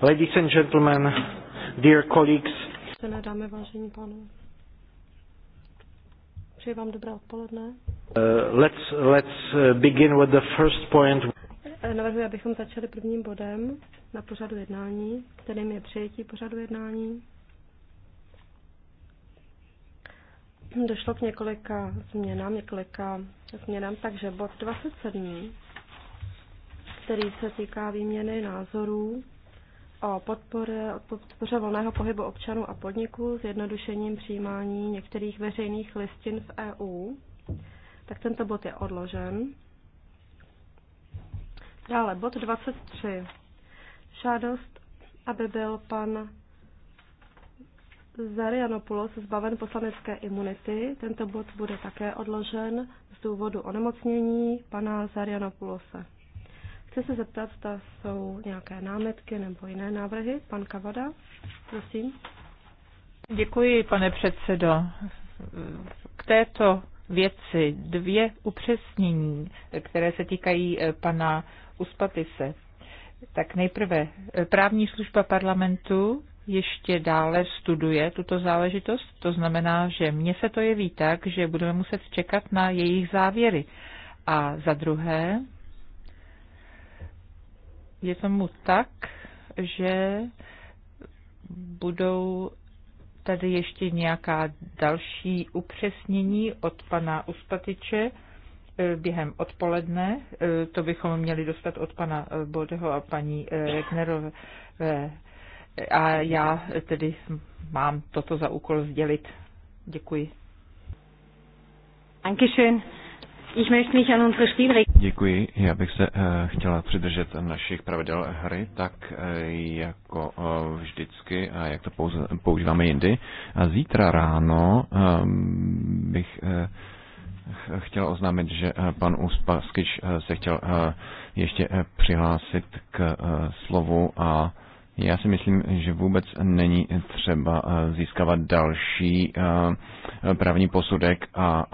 Ladies and gentlemen, dear colleagues. Vážené dámy, vážení pánové. Přeji vám dobré odpoledne. Uh, let's, let's uh, begin with the first point. Eh, navrhuji, abychom začali prvním bodem na pořadu jednání, kterým je přijetí pořadu jednání. Došlo k několika změnám, několika změnám, takže bod 27, který se týká výměny názorů o podpoře, podpoře volného pohybu občanů a podniků s jednodušením přijímání některých veřejných listin v EU, tak tento bod je odložen. Dále bod 23. Žádost, aby byl pan Zarianopoulos zbaven poslanecké imunity. Tento bod bude také odložen z důvodu onemocnění pana Zarianopoulose. Chci se zeptat, zda jsou nějaké námetky nebo jiné návrhy. Pan Kavada, prosím. Děkuji, pane předsedo. K této věci dvě upřesnění, které se týkají eh, pana Uspatise. Tak nejprve eh, právní služba parlamentu ještě dále studuje tuto záležitost. To znamená, že mně se to jeví tak, že budeme muset čekat na jejich závěry. A za druhé, je tomu tak, že budou tady ještě nějaká další upřesnění od pana Uspatiče eh, během odpoledne. Eh, to bychom měli dostat od pana eh, Bodeho a paní Regnerové. A já tedy mám toto za úkol sdělit. Děkuji. Dankeschön. Děkuji. Já bych se eh, chtěla přidržet našich pravidel hry, tak eh, jako eh, vždycky a jak to používáme jindy. A zítra ráno bych chtěl oznámit, že pan Uspaskyč se chtěl ještě přihlásit k slovu a já si myslím, že vůbec není třeba získávat další právní posudek a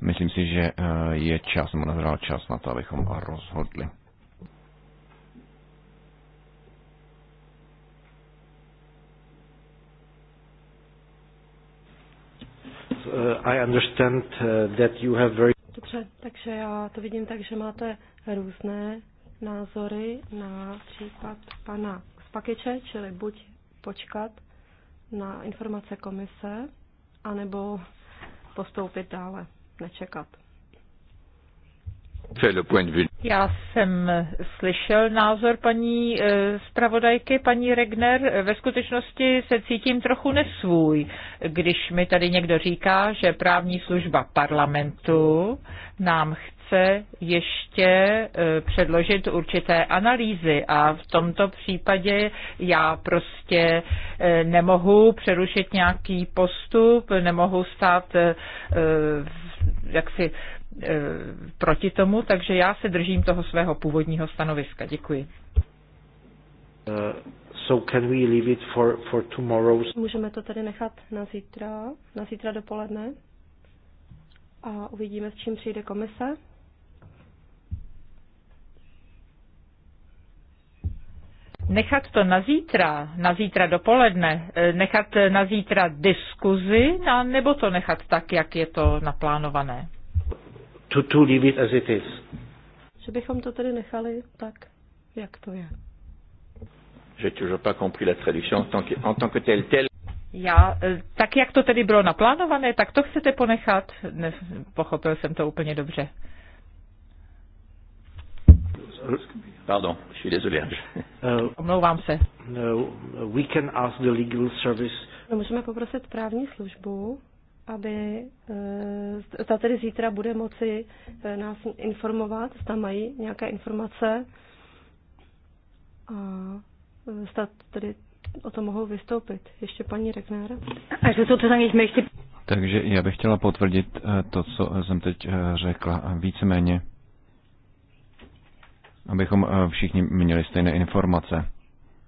Myslím si, že eh, je čas, nebo nazrál čas na to, abychom rozhodli. I understand eh, that you have very... Dobře, takže já to vidím tak, že máte různé názory na případ pana Spakeče, čili buď počkat na informace komise, anebo postoupit dále nečekat. Já jsem slyšel názor paní eh, zpravodajky, paní Regner. Ve skutečnosti se cítím trochu nesvůj, když mi tady někdo říká, že právní služba parlamentu nám chce chce ještě e, předložit určité analýzy a v tomto případě já prostě e, nemohu přerušit nějaký postup, nemohu stát e, jaksi proti tomu, takže já se držím toho svého původního stanoviska. Děkuji. Uh, so can we leave it for, for tomorrow's... Můžeme to tady nechat na zítra, na zítra dopoledne a uvidíme, s čím přijde komise. nechat to na zítra, na zítra dopoledne, eh, nechat na zítra diskuzi, a nebo to nechat tak, jak je to naplánované? To, to leave it as it is. Že bychom to tedy nechali tak, jak to je. J'ai toujours pas compris la traduction en tant que, en tant que tel, tel. Já, eh, tak jak to tedy bylo naplánované, tak to chcete ponechat? Ne, pochopil jsem to úplně dobře. Pardon, je suis désolé. Uh, Omlouvám se. No, we can ask the legal service. No, můžeme poprosit právní službu, aby ta eh, tedy zítra bude moci nás informovat, zda mají nějaké informace a zda tedy o tom mohou vystoupit. Ještě paní Reknára. Takže já bych chtěla potvrdit to, co jsem teď řekla. Víceméně abychom eh, všichni měli stejné informace.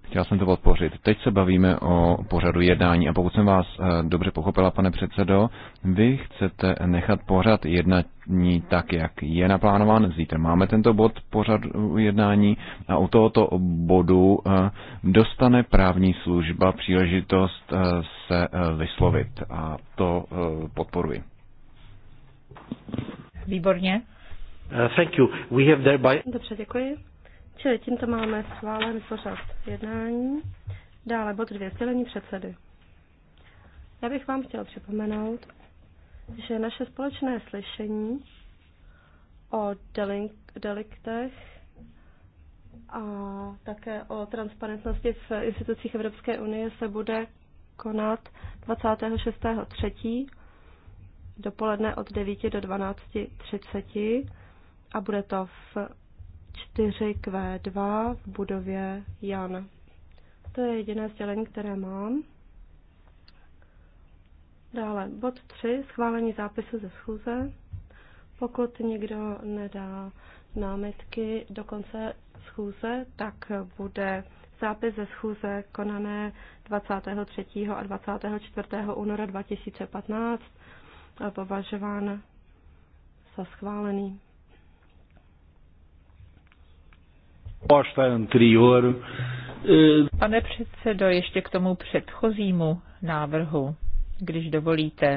Chtěl jsem to podpořit. Teď se bavíme o pořadu jednání a pokud jsem vás eh, dobře pochopila, pane předsedo, vy chcete nechat pořad jednání tak, jak je naplánován. Zítra máme tento bod pořadu jednání a u tohoto bodu eh, dostane právní služba příležitost se vyslovit a to podporuji. Výborně. Uh, thank you. We have thereby... Dobře, děkuji. Čili tímto máme schválen pořad jednání. Dále bod dvě, sdělení předsedy. Já bych vám chtěl připomenout, že naše společné slyšení o deliktech a také o transparentnosti v institucích Evropské unie se bude konat 26.3. dopoledne od 9 do 12.30 a bude to v 4Q2 v budově Jan. To je jediné sdělení, které mám. Dále bod 3, schválení zápisu ze schůze. Pokud nikdo nedá námitky do konce schůze, tak bude zápis ze schůze konané 23. a 24. února 2015 považován za schválený. E, Pane předsedo, ještě k tomu předchozímu návrhu, když dovolíte.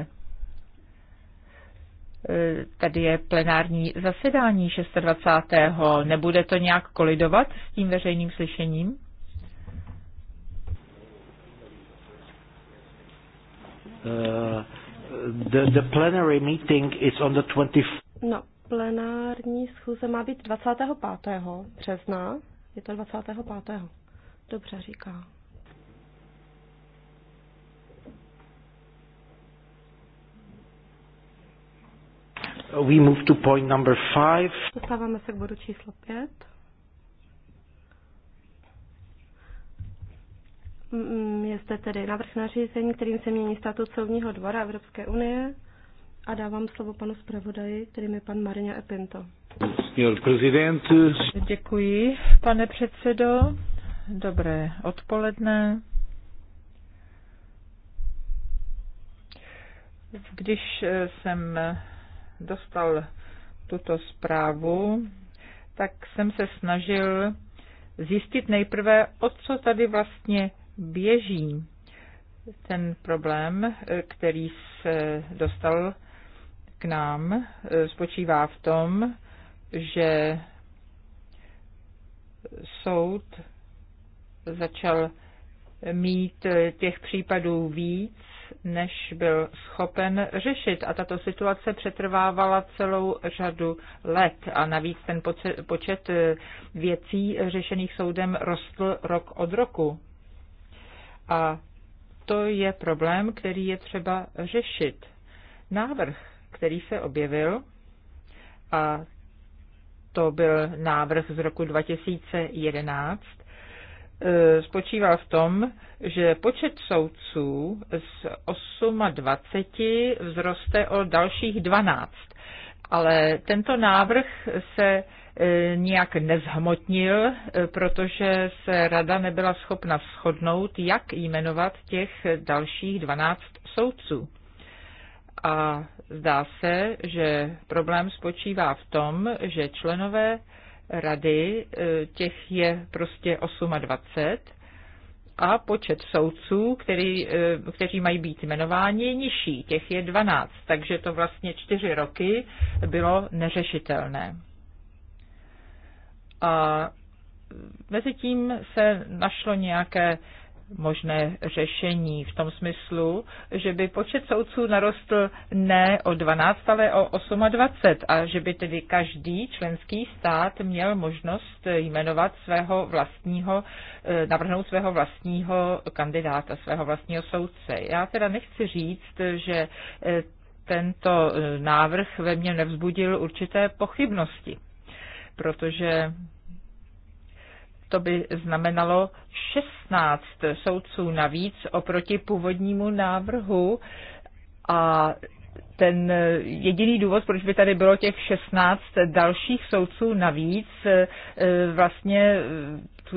E, tady je plenární zasedání 26. Nebude to nějak kolidovat s tím veřejným slyšením? Uh, the, the plenary meeting is on the 20 No, plenární schůze má být 25. března. Je to 25. Dobře říká. We move to point number five. Dostáváme se k bodu číslo pět. Mm, je zde tedy návrh nařízení, kterým se mění statut Soudního dvora Evropské unie a dávám slovo panu zpravodaji, kterým je pan Marina Epinto. Děkuji, pane předsedo. Dobré odpoledne. Když jsem dostal tuto zprávu, tak jsem se snažil zjistit nejprve, o co tady vlastně běží ten problém, který se dostal nám e, spočívá v tom, že soud začal mít těch případů víc, než byl schopen řešit. A tato situace přetrvávala celou řadu let. A navíc ten počet e, věcí řešených soudem rostl rok od roku. A to je problém, který je třeba řešit. Návrh který se objevil a to byl návrh z roku 2011, eh, spočíval v tom, že počet soudců z 28 vzroste o dalších 12. Ale tento návrh se eh, nijak nezhmotnil, eh, protože se rada nebyla schopna shodnout, jak jmenovat těch dalších 12 soudců. A zdá se, že problém spočívá v tom, že členové rady, e, těch je prostě 28 a počet soudců, který, e, kteří mají být jmenováni, je nižší, těch je 12, takže to vlastně čtyři roky bylo neřešitelné. A mezi tím se našlo nějaké možné řešení v tom smyslu, že by počet soudců narostl ne o 12, ale o 28 a že by tedy každý členský stát měl možnost jmenovat svého vlastního, eh, navrhnout svého vlastního kandidáta, svého vlastního soudce. Já teda nechci říct, že eh, tento eh, návrh ve mně nevzbudil určité pochybnosti, protože to by znamenalo 16 soudců navíc oproti původnímu návrhu a ten jediný důvod, proč by tady bylo těch 16 dalších soudců navíc, vlastně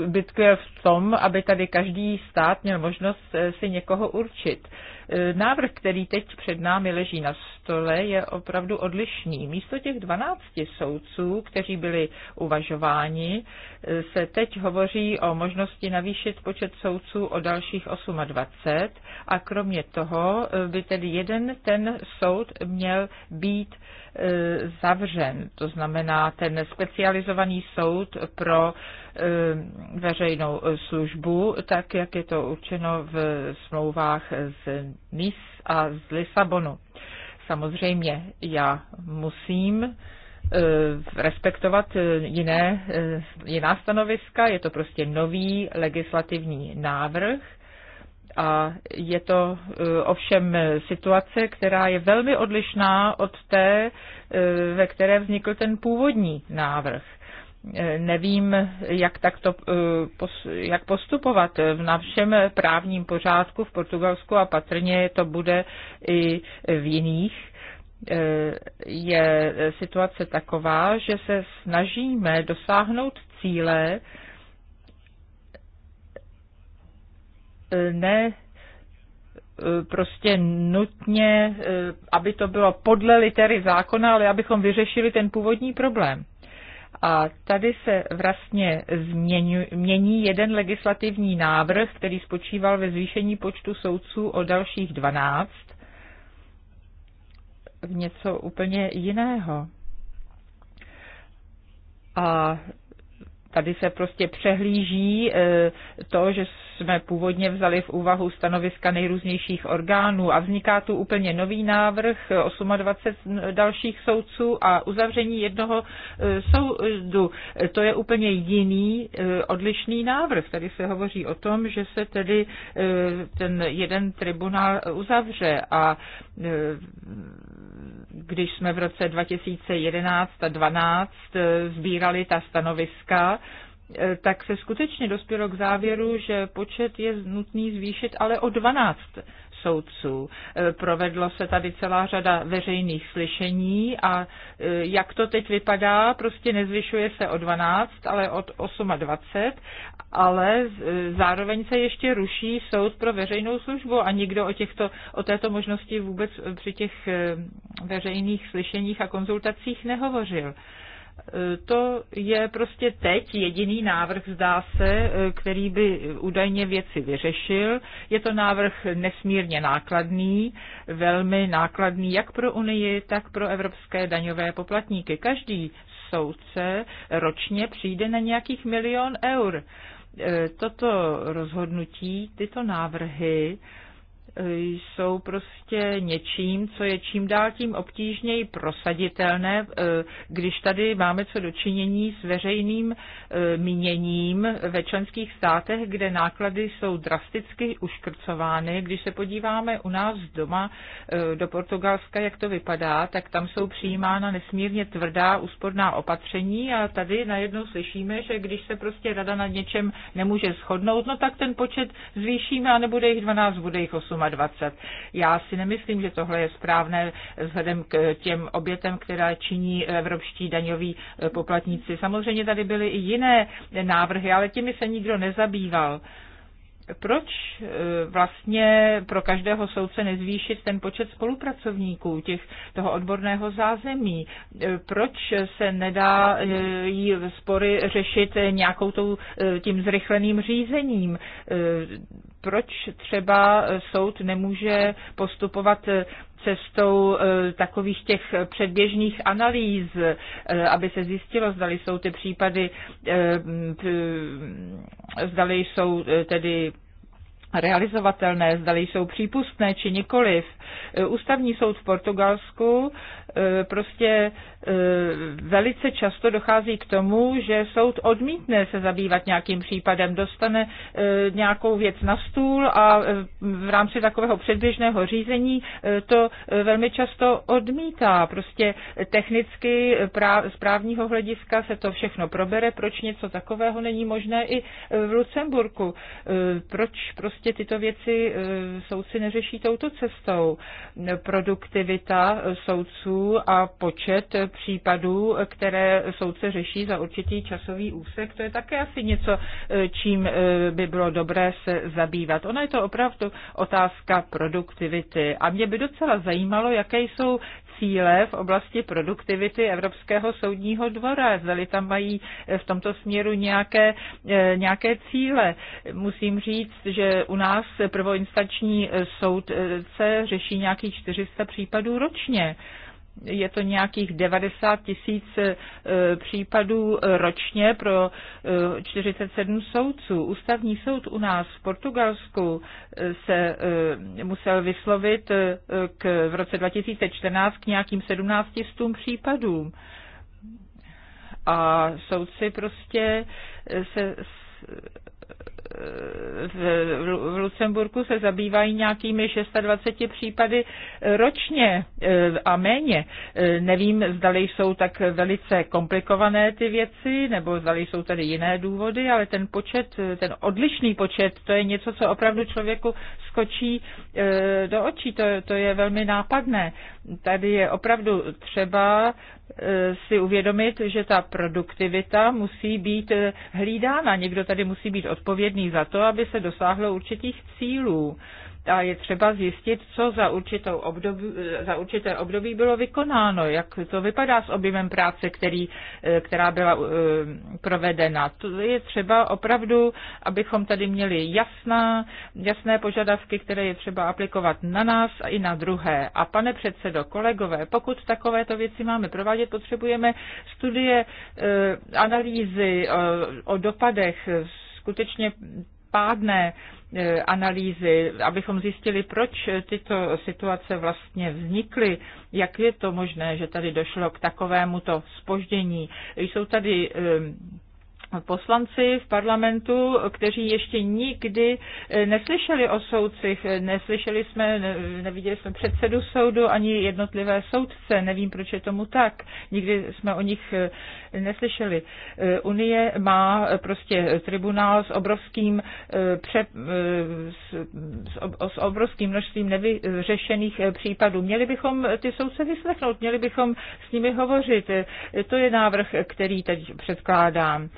bytkuje v tom, aby tady každý stát měl možnost si někoho určit. Eh, návrh, který teď před námi leží na stole, je opravdu odlišný. Místo těch 12 soudců, kteří byli uvažováni, eh, se teď hovoří o možnosti navýšit počet soudců o dalších 28 a kromě toho eh, by tedy jeden ten soud měl být zavřen, to znamená ten specializovaný soud pro veřejnou službu, tak jak je to určeno v smlouvách s Nice a z Lisabonu. Samozřejmě já musím e, respektovat e, jiné, e, jiná stanoviska, je to prostě nový legislativní návrh a je to ovšem situace, která je velmi odlišná od té, ve které vznikl ten původní návrh nevím, jak, takto, eh, jak postupovat v našem právním pořádku v Portugalsku a patrně to bude i v jiných eh, je situace taková, že se snažíme dosáhnout cíle eh, ne prostě nutně, aby to bylo podle litery zákona, ale abychom vyřešili ten původní problém. A tady se vlastně změní, mění jeden legislativní návrh, který spočíval ve zvýšení počtu soudců o dalších 12 v něco úplně jiného. A tady se prostě přehlíží eh, to, že jsme původně vzali v úvahu stanoviska nejrůznějších orgánů a vzniká tu úplně nový návrh 28 eh, dalších soudců a uzavření jednoho eh, soudu. Eh, to je úplně jiný odlišný návrh. Tady se hovoří o tom, že se tedy ten jeden tribunál uzavře a když jsme v roce 2011 a 2012 sbírali ta stanoviska, Eh, tak se skutečně dospělo k závěru, že počet je nutný zvýšit ale o 12 soudců. Eh, provedlo se tady celá řada veřejných slyšení a eh, jak to teď vypadá, prostě nezvyšuje se o 12, ale od 28, ale zároveň se ještě ruší soud pro veřejnou službu a nikdo o, těchto, o této možnosti vůbec při těch veřejných slyšeních a konzultacích nehovořil. Eh, to je prostě teď jediný návrh, zdá se, eh, který by údajně věci vyřešil. Je to návrh nesmírně nákladný, velmi nákladný jak pro Unii, tak pro evropské daňové poplatníky. Každý soudce ročně přijde na nějakých milion eur. Eh, toto rozhodnutí, tyto návrhy, jsou prostě něčím, co je čím dál tím obtížněji prosaditelné, eh, když tady máme co dočinění s veřejným eh, míněním ve členských státech, kde náklady jsou drasticky uškrcovány. Když se podíváme u nás doma eh, do Portugalska, jak to vypadá, tak tam jsou přijímána nesmírně tvrdá úsporná opatření a tady najednou slyšíme, že když se prostě rada na něčem nemůže shodnout, no tak ten počet zvýšíme a nebude jich 12, bude jich 8 28. Já si nemyslím, že tohle je správné vzhledem k těm obětem, která činí evropští daňoví eh, poplatníci. Samozřejmě tady byly i jiné návrhy, ale těmi se nikdo nezabýval proč eh, vlastně pro každého soudce nezvýšit ten počet spolupracovníků, těch, toho odborného zázemí? Eh, proč se nedá jí spory řešit nějakou tou, tím zrychleným řízením? proč třeba eh, soud nemůže postupovat eh, cestou eh, takových těch předběžných analýz, aby se zjistilo, zdali jsou ty případy, zdali jsou tedy realizovatelné, zdali jsou přípustné či nikoliv. E, ústavní soud v Portugalsku e, prostě e, velice často dochází k tomu, že soud odmítne se zabývat nějakým případem, dostane nějakou věc na stůl a v rámci takového předběžného řízení to velmi často odmítá. Prostě technicky z právního hlediska se to všechno probere, proč něco takového není možné i v Lucemburku. Proč prostě prostě tyto věci eh, soudci neřeší touto cestou. Produktivita eh, soudců a počet eh, případů, které soudce řeší za určitý časový úsek, to je také asi něco, čím by bylo dobré se zabývat. Ona je to opravdu otázka produktivity. A mě by docela zajímalo, jaké jsou cíle v oblasti produktivity Evropského soudního dvora, zdali tam mají eh, v tomto směru nějaké, eh, nějaké cíle. Musím říct, že u nás prvoinstační eh, soudce řeší nějakých 400 případů ročně je to nějakých 90 tisíc e, případů ročně pro 47 e, soudců. Ústavní soud u nás v Portugalsku e, se musel vyslovit k, v roce 2014 k nějakým 17 případům. A soudci prostě se v Lucemburku se zabývají nějakými 26 případy eh, ročně eh, a méně. Eh, nevím, zdali jsou tak velice komplikované ty věci, nebo zdali jsou tady jiné důvody, ale ten počet, ten odlišný počet, to je něco, co opravdu člověku skočí do očí. To, to je velmi nápadné. Tady je opravdu třeba Eh, si uvědomit, že ta produktivita musí být eh, hlídána. Někdo tady musí být odpovědný za to, aby se dosáhlo určitých cílů a je třeba zjistit, co za, určitou období, za určité období bylo vykonáno, jak to vypadá s objemem práce, který, eh, která byla eh, provedena. To je třeba opravdu, abychom tady měli jasná, jasné požadavky, které je třeba aplikovat na nás a i na druhé. A pane předsedo, kolegové, pokud takovéto věci máme provádět, potřebujeme studie, eh, analýzy o dopadech skutečně pádné Eh, analýzy, abychom zjistili, proč tyto situace vlastně vznikly, jak je to možné, že tady došlo k takovému to spoždění. Jsou tady eh, poslanci v parlamentu, kteří ještě nikdy eh, neslyšeli o soudcích, eh, neslyšeli jsme, neviděli jsme předsedu soudu ani jednotlivé soudce, nevím, proč je tomu tak, nikdy jsme o nich eh, neslyšeli. Unie má prostě tribunál s obrovským, pře, s, s obrovským množstvím nevyřešených případů. Měli bychom ty soudce vyslechnout, měli bychom s nimi hovořit. To je návrh, který teď předkládám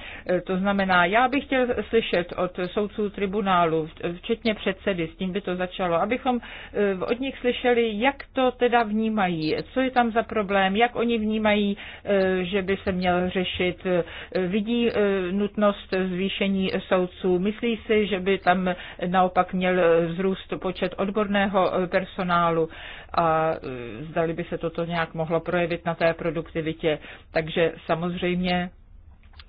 to znamená, já bych chtěl slyšet od soudců tribunálu, včetně předsedy, s tím by to začalo, abychom eh, od nich slyšeli, jak to teda vnímají, co je tam za problém, jak oni vnímají, eh, že by se měl řešit, eh, vidí nutnost zvýšení soudců, myslí si, že by tam naopak měl vzrůst počet odborného personálu a zdali by se toto nějak mohlo projevit na té produktivitě. Takže samozřejmě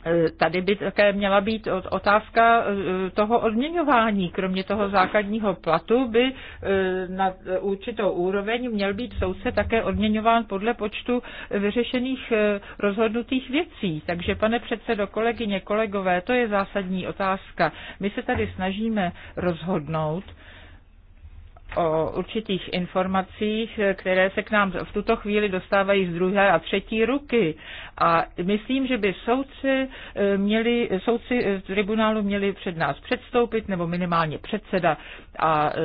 E, tady by také měla být otázka e, toho odměňování. Kromě toho základního platu by e, na určitou úroveň měl být soudce také odměňován podle počtu vyřešených rozhodnutých věcí. Takže, pane předsedo, kolegyně, kolegové, to je zásadní otázka. My se tady snažíme rozhodnout, o určitých informacích, které se k nám v tuto chvíli dostávají z druhé a třetí ruky. A myslím, že by soudci, eh, měli, soudci z eh, tribunálu měli před nás předstoupit, nebo minimálně předseda a eh,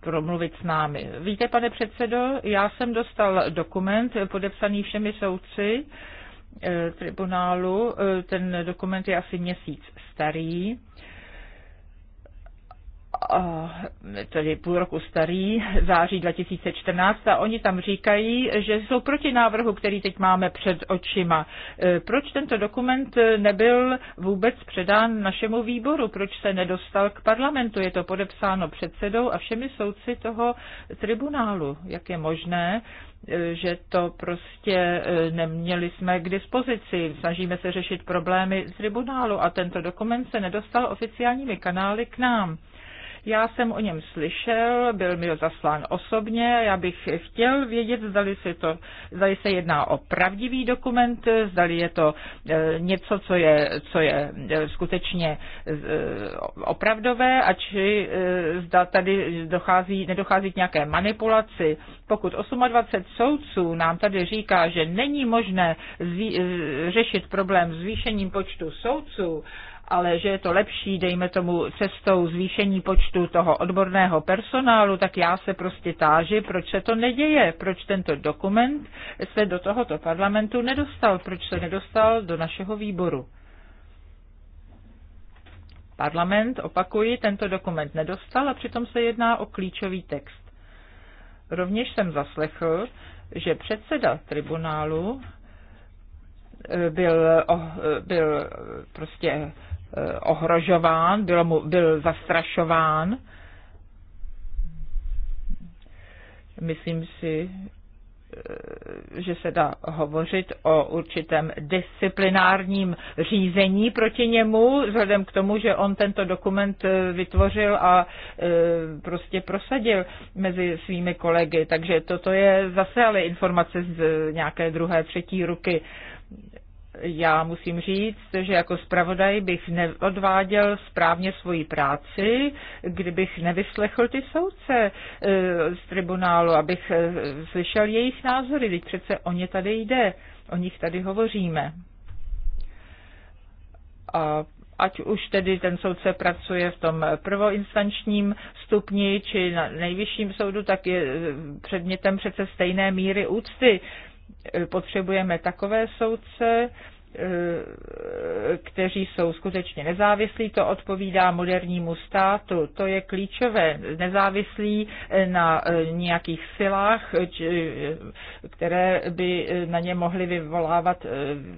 promluvit s námi. Víte, pane předsedo, já jsem dostal dokument podepsaný všemi soudci tribunálu. Ten dokument je asi měsíc starý tedy půl roku starý, září 2014, a oni tam říkají, že jsou proti návrhu, který teď máme před očima. E, proč tento dokument nebyl vůbec předán našemu výboru? Proč se nedostal k parlamentu? Je to podepsáno předsedou a všemi soudci toho tribunálu. Jak je možné, e, že to prostě e, neměli jsme k dispozici. Snažíme se řešit problémy z tribunálu a tento dokument se nedostal oficiálními kanály k nám. Já jsem o něm slyšel, byl mi zaslán osobně, já bych chtěl vědět, zdali se, to, zdali se jedná o pravdivý dokument, zdali je to e, něco, co je, co je e, skutečně e, opravdové a či zda tady dochází, nedochází k nějaké manipulaci. Pokud 28 soudců nám tady říká, že není možné zví, řešit problém zvýšením počtu soudců, ale že je to lepší, dejme tomu, cestou zvýšení počtu toho odborného personálu, tak já se prostě táži, proč se to neděje, proč tento dokument se do tohoto parlamentu nedostal, proč se nedostal do našeho výboru. Parlament, opakuji, tento dokument nedostal a přitom se jedná o klíčový text. Rovněž jsem zaslechl, že předseda tribunálu eh, byl, oh, eh, byl prostě Eh, ohrožován, byl, mu, byl zastrašován. Myslím si, eh, že se dá hovořit o určitém disciplinárním řízení proti němu, vzhledem k tomu, že on tento dokument eh, vytvořil a prostě prosadil mezi svými kolegy. Takže toto je zase ale informace z nějaké druhé, třetí ruky já musím říct, že jako zpravodaj bych neodváděl správně svoji práci, kdybych nevyslechl ty soudce eh, z tribunálu, abych eh, slyšel jejich názory. Teď přece o ně tady jde, o nich tady hovoříme. A ať už tedy ten soudce pracuje v tom prvoinstančním stupni či na nejvyšším soudu, tak je eh, předmětem přece stejné míry úcty potřebujeme takové soudce, kteří jsou skutečně nezávislí, to odpovídá modernímu státu. To je klíčové. Nezávislí na eh, nějakých silách, eh, které by eh, na ně mohly vyvolávat,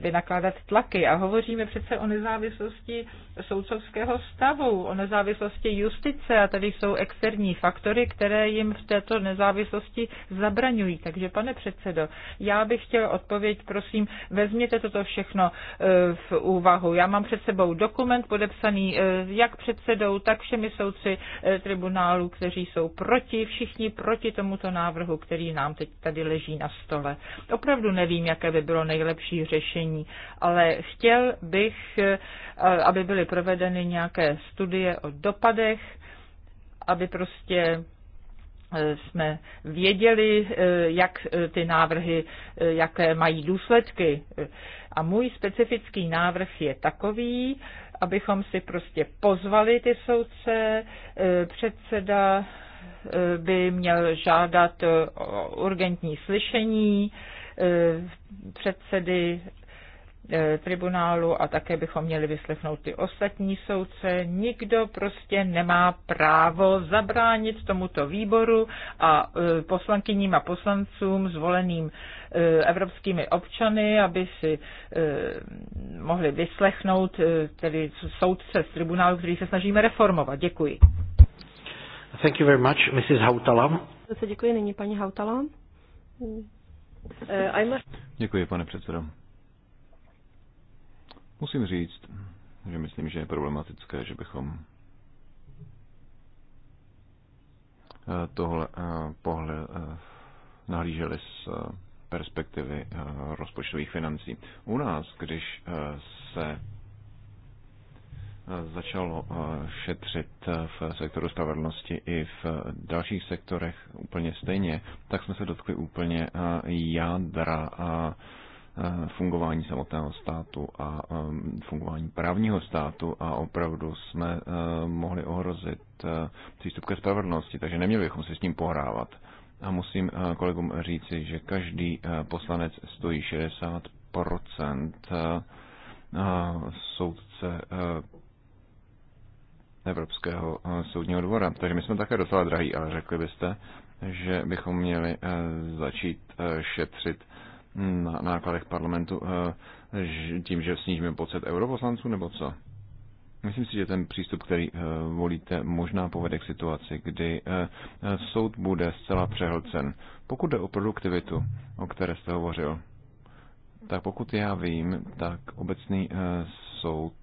vynakládat tlaky. A hovoříme přece o nezávislosti soudcovského stavu, o nezávislosti justice a tady jsou externí faktory, které jim v této nezávislosti zabraňují. Takže pane předsedo, já bych chtěl odpověď, prosím, vezměte toto všechno všechno eh, v úvahu. Já mám před sebou dokument podepsaný eh, jak předsedou, tak všemi soudci eh, tribunálu, kteří jsou proti, všichni proti tomuto návrhu, který nám teď tady leží na stole. Opravdu nevím, jaké by bylo nejlepší řešení, ale chtěl bych, aby byly provedeny nějaké studie o dopadech, aby prostě Eh, jsme věděli, eh, jak eh, ty návrhy, jaké mají důsledky. A můj specifický návrh je takový, abychom si prostě pozvali ty soudce, předseda by měl žádat urgentní slyšení předsedy E, tribunálu a také bychom měli vyslechnout ty ostatní soudce. Nikdo prostě nemá právo zabránit tomuto výboru a e, poslankyním a poslancům zvoleným e, evropskými občany, aby si mohli vyslechnout tedy soudce z tribunálu, který se snažíme reformovat. Děkuji. Thank you very much, Mrs. Hautala. Děkuji, nyní paní Hautala. Děkuji, pane předsedo. Musím říct, že myslím, že je problematické, že bychom eh, tohle eh, pohled eh, nahlíželi z perspektivy rozpočtových financí. U nás, když se začalo šetřit v sektoru spravedlnosti i v dalších sektorech úplně stejně, tak jsme se dotkli úplně jádra a Eh, fungování samotného státu a eh, fungování právního státu a opravdu jsme eh, mohli ohrozit přístup ke spravedlnosti, takže neměli bychom se s tím pohrávat. A musím kolegům říci, že každý poslanec stojí 60 soudce Evropského soudního dvora. Takže my jsme také docela drahí, ale řekli byste, že bychom měli začít šetřit na nákladech parlamentu eh, tím, že snížíme počet europoslanců, nebo co? Myslím si, že ten přístup, který eh, volíte, možná povede k situaci, kdy eh, soud bude zcela přehlcen. Pokud jde o produktivitu, o které jste hovořil, tak pokud já vím, tak obecný soud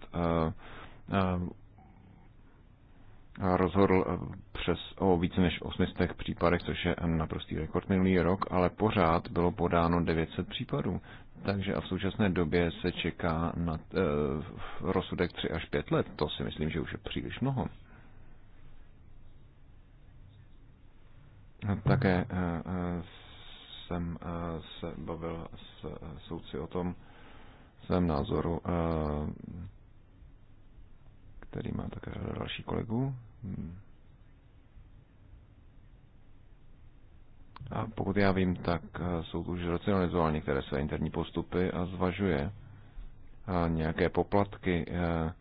rozhodl přes o více než 800 případech, což je naprostý rekord minulý rok, ale pořád bylo podáno 900 případů. Takže a v současné době se čeká na e, rozsudek 3 až 5 let. To si myslím, že už je příliš mnoho. Také e, jsem e, se bavil s e, soudci o tom svém názoru. E, který má také další kolegu. kolegů. Hmm. A pokud já vím, tak eh, tu už racionalizovány některé své interní postupy a zvažuje eh, nějaké poplatky eh,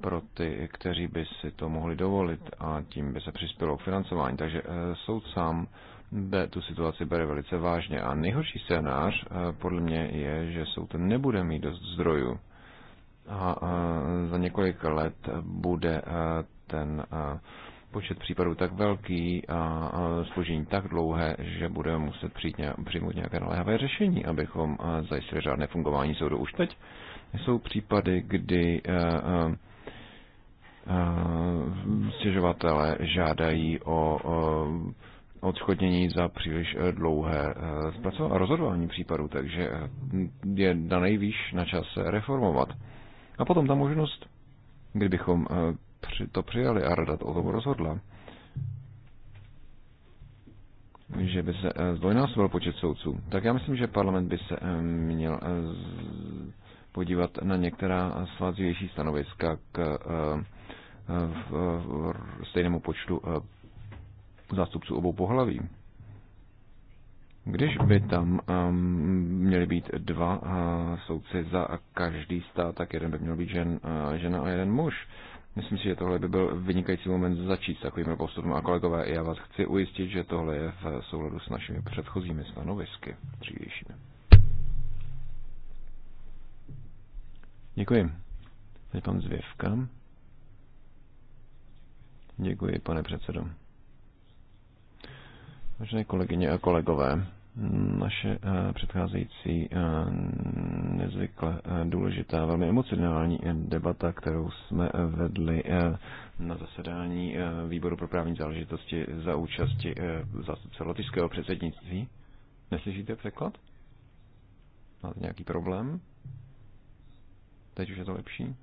pro ty, kteří by si to mohli dovolit a tím by se přispělo k financování. Takže soud sám tu situaci bere velice vážně. A nejhorší scénář podle mě je, že soud nebude mít dost zdrojů a za několik let bude ten počet případů tak velký a složení tak dlouhé, že budeme muset přijít nějak, přijmout nějaké naléhavé řešení, abychom zajistili řádné fungování soudu. Už teď jsou případy, kdy stěžovatele žádají o odškodnění za příliš e, dlouhé e, zpracování rozhodování případů, takže e, je na nejvýš na čase reformovat. A potom ta možnost, kdybychom to přijali a rada o tom rozhodla, že by se eh, zdvojnásobil počet soudců, tak já myslím, že parlament by se eh, měl eh, podívat na některá svazivější stanoviska k stejnému počtu zástupců obou pohlaví. Když by tam um, ehm, měly být dva uh, soudci za každý stát, tak jeden by měl být žen, uh, žena a jeden muž. Uh, Myslím si, že tohle by byl vynikající moment začít s takovým postupem. A kolegové, já vás chci ujistit, že tohle je v souladu s našimi předchozími stanovisky dřívějšími. Děkuji. Tady pan Zvěvka. Děkuji, pane předsedo. Vážené kolegyně a kolegové, naše eh, předcházející eh, nezvykle eh, důležitá, velmi emocionální debata, kterou jsme vedli na zasedání výboru pro právní záležitosti za účasti zástupce lotyšského předsednictví. Neslyšíte překlad? Máte nějaký problém? Teď už je to lepší?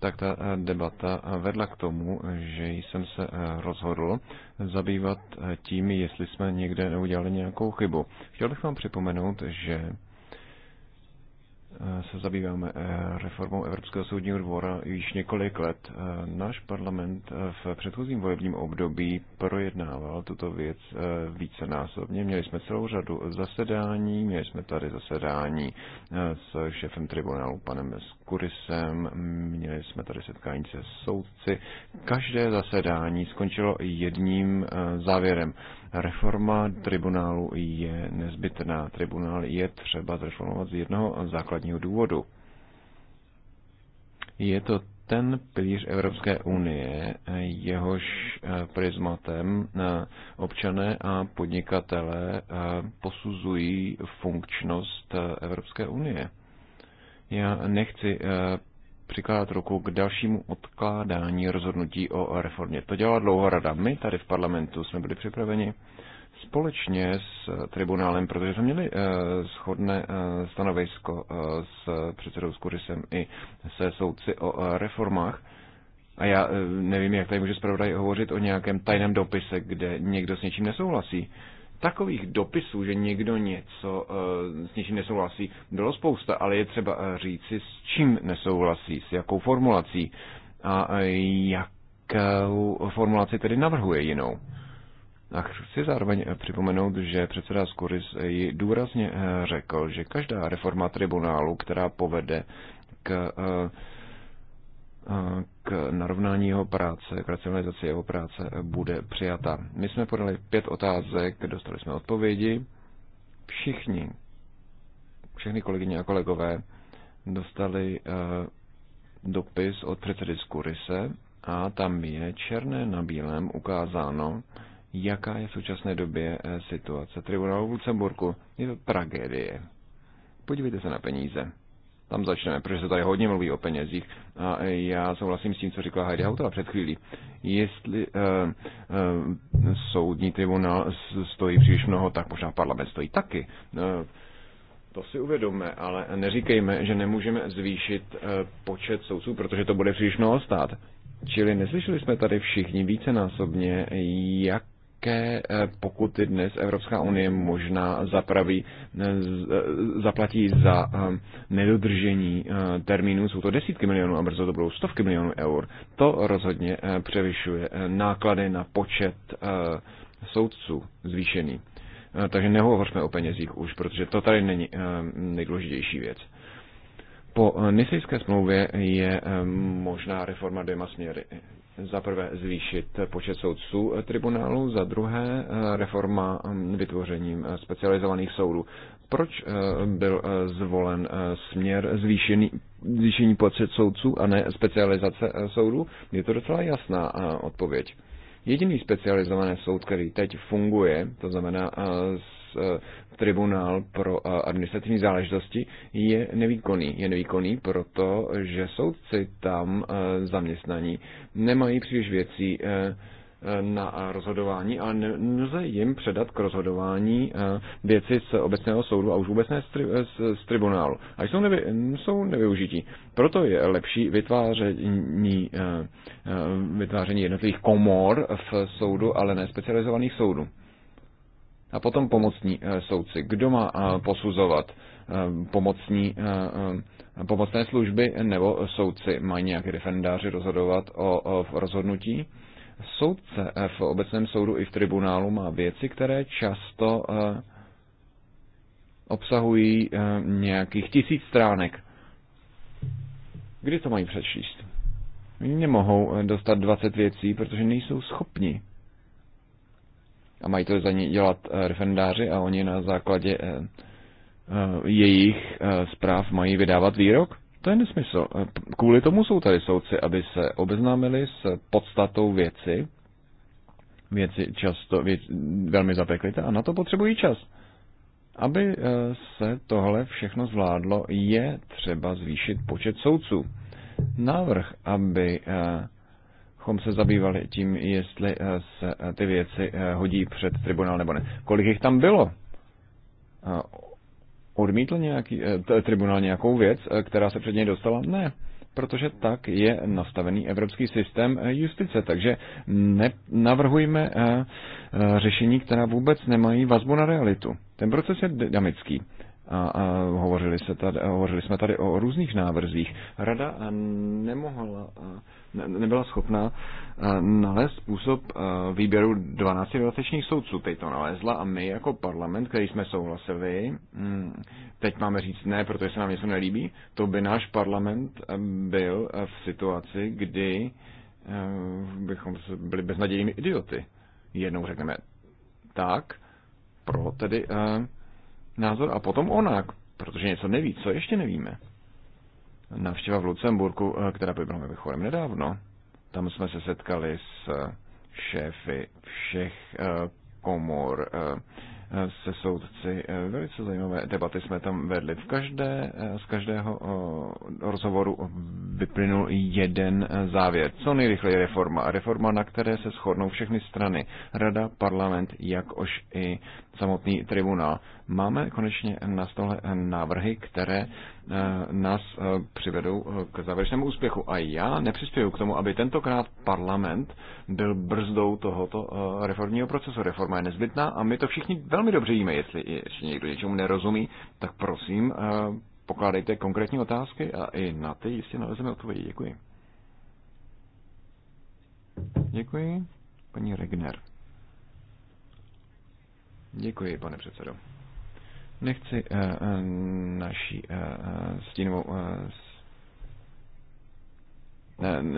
tak ta eh, debata eh, vedla k tomu, že jsem se eh, rozhodl zabývat tím, jestli jsme někde neudělali nějakou chybu. Chtěl bych vám připomenout, že se zabýváme eh, reformou Evropského soudního dvora již několik let. Eh, náš parlament eh, v předchozím volebním období projednával tuto věc vícenásobně. Měli jsme celou řadu zasedání, měli jsme tady zasedání s šefem tribunálu panem Skurisem, měli jsme tady setkání se soudci. Každé zasedání skončilo jedním závěrem. Reforma tribunálu je nezbytná. Tribunál je třeba zreformovat z jednoho základního důvodu. Je to ten pilíř Evropské unie, jehož eh, prismatem eh, občané a podnikatelé eh, posuzují funkčnost Evropské unie. Já nechci přikládat ruku k dalšímu odkládání rozhodnutí o reformě. To dělala dlouho rada. My tady v parlamentu jsme byli připraveni společně s tribunálem, protože jsme měli uh, shodné uh, stanovisko uh, s předsedou Skurisem i se soudci o uh, reformách. A já uh, nevím, jak tady může zpravodaj hovořit o nějakém tajném dopise, kde někdo s něčím nesouhlasí. Uh, Takových dopisů, že někdo něco eh, s něčím nesouhlasí, bylo spousta, ale je třeba eh, říci, s čím nesouhlasí, s jakou formulací a eh, jakou formulaci tedy navrhuje jinou. A chci zároveň připomenout, že předseda ji důrazně řekl, že každá reforma tribunálu, která povede k k narovnání jeho práce, k racionalizaci jeho práce bude přijata. My jsme podali pět otázek, dostali jsme odpovědi. Všichni, všechny kolegyně a kolegové dostali eh, dopis od předsedy Skurise a tam je černé na bílém ukázáno, jaká je v současné době eh, situace tribunálu v Lucemburku. Je to tragédie. Podívejte se na peníze tam začneme, protože se tady hodně mluví o penězích. A já souhlasím s tím, co říkala Heidi Hautala před chvílí. Jestli uh, uh, soudní tribunál stojí příliš mnoho, tak možná parlament stojí taky. Uh, to si uvědomme, ale neříkejme, že nemůžeme zvýšit počet soudců, protože to bude příliš mnoho stát. Čili neslyšeli jsme tady všichni vícenásobně, jak jaké eh, pokuty dnes Evropská unie možná zapraví, eh, zaplatí za eh, nedodržení termínů. Jsou to desítky milionů a brzo to budou stovky milionů eur. To rozhodně převyšuje náklady na počet soudců zvýšený. Takže nehovořme o penězích už, protože to tady není nejdůležitější věc. Po nisejské smlouvě je možná reforma dvěma směry za prvé zvýšit počet soudců tribunálu, za druhé eh, reforma mm, vytvořením eh, specializovaných soudů. Proč eh, byl zvolen směr zvýšený, zvýšení počet soudců a ne specializace soudů? Je to docela jasná odpověď. Jediný specializovaný soud, který teď funguje, to znamená Eh, tribunál pro eh, administrativní záležitosti je nevýkonný. Je nevýkonný proto, že soudci tam eh, zaměstnaní nemají příliš věcí na rozhodování, a nelze jim předat k rozhodování věci z obecného soudu a už vůbec ne z, tri, z, z tribunálu. A jsou, nevy, jsou nevyužití. Proto je lepší vytváření, vytváření jednotlivých komor v soudu, ale ne specializovaných soudů. A potom pomocní eh, soudci. Kdo má eh, posuzovat eh, pomocní, pomocné služby nebo soudci? Mají nějaké defendáři rozhodovat o, o rozhodnutí? Soudce v obecném soudu i v tribunálu má věci, které často obsahují nějakých tisíc stránek. Kdy to mají přečíst? Oni nemohou dostat 20 věcí, protože nejsou schopni a mají to za ně dělat eh, referendáři a oni na základě eh, eh, jejich zpráv mají vydávat výrok? To je nesmysl. Kvůli tomu jsou tady soudci, aby se obeznámili s podstatou věci. Věci často věc, velmi zapeklité a na to potřebují čas. Aby se tohle všechno zvládlo, je třeba zvýšit počet soudců. Návrh, aby bychom se zabývali tím, jestli eh, se eh, ty věci eh, hodí před tribunál nebo ne. Kolik jich tam bylo? Odmítl nějaký, tribunál nějakou věc, která se před něj dostala? Ne protože tak je nastavený evropský systém justice. Takže navrhujme řešení, která vůbec nemají vazbu na realitu. Ten proces je dynamický a, a hovořili, se tady, hovořili jsme tady o různých návrzích. Rada nemohla, ne, nebyla schopna nalézt způsob výběru 12 dodatečných soudců. Teď to nalezla a my jako parlament, který jsme souhlasili, hm, teď máme říct ne, protože se nám něco nelíbí, to by náš parlament byl v situaci, kdy eh, bychom byli beznadějnými idioty. Jednou řekneme tak, pro tedy uh, názor a potom onak, protože něco neví, co ještě nevíme. Navštěva v Lucemburku, eh, která proběhla mimochodem nedávno, tam jsme se setkali s eh, šéfy všech eh, komor, se soudci. Velice zajímavé debaty jsme tam vedli. V každé, z každého rozhovoru vyplynul jeden závěr. Co nejrychleji reforma. Reforma, na které se shodnou všechny strany. Rada, parlament, jakož i samotný tribunál. Máme konečně na stole návrhy, které eh, nás eh, přivedou eh, k závěrečnému úspěchu. A já nepřispěju k tomu, aby tentokrát parlament byl brzdou tohoto reformního procesu. Reforma je nezbytná a my to všichni velmi dobře víme. Jestli ještě někdo něčemu nerozumí, tak prosím, pokládejte konkrétní otázky a i na ty jistě nalezeme odpovědi. Děkuji. Děkuji. Paní Regner. Děkuji, pane předsedo. Nechci uh, naší uh, stínovou uh,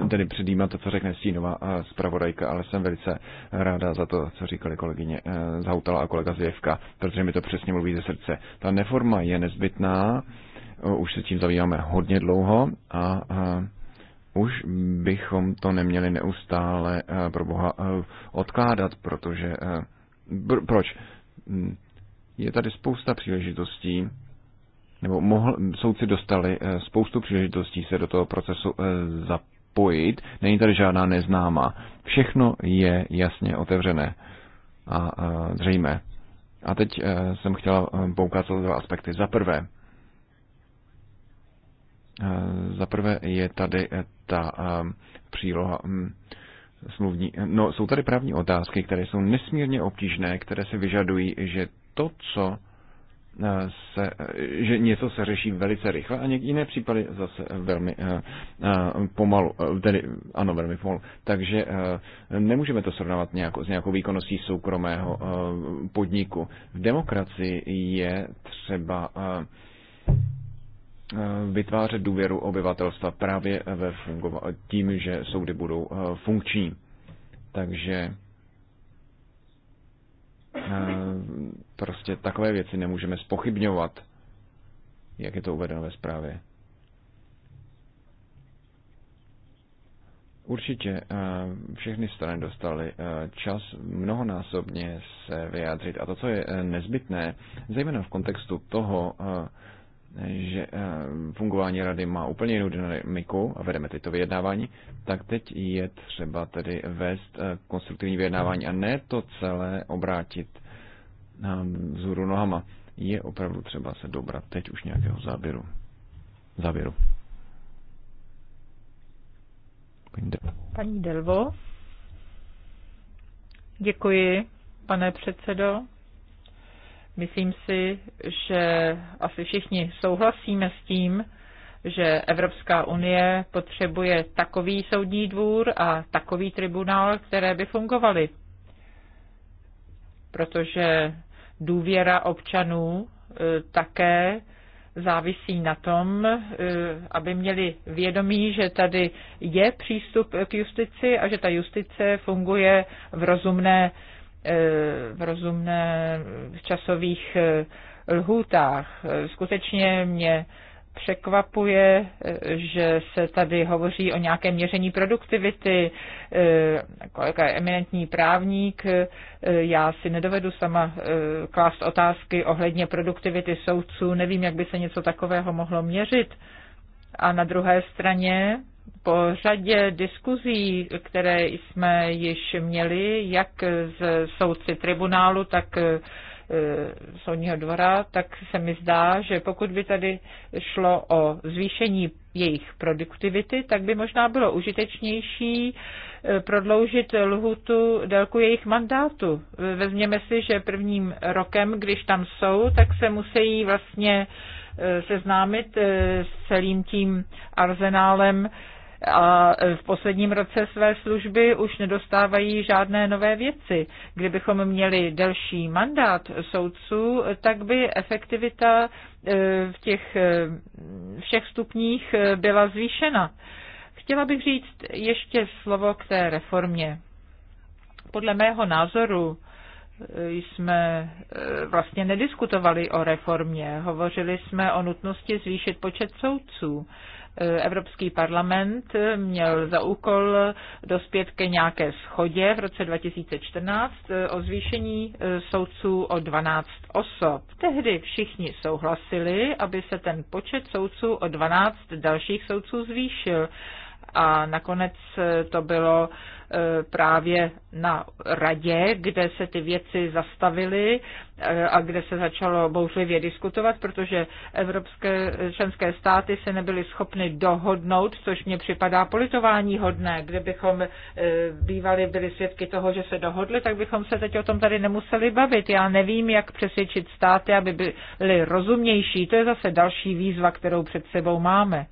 tedy předjímat to, co řekne stínová uh, zpravodajka, ale jsem velice ráda za to, co říkali kolegyně uh, Zautala a kolega Zjevka, protože mi to přesně mluví ze srdce. Ta neforma je nezbytná, uh, už se tím zabýváme hodně dlouho a uh, už bychom to neměli neustále pro Boha odkládat, protože proč? Hmm. je tady spousta příležitostí, nebo mohl, soudci dostali eh, spoustu příležitostí se do toho procesu eh, zapojit. Není tady žádná neznámá. Všechno je jasně otevřené a eh, zřejmé. A teď jsem chtěla poukázat dva aspekty. Za prvé, za prvé je tady ta příloha hm, smluvní. No, jsou tady právní otázky, které jsou nesmírně obtížné, které se vyžadují, že to, co eh, se, eh, že něco se řeší velice rychle a někdy jiné případy zase velmi uh, pomalu, tedy ano, velmi pomalu. Takže uh, nemůžeme to srovnávat nějako, s nějakou výkonností soukromého uh, podniku. V demokracii je třeba uh, Eh, vytvářet důvěru obyvatelstva právě ve fungova- tím, že soudy budou eh, funkční. Takže eh, prostě takové věci nemůžeme spochybňovat, jak je to uvedeno ve zprávě. Určitě všechny strany dostaly čas mnohonásobně se vyjádřit. A to, co je nezbytné, zejména v kontextu toho, že eh, fungování rady má úplně jinou dynamiku a vedeme teď to vyjednávání, tak teď je třeba tedy vést eh, konstruktivní vyjednávání a ne to celé obrátit eh, vzhůru nohama. Je opravdu třeba se dobrat teď už nějakého záběru. Záběru. Paní Delvo. Děkuji, pane předsedo. Myslím si, že asi všichni souhlasíme s tím, že Evropská unie potřebuje takový soudní dvůr a takový tribunál, které by fungovaly. Protože důvěra občanů e, také závisí na tom, e, aby měli vědomí, že tady je přístup k justici a že ta justice funguje v rozumné Eh, v rozumné v časových eh, lhůtách. Skutečně mě překvapuje, eh, že se tady hovoří o nějakém měření produktivity. Kolega jako je eminentní právník, já si nedovedu sama klást otázky ohledně produktivity soudců, nevím, jak by se něco takového mohlo měřit. A na druhé straně po řadě diskuzí, které jsme již měli, jak z soudci tribunálu, tak e, soudního dvora, tak se mi zdá, že pokud by tady šlo o zvýšení jejich produktivity, tak by možná bylo užitečnější e, prodloužit lhutu délku jejich mandátu. Vezměme si, že prvním rokem, když tam jsou, tak se musí vlastně uh, Eh, seznámit eh, s celým tím arzenálem a eh, v posledním roce své služby už nedostávají žádné nové věci. Kdybychom měli delší mandát soudců, tak by efektivita v těch všech stupních byla zvýšena. Chtěla bych říct ještě slovo k té reformě. Podle mého názoru jsme eh, vlastně nediskutovali o reformě. Hovořili jsme o nutnosti zvýšit počet soudců. Eh, Evropský parlament měl za úkol dospět ke nějaké schodě v roce 2014 eh, o zvýšení soudců o 12 osob. Tehdy všichni souhlasili, aby se ten počet soudců o 12 dalších soudců zvýšil a nakonec eh, to bylo eh, právě na radě, kde se ty věci zastavily eh, a kde se začalo bouřlivě diskutovat, protože evropské členské státy se nebyly schopny dohodnout, což mně připadá politování hodné. Kdybychom bývali byli svědky toho, že se dohodli, tak bychom se teď o tom tady nemuseli bavit. Já nevím, jak přesvědčit státy, aby byly rozumnější. To je zase další výzva, kterou před sebou máme.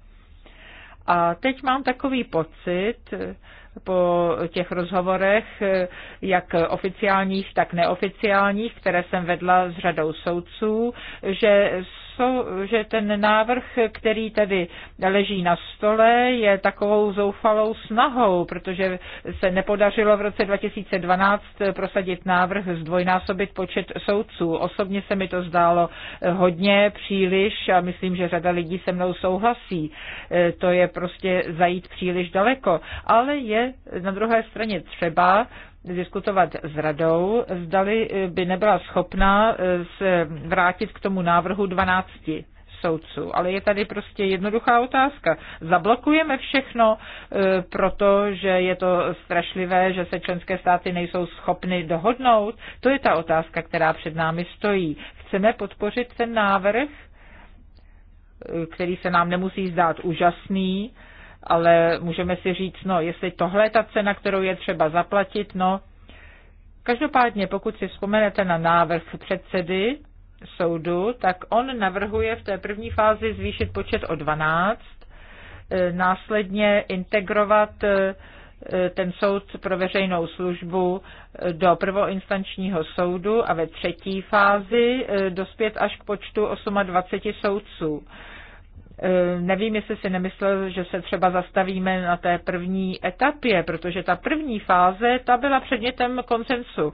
A teď mám takový pocit, po těch rozhovorech, jak oficiálních, tak neoficiálních, které jsem vedla s řadou soudců, že jsou, že ten návrh, který tady leží na stole, je takovou zoufalou snahou, protože se nepodařilo v roce 2012 prosadit návrh zdvojnásobit počet soudců. Osobně se mi to zdálo hodně, příliš a myslím, že řada lidí se mnou souhlasí. E, to je prostě zajít příliš daleko. Ale je na druhé straně třeba diskutovat s radou, zdali eh, by nebyla schopná eh, se vrátit k tomu návrhu 12 soudců. Ale je tady prostě jednoduchá otázka. Zablokujeme všechno, eh, protože je to strašlivé, že se členské státy nejsou schopny dohodnout? To je ta otázka, která před námi stojí. Chceme podpořit ten návrh, který se nám nemusí zdát úžasný, ale můžeme si říct, no, jestli tohle je ta cena, kterou je třeba zaplatit, no. Každopádně, pokud si vzpomenete na návrh předsedy soudu, tak on navrhuje v té první fázi zvýšit počet o 12, e, následně integrovat e, e, ten soud pro veřejnou službu do prvoinstančního soudu a ve třetí fázi dospět až k počtu 28 soudců. Eh, nevím, jestli si nemyslel, že se třeba zastavíme na té první etapě, protože ta první fáze, ta byla předmětem konsensu.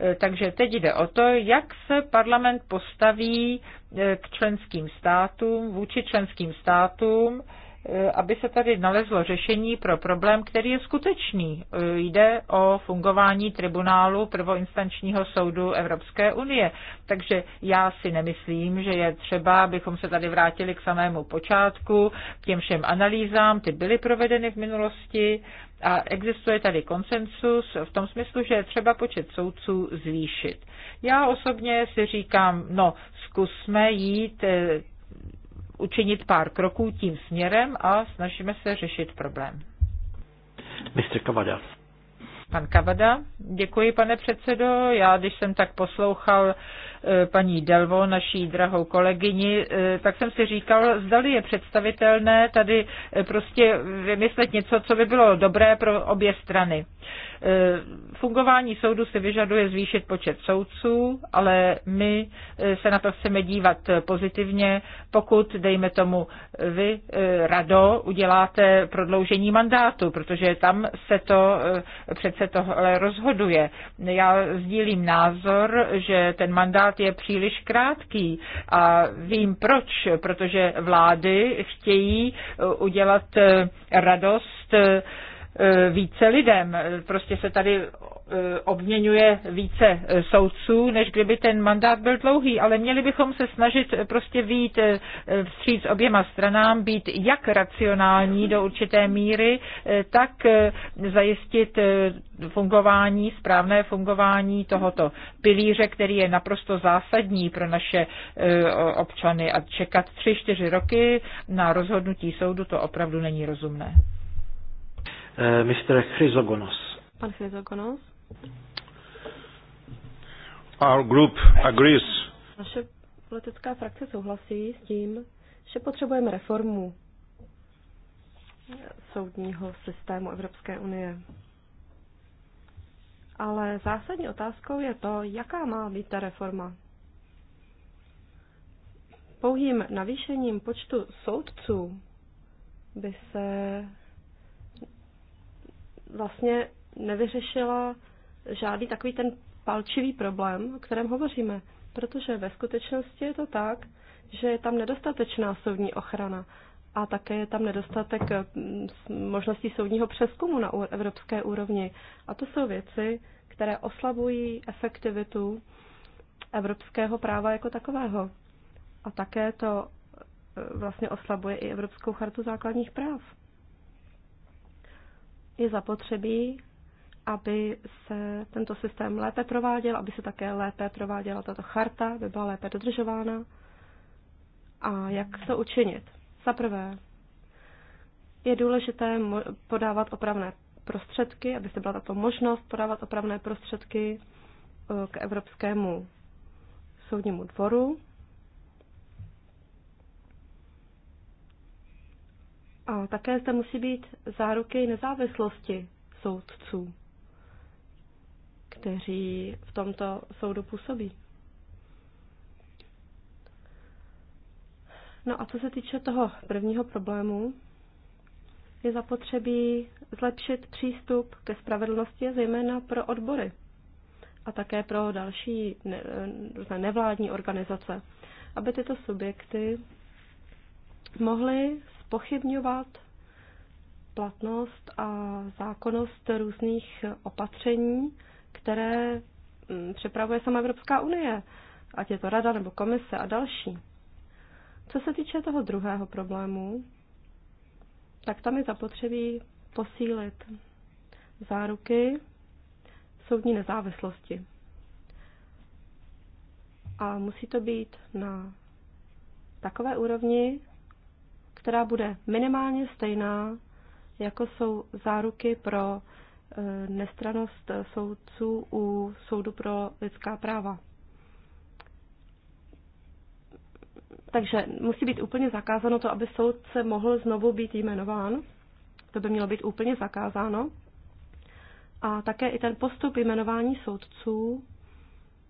Eh, takže teď jde o to, jak se parlament postaví eh, k členským státům, vůči členským státům, Eh, aby se tady nalezlo řešení pro problém, který je skutečný. Eh, jde o fungování tribunálu prvoinstančního soudu Evropské unie. Takže já si nemyslím, že je třeba, abychom se tady vrátili k samému počátku, k těm všem analýzám, ty byly provedeny v minulosti a existuje tady konsensus v tom smyslu, že je třeba počet soudců zvýšit. Já osobně si říkám, no zkusme jít eh, učinit pár kroků tím směrem a snažíme se řešit problém. Mr. Kavada. Pan Kavada, děkuji pane předsedo. Já, když jsem tak poslouchal E, paní Delvo, naší drahou kolegyni, e, tak jsem si říkal, zdali je představitelné tady e, prostě vymyslet něco, co by bylo dobré pro obě strany. Fungování soudu se vyžaduje zvýšit počet soudců, ale my se na to chceme dívat pozitivně, pokud, dejme tomu, vy, Rado, uděláte prodloužení mandátu, protože tam se to přece tohle rozhoduje. Já sdílím názor, že ten mandát mandát je příliš krátký. A vím proč, protože vlády chtějí eh, udělat eh, radost eh, více lidem. Prostě se tady Eh, obměňuje více eh, soudců, než kdyby ten mandát byl dlouhý, ale měli bychom se snažit eh, prostě výjít vstříc oběma stranám, být jak racionální do určité míry, tak zajistit fungování, správné fungování tohoto pilíře, který je naprosto zásadní pro naše občany a čekat tři, čtyři roky na rozhodnutí soudu, to opravdu není rozumné. Mr. Chryzogonos. Pan Chryzogonos. Our group agrees. Naše politická frakce souhlasí s tím, že potřebujeme reformu soudního systému Evropské unie. Ale zásadní otázkou je to, jaká má být ta reforma. Pouhým navýšením počtu soudců by se vlastně nevyřešila žádný takový ten palčivý problém, o kterém hovoříme. Protože ve skutečnosti je to tak, že je tam nedostatečná soudní ochrana a také je tam nedostatek eh, možností soudního přeskumu na evropské úrovni. A to jsou věci, které oslabují efektivitu evropského práva jako takového. A také to eh, vlastně oslabuje i Evropskou chartu základních práv. Je zapotřebí aby se tento systém lépe prováděl, aby se také lépe prováděla tato charta, aby byla lépe dodržována. A jak to učinit? Za prvé, je důležité podávat opravné prostředky, aby se byla tato možnost podávat opravné prostředky e, k Evropskému soudnímu dvoru. A také zde musí být záruky nezávislosti soudců kteří v tomto soudu působí. No a co se týče toho prvního problému, je zapotřebí zlepšit přístup ke spravedlnosti, zejména pro odbory a také pro další ne, nevládní organizace, aby tyto subjekty mohly spochybňovat platnost a zákonnost různých opatření, které mm, přepravuje sama Evropská unie, ať je to rada nebo komise a další. Co se týče toho druhého problému, tak tam je zapotřebí posílit záruky soudní nezávislosti. A musí to být na takové úrovni, která bude minimálně stejná, jako jsou záruky pro Eh, nestranost soudců u Soudu pro lidská práva. Takže musí být úplně zakázáno to, aby soudce mohl znovu být jmenován. To by mělo být úplně zakázáno. A také i ten postup jmenování soudců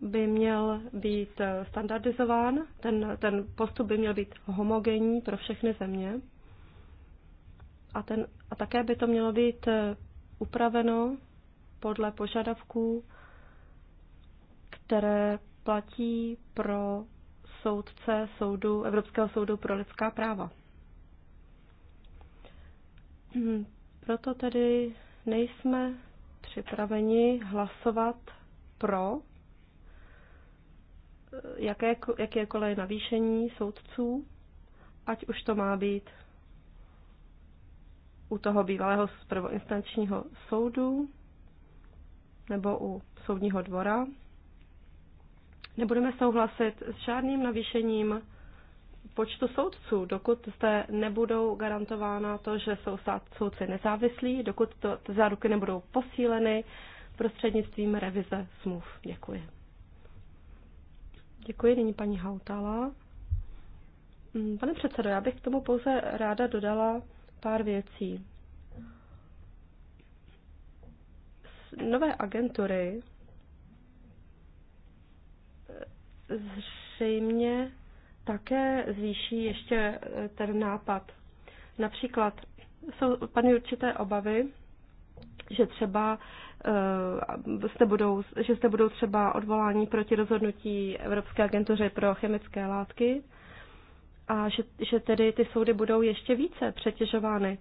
by měl být eh, standardizován, ten, ten postup by měl být homogenní pro všechny země a, ten, a také by to mělo být eh, upraveno podle požadavků, které platí pro soudce soudu, Evropského soudu pro lidská práva. Hmm, proto tedy nejsme připraveni hlasovat pro jaké, jakékoliv navýšení soudců, ať už to má být u toho bývalého prvoinstančního soudu nebo u soudního dvora. Nebudeme souhlasit s žádným navýšením počtu soudců, dokud zde nebudou garantována to, že jsou soudci nezávislí, dokud to, ty záruky nebudou posíleny prostřednictvím revize smluv. Děkuji. Děkuji, nyní paní Hautala. Mm, pane předsedo, já bych k tomu pouze ráda dodala pár věcí. Nové agentury zřejmě také zvýší ještě eh, ten nápad. Například jsou paní určité obavy, že třeba eh, zde budou, že zde budou třeba odvolání proti rozhodnutí Evropské agentuře pro chemické látky, a že, že tedy ty soudy budou ještě více přetěžovány.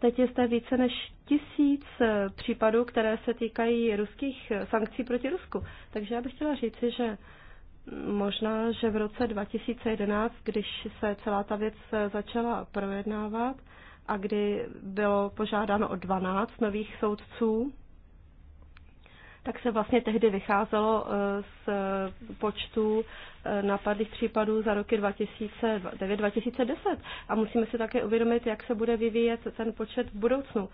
Teď je zde více než tisíc eh, případů, které se týkají ruských eh, sankcí proti Rusku. Takže já bych chtěla říci, že možná, že v roce 2011, když se celá ta věc eh, začala projednávat a kdy bylo požádáno o 12 nových soudců, tak se vlastně tehdy vycházelo eh, z eh, počtu eh, napadlých případů za roky 2009-2010. A musíme si také uvědomit, jak se bude vyvíjet ten počet v budoucnu.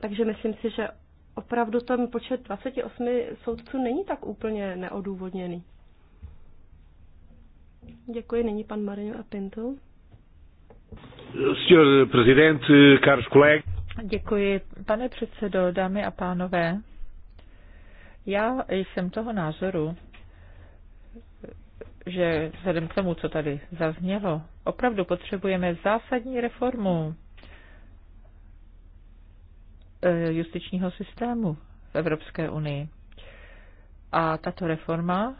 Takže myslím si, že opravdu ten počet 28 soudců není tak úplně neodůvodněný. Děkuji, nyní pan Marino a Pinto. Děkuji, pane předsedo, dámy a pánové. Já jsem toho názoru, že vzhledem k tomu, co tady zaznělo, opravdu potřebujeme zásadní reformu eh, justičního systému v Evropské unii. A tato reforma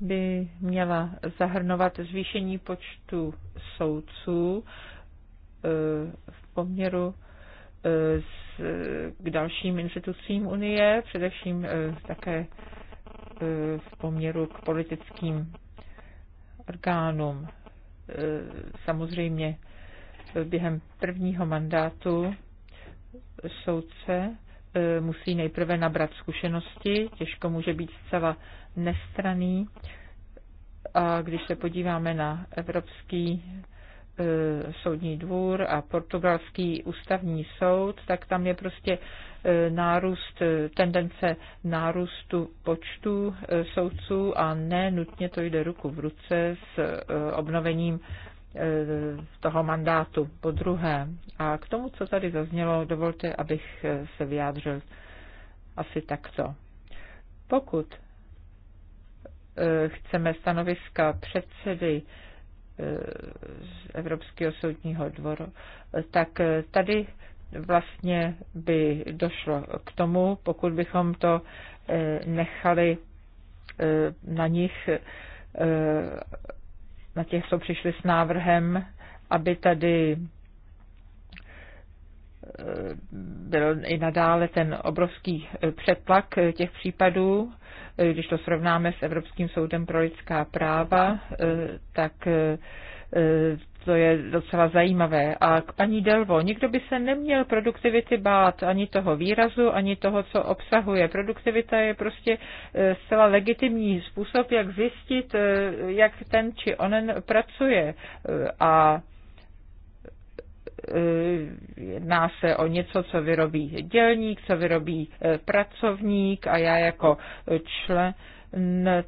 by měla zahrnovat zvýšení počtu soudců eh, v poměru s, k dalším institucím Unie, především eh, také eh, v poměru k politickým orgánům. Eh, samozřejmě během prvního mandátu soudce musí nejprve nabrat zkušenosti, těžko může být zcela nestraný. A když se podíváme na evropský E, soudní dvůr a portugalský ústavní soud, tak tam je prostě e, nárůst, e, tendence nárůstu počtu soudců a ne nutně to jde ruku v ruce s obnovením toho mandátu. Po druhé, a k tomu, co tady zaznělo, dovolte, abych se vyjádřil asi takto. Pokud chceme stanoviska předsedy z Evropského soudního dvoru, tak tady vlastně by došlo k tomu, pokud bychom to eh, nechali eh, na nich, eh, na těch, co přišli s návrhem, aby tady byl i nadále ten obrovský přetlak těch případů, když to srovnáme s Evropským soudem pro lidská práva, eh, tak eh, eh, to je docela zajímavé. A k paní Delvo, nikdo by se neměl produktivity bát ani toho výrazu, ani toho, co obsahuje. Produktivita je prostě zcela legitimní způsob, jak zjistit, jak ten či onen pracuje. A Eh, jedná se o něco, co vyrobí dělník, co vyrobí eh, pracovník a já jako člen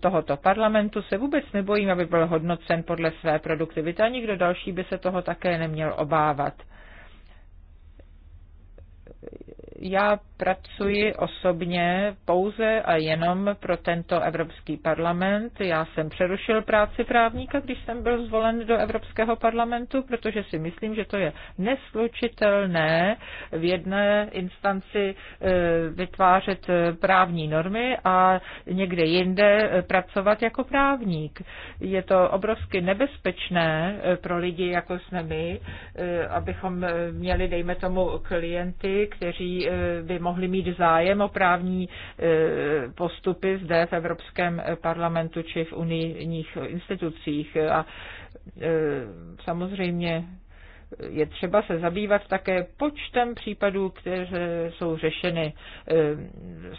tohoto parlamentu se vůbec nebojím, aby byl hodnocen podle své produktivity a nikdo další by se toho také neměl obávat já pracuji osobně pouze a jenom pro tento Evropský parlament. Já jsem přerušil práci právníka, když jsem byl zvolen do Evropského parlamentu, protože si myslím, že to je neslučitelné v jedné instanci eh, vytvářet eh, právní normy a někde jinde eh, pracovat jako právník. Je to obrovsky nebezpečné pro lidi, jako jsme my, abychom měli, dejme tomu, klienty, kteří Eh, by mohli mít zájem o právní eh, postupy zde v Evropském parlamentu či v unijních institucích. A eh, samozřejmě je třeba se zabývat také počtem případů, které jsou řešeny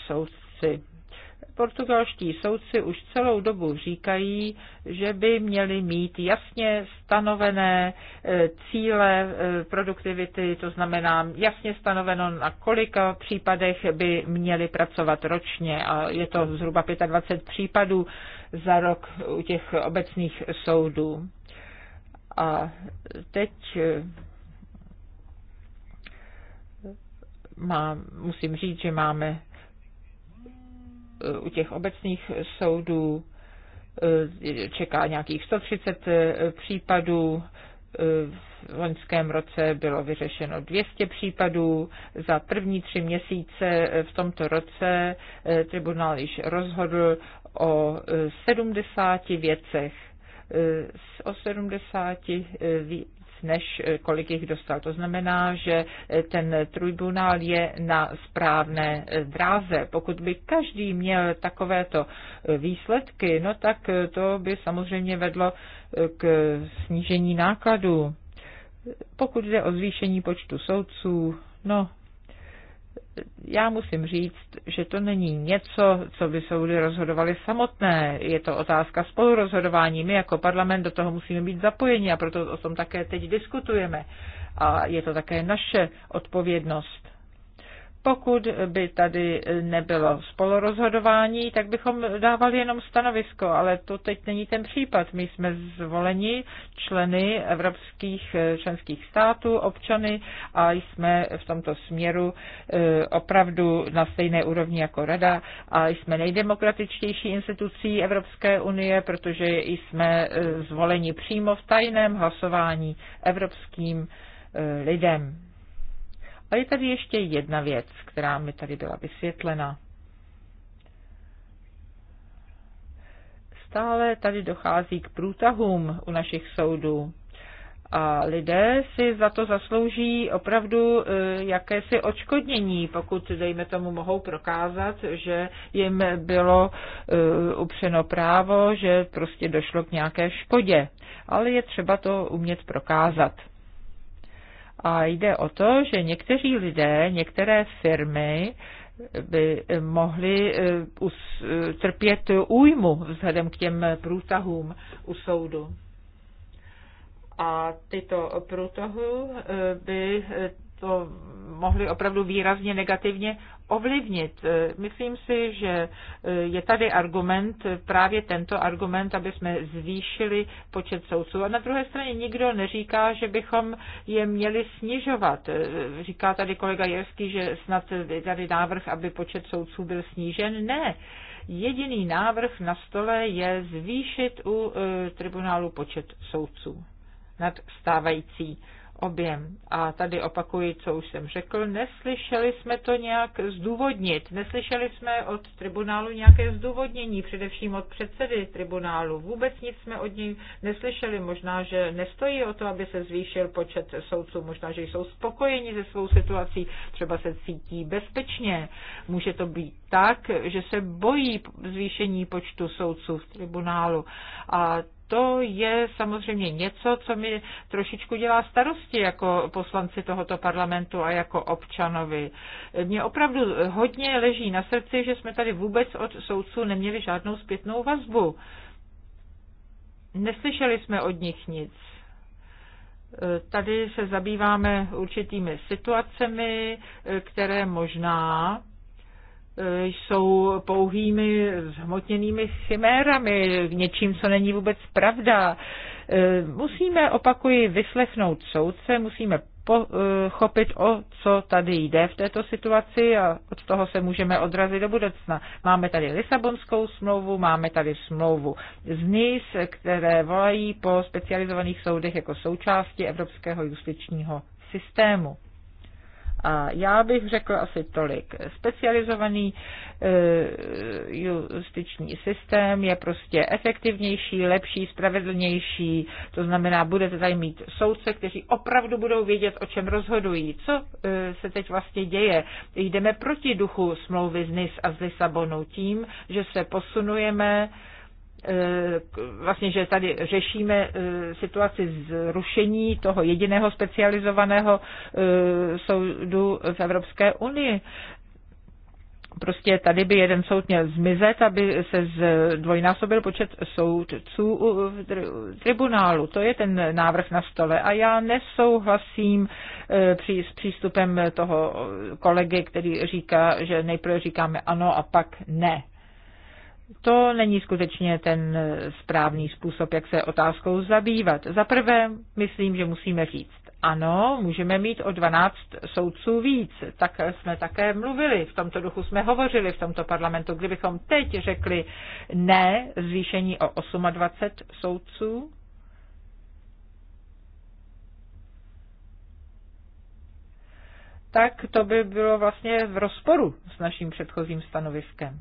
soudci. Portugalští soudci už celou dobu říkají, že by měli mít jasně stanovené eh, cíle eh, produktivity, to znamená jasně stanoveno, na kolika případech by měli pracovat ročně a je to zhruba 25 případů za rok u těch obecných soudů. A teď eh, má, musím říct, že máme u těch obecných soudů eh, čeká nějakých 130 eh, případů, eh, v loňském roce bylo vyřešeno 200 případů. Za první tři měsíce v tomto roce tribunál již rozhodl o 70 věcech. O 70 než eh, kolik jich dostal. To znamená, že eh, ten tribunál je na správné eh, dráze. Pokud by každý měl takovéto výsledky, no tak to by samozřejmě vedlo k snížení nákladů. Pokud jde o zvýšení počtu soudců, no já musím říct, že to není něco, co by soudy rozhodovaly samotné. Je to otázka spolurozhodování. My jako parlament do toho musíme být zapojeni a proto o tom také teď diskutujeme. A je to také naše odpovědnost. Pokud by tady nebylo spolorozhodování, tak bychom dávali jenom stanovisko, ale to teď není ten případ. My jsme zvoleni členy evropských eh, členských států, občany a jsme v tomto směru eh, opravdu na stejné úrovni jako Rada a jsme nejdemokratičtější institucí Evropské unie, protože jsme eh, zvoleni přímo v tajném hlasování evropským lidem. A je tady ještě jedna věc, která mi tady byla vysvětlena. Stále tady dochází k průtahům u našich soudů. A lidé si za to zaslouží opravdu e, jakési očkodnění, pokud, dejme tomu, mohou prokázat, že jim bylo e, upřeno právo, že prostě došlo k nějaké škodě. Ale je třeba to umět prokázat. A jde o to, že někteří lidé, některé firmy by mohly eh, eh, trpět újmu vzhledem k těm průtahům u soudu. A tyto průtahy eh, by to mohly opravdu výrazně negativně ovlivnit. Eh, myslím si, že eh, je tady argument, eh, právě tento argument, aby jsme zvýšili počet soudců. A na druhé straně nikdo neříká, že bychom je měli snižovat. Říká tady kolega Jerský, že snad je tady návrh, aby počet soudců byl snížen. Ne. Jediný návrh na stole je zvýšit u tribunálu počet soudců nad stávající objem. A tady opakuji, co už jsem řekl, neslyšeli jsme to nějak zdůvodnit, neslyšeli jsme od tribunálu nějaké zdůvodnění, především od předsedy tribunálu. Vůbec nic jsme od něj neslyšeli, možná, že nestojí o to, aby se zvýšil počet soudců, možná, že jsou spokojeni se svou situací, třeba se cítí bezpečně. Může to být tak, že se bojí zvýšení počtu soudců v tribunálu. A to je samozřejmě něco, co mi trošičku dělá starosti jako poslanci tohoto parlamentu a jako občanovi. Mně opravdu hodně leží na srdci, že jsme tady vůbec od soudců neměli žádnou zpětnou vazbu. Neslyšeli jsme od nich nic. Tady se zabýváme určitými situacemi, které možná jsou pouhými zhmotněnými chimérami, něčím, co není vůbec pravda. E, musíme, opakuji, vyslechnout soudce, musíme pochopit, o co tady jde v této situaci a od toho se můžeme odrazit do budoucna. Máme tady Lisabonskou smlouvu, máme tady smlouvu z NIS, které volají po specializovaných soudech jako součásti Evropského justičního systému. A já bych řekl asi tolik. Specializovaný e, justiční systém je prostě efektivnější, lepší, spravedlnější. To znamená, budete tady mít soudce, kteří opravdu budou vědět, o čem rozhodují. Co e, se teď vlastně děje? Jdeme proti duchu smlouvy z NIS a z Lisabonu tím, že se posunujeme Eh, vlastně, že tady řešíme eh, situaci zrušení toho jediného specializovaného eh, soudu v Evropské unii. Prostě tady by jeden soud měl zmizet, aby se zdvojnásobil počet soudců v tribunálu. To je ten návrh na stole. A já nesouhlasím při, s přístupem toho kolegy, který říká, že nejprve říkáme ano a pak ne. To není skutečně ten e, správný způsob, jak se otázkou zabývat. Za prvé, myslím, že musíme říct, ano, můžeme mít o 12 soudců víc. Tak jsme také mluvili, v tomto duchu jsme hovořili v tomto parlamentu. Kdybychom teď řekli ne zvýšení o 28 soudců, tak to by bylo vlastně v rozporu s naším předchozím stanoviskem.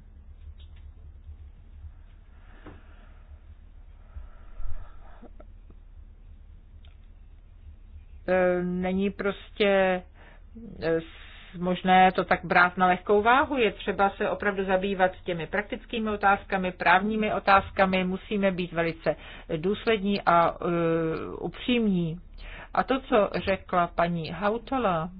Eh, není prostě eh, možné to tak brát na lehkou váhu. Je třeba se opravdu zabývat těmi praktickými otázkami, právními otázkami. Musíme být velice důslední a uh, upřímní. A to, co řekla paní Hautala,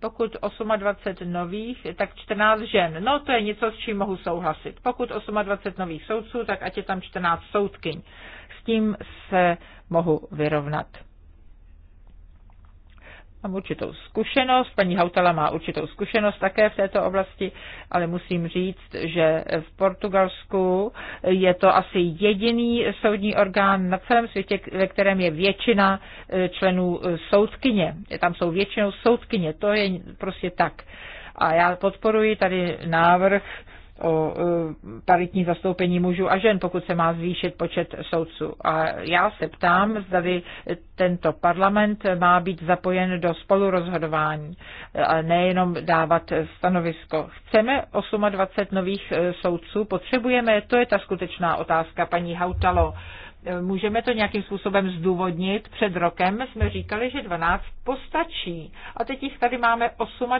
pokud 28 nových, tak 14 žen. No to je něco, s čím mohu souhlasit. Pokud 28 nových soudců, tak ať je tam 14 soudkyň. Uh, tím se mohu vyrovnat. Mám určitou zkušenost, paní Hautala má určitou zkušenost také v této oblasti, ale musím říct, že v Portugalsku je to asi jediný soudní orgán na celém světě, ve kterém je většina e, členů e, soudkyně. Tam jsou většinou soudkyně, to je prostě tak. A já podporuji tady návrh o e, paritní zastoupení mužů a žen, pokud se má zvýšit počet soudců. A já se ptám, by tento parlament má být zapojen do spolurozhodování e, a nejenom dávat stanovisko. Chceme 28 nových e, soudců, potřebujeme, to je ta skutečná otázka, paní Hautalo Můžeme to nějakým způsobem zdůvodnit. Před rokem jsme říkali, že 12 postačí. A teď jich tady máme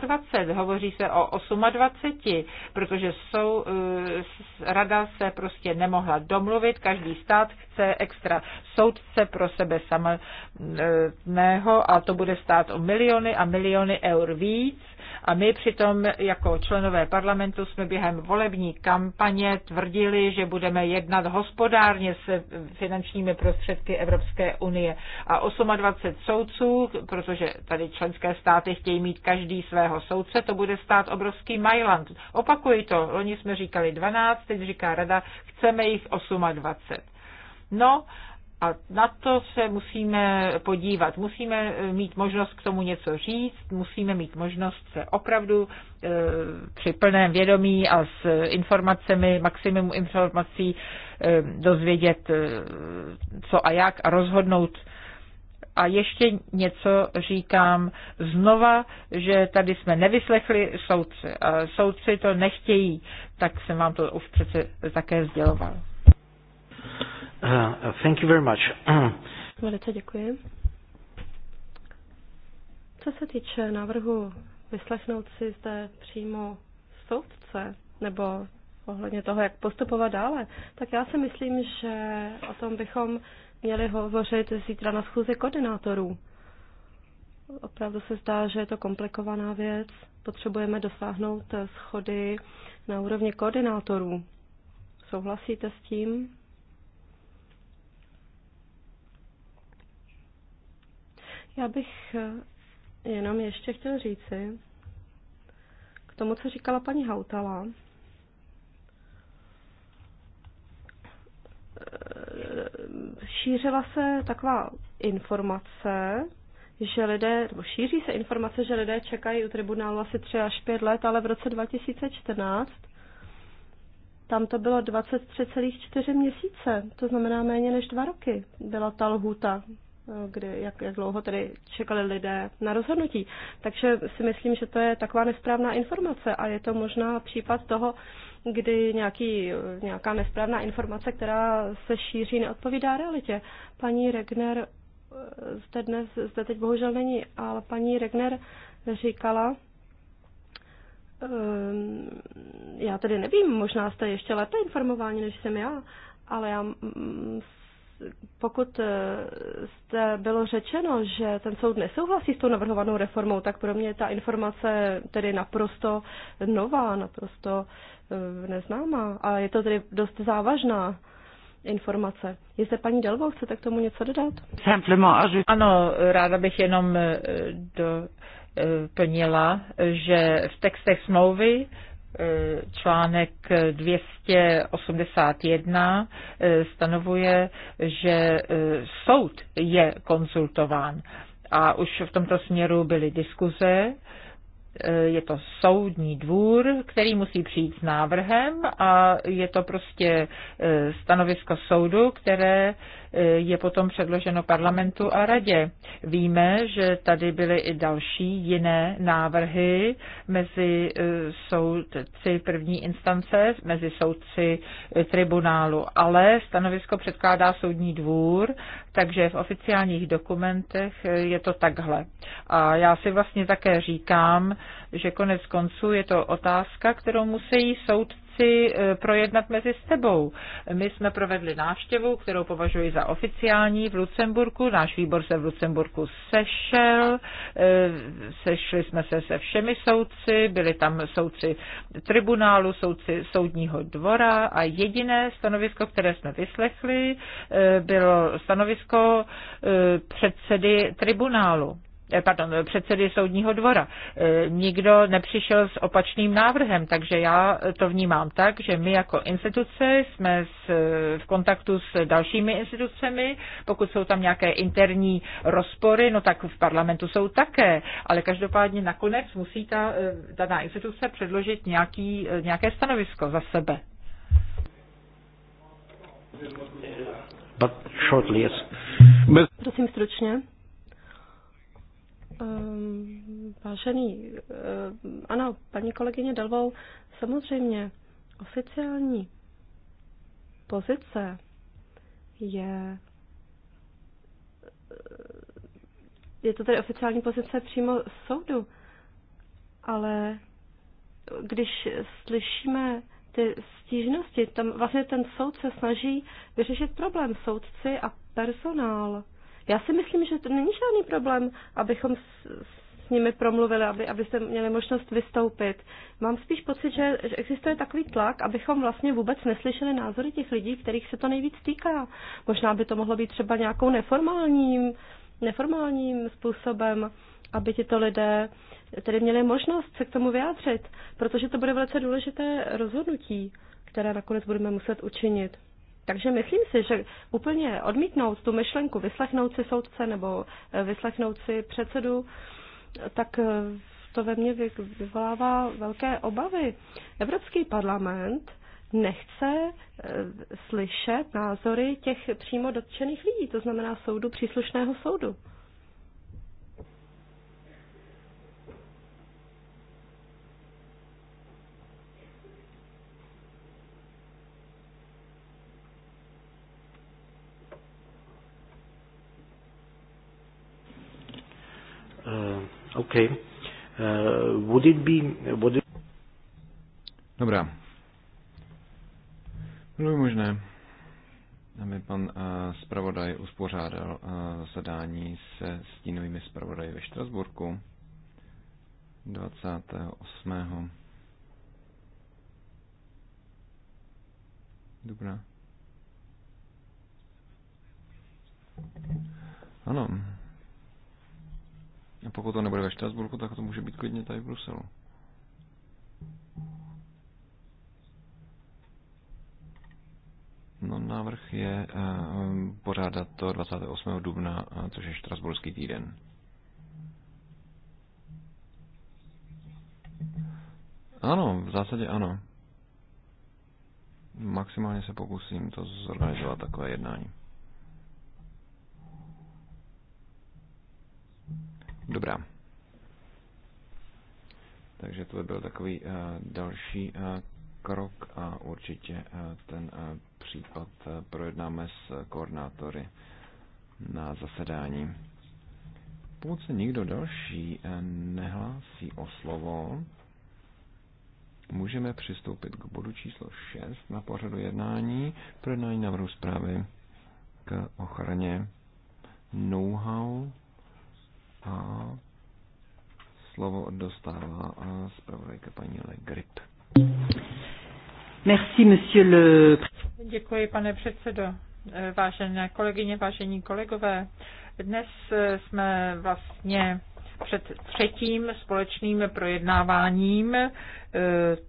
28. Hovoří se o 28, protože jsou, eh, rada se prostě nemohla domluvit. Každý stát chce extra soudce pro sebe samotného a to bude stát o miliony a miliony eur víc a my přitom jako členové parlamentu jsme během volební kampaně tvrdili, že budeme jednat hospodárně s finančními prostředky Evropské unie. A 28 soudců, protože tady členské státy chtějí mít každý svého soudce, to bude stát obrovský majland. Opakuji to, loni jsme říkali 12, teď říká rada, chceme jich 28. No, a na to se musíme podívat. Musíme eh, mít možnost k tomu něco říct, musíme mít možnost se opravdu e, při plném vědomí a s informacemi, maximum informací e, dozvědět, e, co a jak a rozhodnout. A ještě něco říkám znova, že tady jsme nevyslechli soudce. A soudci to nechtějí, tak jsem vám to už přece také sděloval. Uh, thank you very much. Velice děkuji. Co se týče návrhu vyslechnout si zde přímo soudce nebo ohledně toho, jak postupovat dále, tak já si myslím, že o tom bychom měli hovořit zítra na schůzi koordinátorů. Opravdu se zdá, že je to komplikovaná věc. Potřebujeme dosáhnout schody na úrovni koordinátorů. Souhlasíte s tím? Já bych eh, jenom ještě chtěl říci k tomu, co říkala paní Hautala. Eh, šířila se taková informace, že lidé, nebo šíří se informace, že lidé čekají u tribunálu asi 3 až 5 let, ale v roce 2014 tam to bylo 23,4 měsíce, to znamená méně než dva roky byla ta lhůta, Eh, kdy, jak, jak dlouho tedy čekali lidé na rozhodnutí. Takže si myslím, že to je taková nesprávná informace a je to možná případ toho, kdy nějaký, eh, nějaká nesprávná informace, která se šíří, neodpovídá realitě. Paní Regner eh, zde dnes, zde teď bohužel není, ale paní Regner říkala, um, já tedy nevím, možná jste ještě lépe informováni, než jsem já, ale já mm, pokud eh, jste bylo řečeno, že ten soud nesouhlasí s tou navrhovanou reformou, tak pro mě je ta informace tedy naprosto nová, naprosto eh, neznámá. A je to tedy dost závažná informace. Jestli paní Delbo chcete k tomu něco dodat? Ah, ano, ráda bych jenom eh, doplnila, že v textech smlouvy článek 281 eh, stanovuje, že eh, soud je konzultován. A už v tomto směru byly diskuze. Eh, je to soudní dvůr, který musí přijít s návrhem a je to prostě stanovisko soudu, které je potom předloženo parlamentu a radě. Víme, že tady byly i další jiné návrhy mezi eh, soudci první instance, mezi soudci eh, tribunálu, ale stanovisko předkládá soudní dvůr, takže v oficiálních dokumentech eh, je to takhle. A já si vlastně také říkám, že konec konců je to otázka, kterou musí soudci věci e, projednat mezi sebou. My jsme provedli návštěvu, kterou považuji za oficiální v Lucemburku. Náš výbor se v Lucemburku sešel, e, sešli jsme se se všemi soudci, byli tam soudci tribunálu, soudci soudního dvora a jediné stanovisko, které jsme vyslechli, e, bylo stanovisko předsedy tribunálu. Eh, pardon, eh, předsedy soudního dvora. Eh, nikdo nepřišel s opačným návrhem, takže já to vnímám tak, že my jako instituce jsme v kontaktu s dalšími institucemi, pokud jsou tam nějaké interní rozpory, no tak v parlamentu jsou také, ale každopádně nakonec musí ta daná instituce předložit nějaký, nějaké stanovisko za sebe. But shortly, yes. Prosím stručně. Um, vážený, um, ano, paní kolegyně Delvou, samozřejmě oficiální pozice je je to tedy oficiální pozice přímo soudu, ale když slyšíme ty stížnosti, tam vlastně ten soud se snaží vyřešit problém soudci a personál já si myslím, že to není žádný problém, abychom s, s nimi promluvili, aby, abyste měli možnost vystoupit. Mám spíš pocit, že, že existuje takový tlak, abychom vlastně vůbec neslyšeli názory těch lidí, kterých se to nejvíc týká. Možná by to mohlo být třeba nějakou neformálním, neformálním způsobem, aby tito lidé tedy měli možnost se k tomu vyjádřit, protože to bude velice důležité rozhodnutí, které nakonec budeme muset učinit. Takže myslím si, že úplně odmítnout tu myšlenku, vyslechnout si soudce nebo eh, vyslechnout si předsedu, tak eh, to ve mně vyvolává velké obavy. Evropský parlament nechce eh, slyšet názory těch přímo dotčených lidí, to znamená soudu příslušného soudu. Okay. Uh, would it be, would it... Dobrá. Bylo by možné, aby pan uh, zpravodaj uspořádal uh, eh, zasedání se stínovými zpravodaji ve Štrasburku 28. Dobrá. Ano. Pokud to nebude ve Štrasburku, tak to může být klidně tady v Bruselu. No, návrh je uh, pořádat to 28. dubna, uh, což je Štrasburský týden. Ano, v zásadě ano. Maximálně se pokusím to zorganizovat takové jednání. Dobrá. Takže to by byl takový uh, další uh, krok a určitě uh, ten uh, případ uh, projednáme s uh, koordinátory na zasedání. Pokud se nikdo další uh, nehlásí o slovo, můžeme přistoupit k bodu číslo 6 na pořadu jednání, projednání návrhu zprávy k ochraně know-how a slovo dostává a zpravodajka paní Le Grip. Merci, monsieur le... Děkuji, pane předsedo. Vážené kolegyně, vážení kolegové, dnes jsme vlastně před třetím společným projednáváním eh,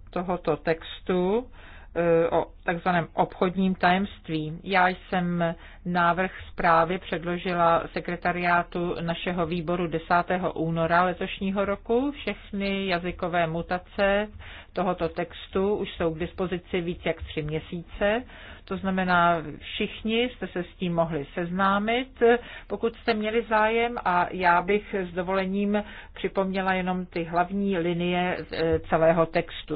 tohoto textu E, o takzvaném obchodním tajemství. Já jsem návrh zprávy předložila sekretariátu našeho výboru 10. února letošního roku. Všechny jazykové mutace tohoto textu už jsou k dispozici víc jak tři měsíce. To znamená, všichni jste se s tím mohli seznámit, pokud jste měli zájem a já bych s dovolením připomněla jenom ty hlavní linie eh, celého textu.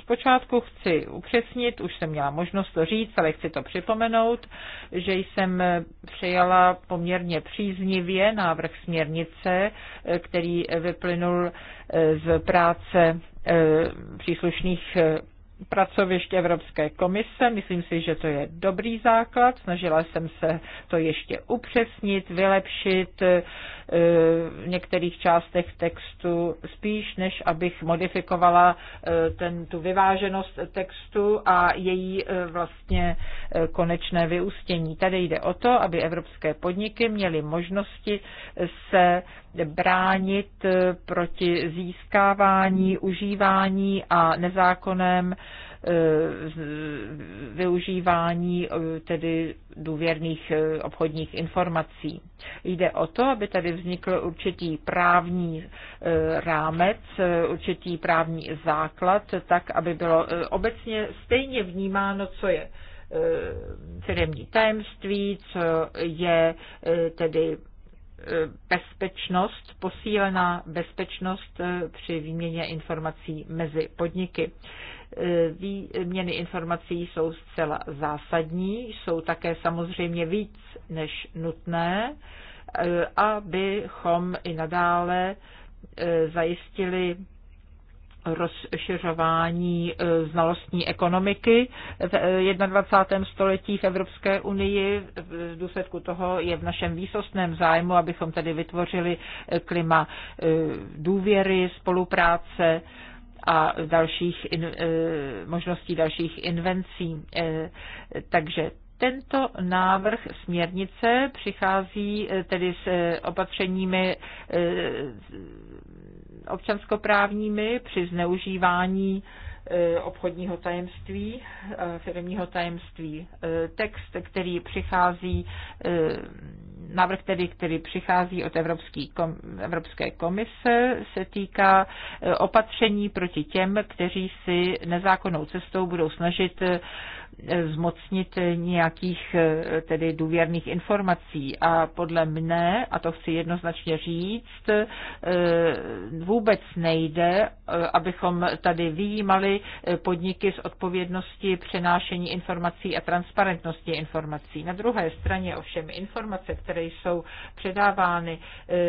Zpočátku chci upřesnit, už jsem měla možnost to říct, ale chci to připomenout, že jsem přijala poměrně příznivě návrh směrnice, eh, který vyplynul eh, z práce příslušných pracoviště Evropské komise. Myslím si, že to je dobrý základ. Snažila jsem se to ještě upřesnit, vylepšit eh, v některých částech textu spíš, než abych modifikovala eh, ten, tu vyváženost textu a její eh, vlastně konečné vyústění. Tady jde o to, aby evropské podniky měly možnosti se bránit eh, proti získávání, užívání a nezákonném eh, využívání eh, tedy důvěrných obchodních informací. Jde o to, aby tady vznikl určitý právní rámec, určitý právní základ, tak, aby bylo obecně stejně vnímáno, co je firmní tajemství, co je tedy bezpečnost, posílená bezpečnost eh, při výměně informací mezi podniky. Eh, výměny informací jsou zcela zásadní, jsou také samozřejmě víc než nutné, eh, abychom i nadále zajistili rozšiřování eh, znalostní ekonomiky v 21. Eh, století v Evropské unii. V důsledku toho je v našem výsostném zájmu, abychom tady vytvořili eh, klima důvěry, spolupráce, a dalších in, možností dalších invencí. Takže tento návrh směrnice přichází tedy s opatřeními občanskoprávními při zneužívání e, obchodního tajemství, e, firmního tajemství. E, text, který přichází, návrh tedy, který přichází od Evropský, Evropské komise, se týká opatření proti těm, kteří si nezákonnou cestou budou snažit zmocnit nějakých eh, tedy důvěrných informací. A podle mne, a to chci jednoznačně říct, eh, vůbec nejde, eh, abychom tady vyjímali podniky z odpovědnosti přenášení informací a transparentnosti informací. Na druhé straně ovšem informace, které jsou předávány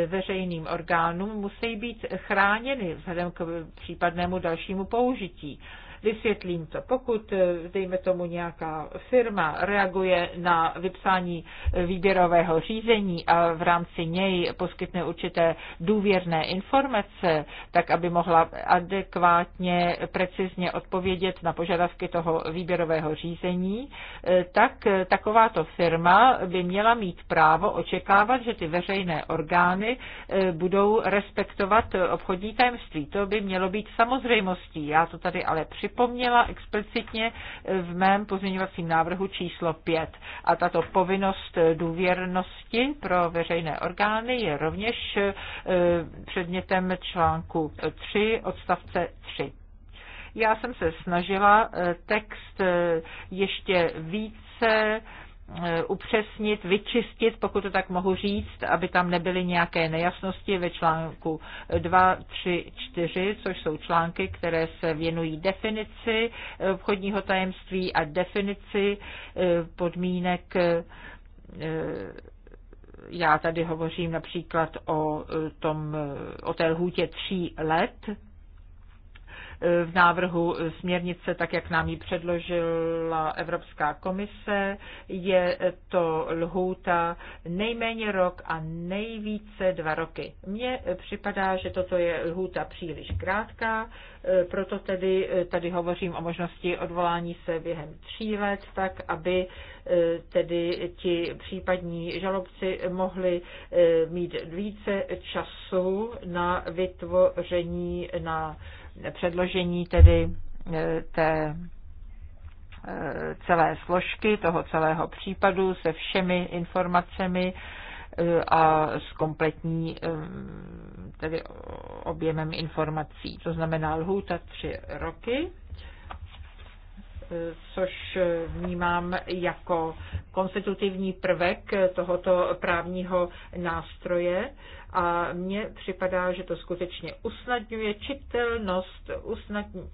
veřejným orgánům, musí být chráněny vzhledem k případnému dalšímu použití. Vysvětlím to. Pokud, eh, dejme tomu, nějaká firma reaguje na vypsání eh, výběrového řízení a v rámci něj poskytne určité důvěrné informace, tak aby mohla adekvátně, precizně odpovědět na požadavky toho výběrového řízení, eh, tak takováto firma by měla mít právo očekávat, že ty veřejné orgány budou respektovat obchodní tajemství. To by mělo být samozřejmostí. Já to tady ale připomínám připomněla explicitně v mém pozměňovacím návrhu číslo 5. A tato povinnost důvěrnosti pro veřejné orgány je rovněž e, předmětem článku 3 odstavce 3. Já jsem se snažila e, text e, ještě více Eh, upřesnit, vyčistit, pokud to tak mohu říct, aby tam nebyly nějaké nejasnosti ve článku 2, 3, 4, což jsou články, které se věnují definici obchodního tajemství a definici eh, podmínek eh, já tady hovořím například o, tom, o té lhůtě tří let, v návrhu směrnice, tak jak nám ji předložila Evropská komise. Je to lhůta nejméně rok a nejvíce dva roky. Mně připadá, že toto je lhůta příliš krátká, proto tedy tady hovořím o možnosti odvolání se během tří let, tak aby eh, tedy ti případní žalobci mohli eh, mít více času na vytvoření na předložení tedy e, té e, celé složky toho celého případu se všemi informacemi e, a s kompletní tedy objemem informací. To znamená lhůta tři roky což vnímám jako konstitutivní prvek tohoto právního nástroje a mně připadá, že to skutečně usnadňuje čitelnost,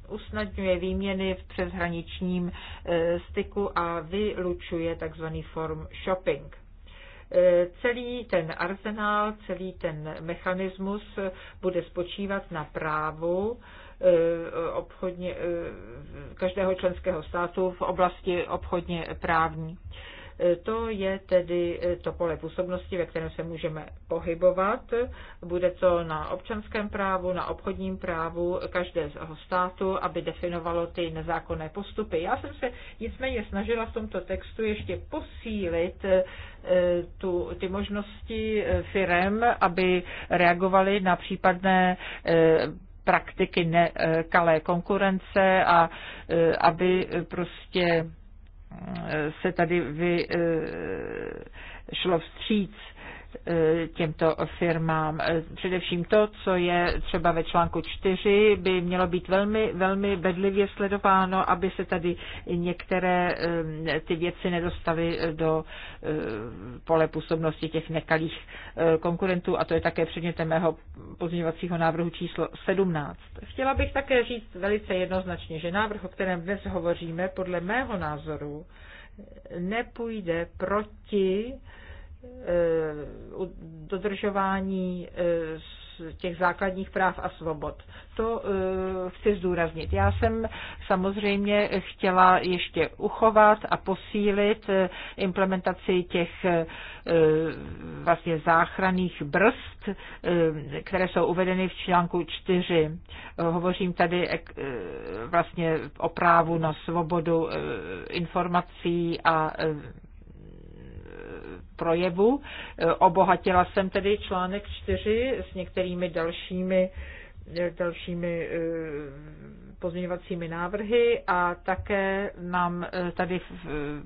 usnadňuje výměny v přeshraničním e, styku a vylučuje takzvaný form shopping e, celý ten arzenál, celý ten mechanismus bude spočívat na právu Eh, obchodně, eh, každého členského státu v oblasti obchodně právní. Eh, to je tedy to pole působnosti, ve kterém se můžeme pohybovat. Bude to na občanském právu, na obchodním právu každého státu, aby definovalo ty nezákonné postupy. Já jsem se nicméně snažila v tomto textu ještě posílit tu, ty možnosti firem, aby reagovaly na případné praktiky nekalé konkurence a eh, aby prostě eh, se tady vyšlo eh, vstříc Eh, těmto firmám. Eh, především to, co je třeba ve článku 4, by mělo být velmi, velmi bedlivě sledováno, aby se tady některé eh, ty věci nedostaly do pole působnosti těch nekalých konkurentů a to je také předmětem mého pozměňovacího návrhu číslo 17. Chtěla bych také říct velice jednoznačně, že návrh, o kterém dnes hovoříme, podle mého názoru nepůjde proti Eh, dodržování eh, těch základních práv a svobod. To eh, chci zdůraznit. Já jsem samozřejmě chtěla ještě uchovat a posílit implementaci těch vlastně záchranných brzd, které jsou uvedeny v článku 4. Hovořím tady vlastně o právu na svobodu informací a projevu. Obohatila jsem tedy článek 4 s některými dalšími dalšími eh, pozměňovacími návrhy a také nám eh, tady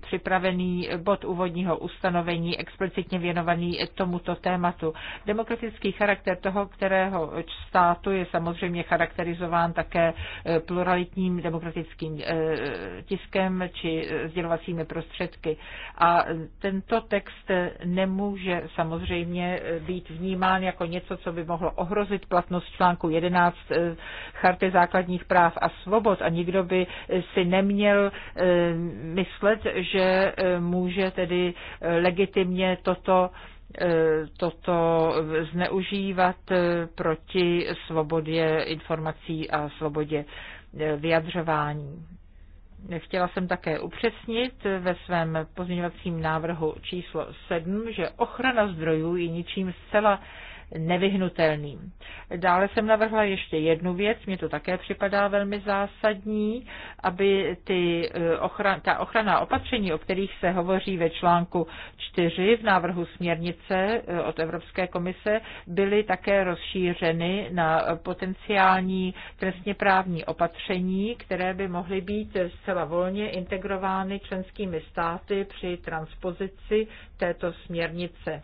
připravený bod úvodního ustanovení explicitně věnovaný tomuto tématu. Demokratický charakter toho, kterého státu je samozřejmě charakterizován také eh, pluralitním demokratickým eh, tiskem či sdělovacími prostředky. A tento text nemůže samozřejmě být vnímán jako něco, co by mohlo ohrozit platnost článku 11 Charty základních práv a svobod a nikdo by si neměl eh, myslet, že eh, může tedy eh, legitimně toto toto zneužívat proti svobodě informací a svobodě vyjadřování. Chtěla jsem také upřesnit ve svém pozměňovacím návrhu číslo 7, že ochrana zdrojů je ničím zcela nevyhnutelným. Dále jsem navrhla ještě jednu věc, mě to také připadá velmi zásadní, aby ty eh, ochran, ta ochranná opatření, o kterých se hovoří ve článku 4 v návrhu směrnice eh, od Evropské komise, byly také rozšířeny na potenciální trestně právní opatření, které by mohly být zcela volně integrovány členskými státy při transpozici této směrnice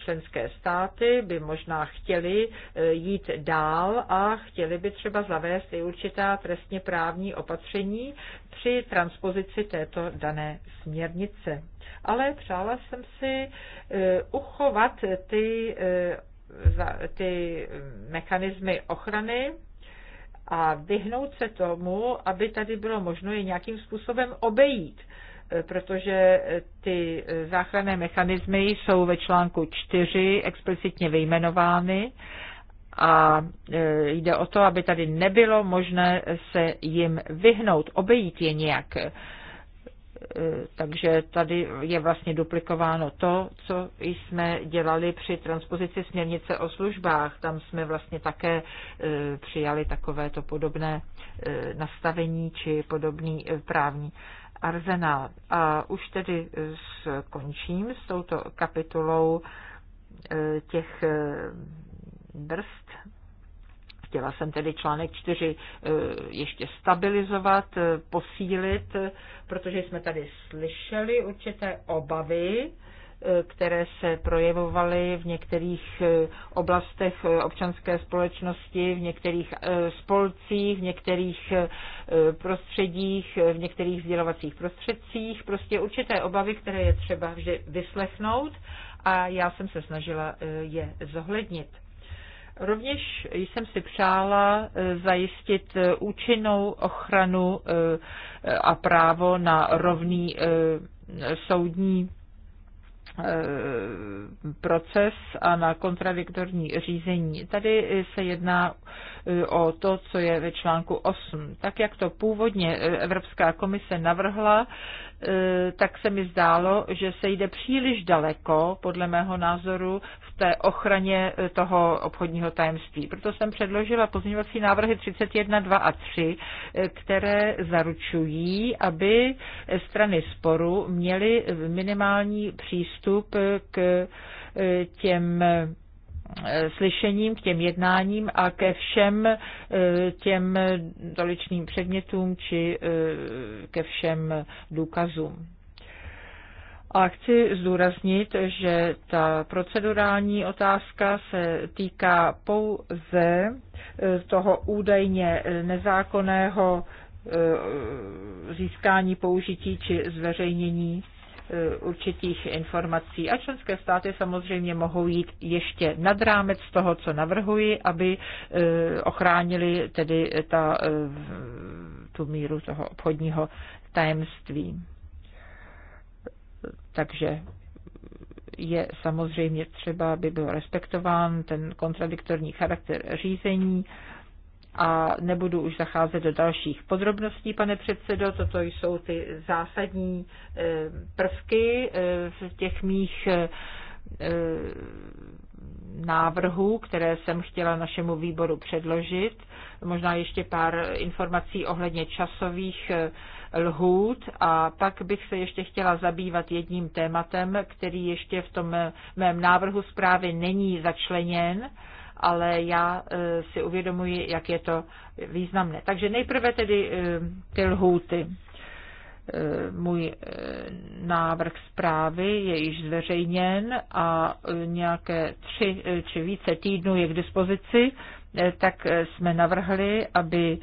členské státy by možná chtěli eh, jít dál a chtěli by třeba zavést i určitá trestně právní opatření při transpozici této dané směrnice. Ale přála jsem si eh, uchovat ty, eh, ty mechanismy ochrany a vyhnout se tomu, aby tady bylo možno je nějakým způsobem obejít protože ty záchranné mechanismy jsou ve článku 4 explicitně vyjmenovány a e, jde o to, aby tady nebylo možné se jim vyhnout, obejít je nějak. E, takže tady je vlastně duplikováno to, co jsme dělali při transpozici směrnice o službách. Tam jsme vlastně také e, přijali takovéto podobné nastavení či podobný právní arzenál. A už tedy e, skončím s touto kapitolou e, těch e, brzd. Chtěla jsem tedy článek 4 ještě stabilizovat, posílit, protože jsme tady slyšeli určité obavy které se projevovaly v některých eh, oblastech eh, občanské společnosti, v některých eh, spolcích, v některých prostředích, v některých vzdělovacích prostředcích. Prostě určité obavy, které je třeba vždy vyslechnout a já jsem se snažila je zohlednit. Rovněž jsem si přála zajistit účinnou ochranu a právo na rovný soudní Eh, proces a na kontradiktorní řízení. Tady se jedná o to, co je ve článku 8. Tak, jak to původně e, Evropská komise navrhla, e, tak se mi zdálo, že se jde příliš daleko, podle mého názoru, v té ochraně e, toho obchodního tajemství. Proto jsem předložila pozměňovací návrhy 31, 2 a 3, které zaručují, aby strany sporu měly minimální přístup k těm Eh, slyšením, k těm jednáním a ke všem eh, těm doličným předmětům či eh, ke všem důkazům. A chci zdůraznit, že ta procedurální otázka se týká pouze toho údajně nezákonného získání, použití či zveřejnění Eh, určitých informací. A členské státy samozřejmě mohou jít ještě nad rámec toho, co navrhuji, aby eh, ochránili tedy ta, eh, tu míru toho obchodního tajemství. Takže je samozřejmě třeba, aby byl respektován ten kontradiktorní charakter řízení a nebudu už zacházet do dalších podrobností, pane předsedo. Toto jsou ty zásadní eh, prvky v eh, těch mých eh, návrhů, které jsem chtěla našemu výboru předložit. Možná ještě pár informací ohledně časových lhůt a pak bych se ještě chtěla zabývat jedním tématem, který ještě v tom mém návrhu zprávy není začleněn ale já eh, si uvědomuji, jak je to významné. Takže nejprve tedy eh, ty lhůty eh, můj návrh zprávy je již zveřejněn a nějaké tři či více týdnů je k dispozici, tak jsme navrhli, aby